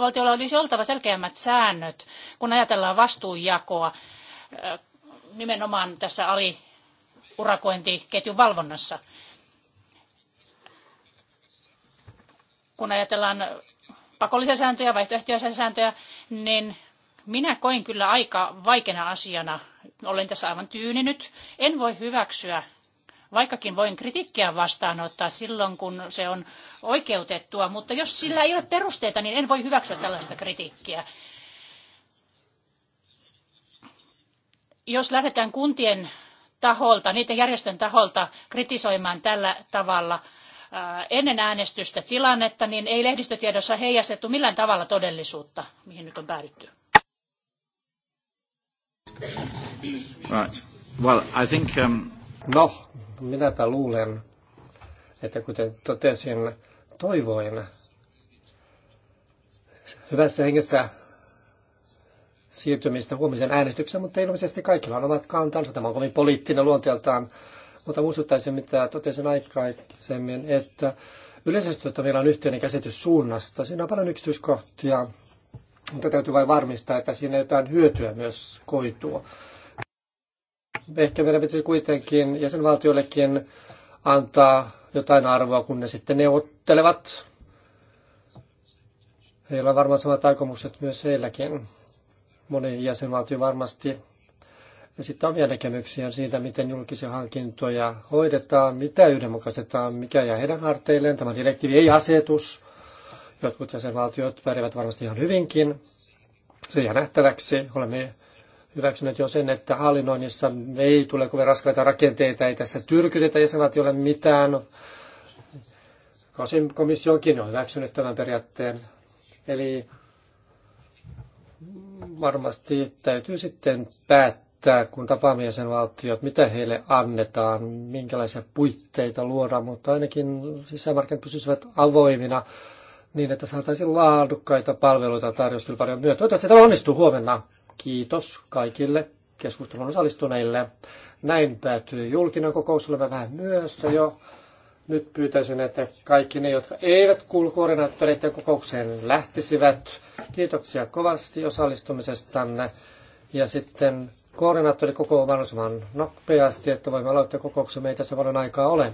valtiolla olisi oltava selkeämmät säännöt, kun ajatellaan vastuunjakoa eh, nimenomaan tässä aliurakointiketjun valvonnassa. Kun ajatellaan pakollisia sääntöjä, vaihtoehtoisia sääntöjä, niin minä koin kyllä aika vaikeana asiana, olen tässä aivan tyyninyt, en voi hyväksyä Vaikkakin voin kritiikkiä vastaanottaa silloin, kun se on oikeutettua, mutta jos sillä ei ole perusteita, niin en voi hyväksyä tällaista kritiikkiä. Jos lähdetään kuntien taholta, niiden järjestön taholta kritisoimaan tällä tavalla äh, ennen äänestystä tilannetta, niin ei lehdistötiedossa heijastettu millään tavalla todellisuutta, mihin nyt on päädytty. Right. Well, I think, um... No, Minäpä luulen, että kuten totesin, toivoin hyvässä hengessä siirtymistä huomisen äänestykseen, mutta ilmeisesti kaikilla on omat kantansa. Tämä on kovin poliittinen luonteeltaan, mutta muistuttaisin, mitä totesin aikaisemmin, että yleisesti että meillä on yhteinen käsitys suunnasta. Siinä on paljon yksityiskohtia, mutta täytyy vain varmistaa, että siinä jotain hyötyä myös koituu ehkä meidän pitäisi kuitenkin jäsenvaltioillekin antaa jotain arvoa, kun ne sitten neuvottelevat. Heillä on varmaan samat aikomukset myös heilläkin. Moni jäsenvaltio varmasti esittää omia näkemyksiä siitä, miten julkisia hankintoja hoidetaan, mitä yhdenmukaistetaan, mikä jää heidän harteilleen. Tämä direktiivi ei asetus. Jotkut jäsenvaltiot pärjäävät varmasti ihan hyvinkin. Se jää nähtäväksi. Olemme hyväksynyt jo sen, että hallinnoinnissa ei tule kovin raskaita rakenteita, ei tässä tyrkytetä jäsenvaltiolle mitään. Kosin komissiokin on hyväksynyt tämän periaatteen. Eli varmasti täytyy sitten päättää, kun tapaamme jäsenvaltiot, mitä heille annetaan, minkälaisia puitteita luodaan, mutta ainakin sisämarkkinat pysyisivät avoimina niin, että saataisiin laadukkaita palveluita tarjostilla paljon myötä. Toivottavasti tämä onnistuu huomenna. Kiitos kaikille keskustelun osallistuneille. Näin päätyy julkinen kokous, olemme vähän myöhässä jo. Nyt pyytäisin, että kaikki ne, jotka eivät kuulu koordinaattoreiden kokoukseen, lähtisivät. Kiitoksia kovasti osallistumisestanne. Ja sitten koordinaattori kokoo mahdollisimman nopeasti, että voimme aloittaa kokouksen. meitä se paljon aikaa ole.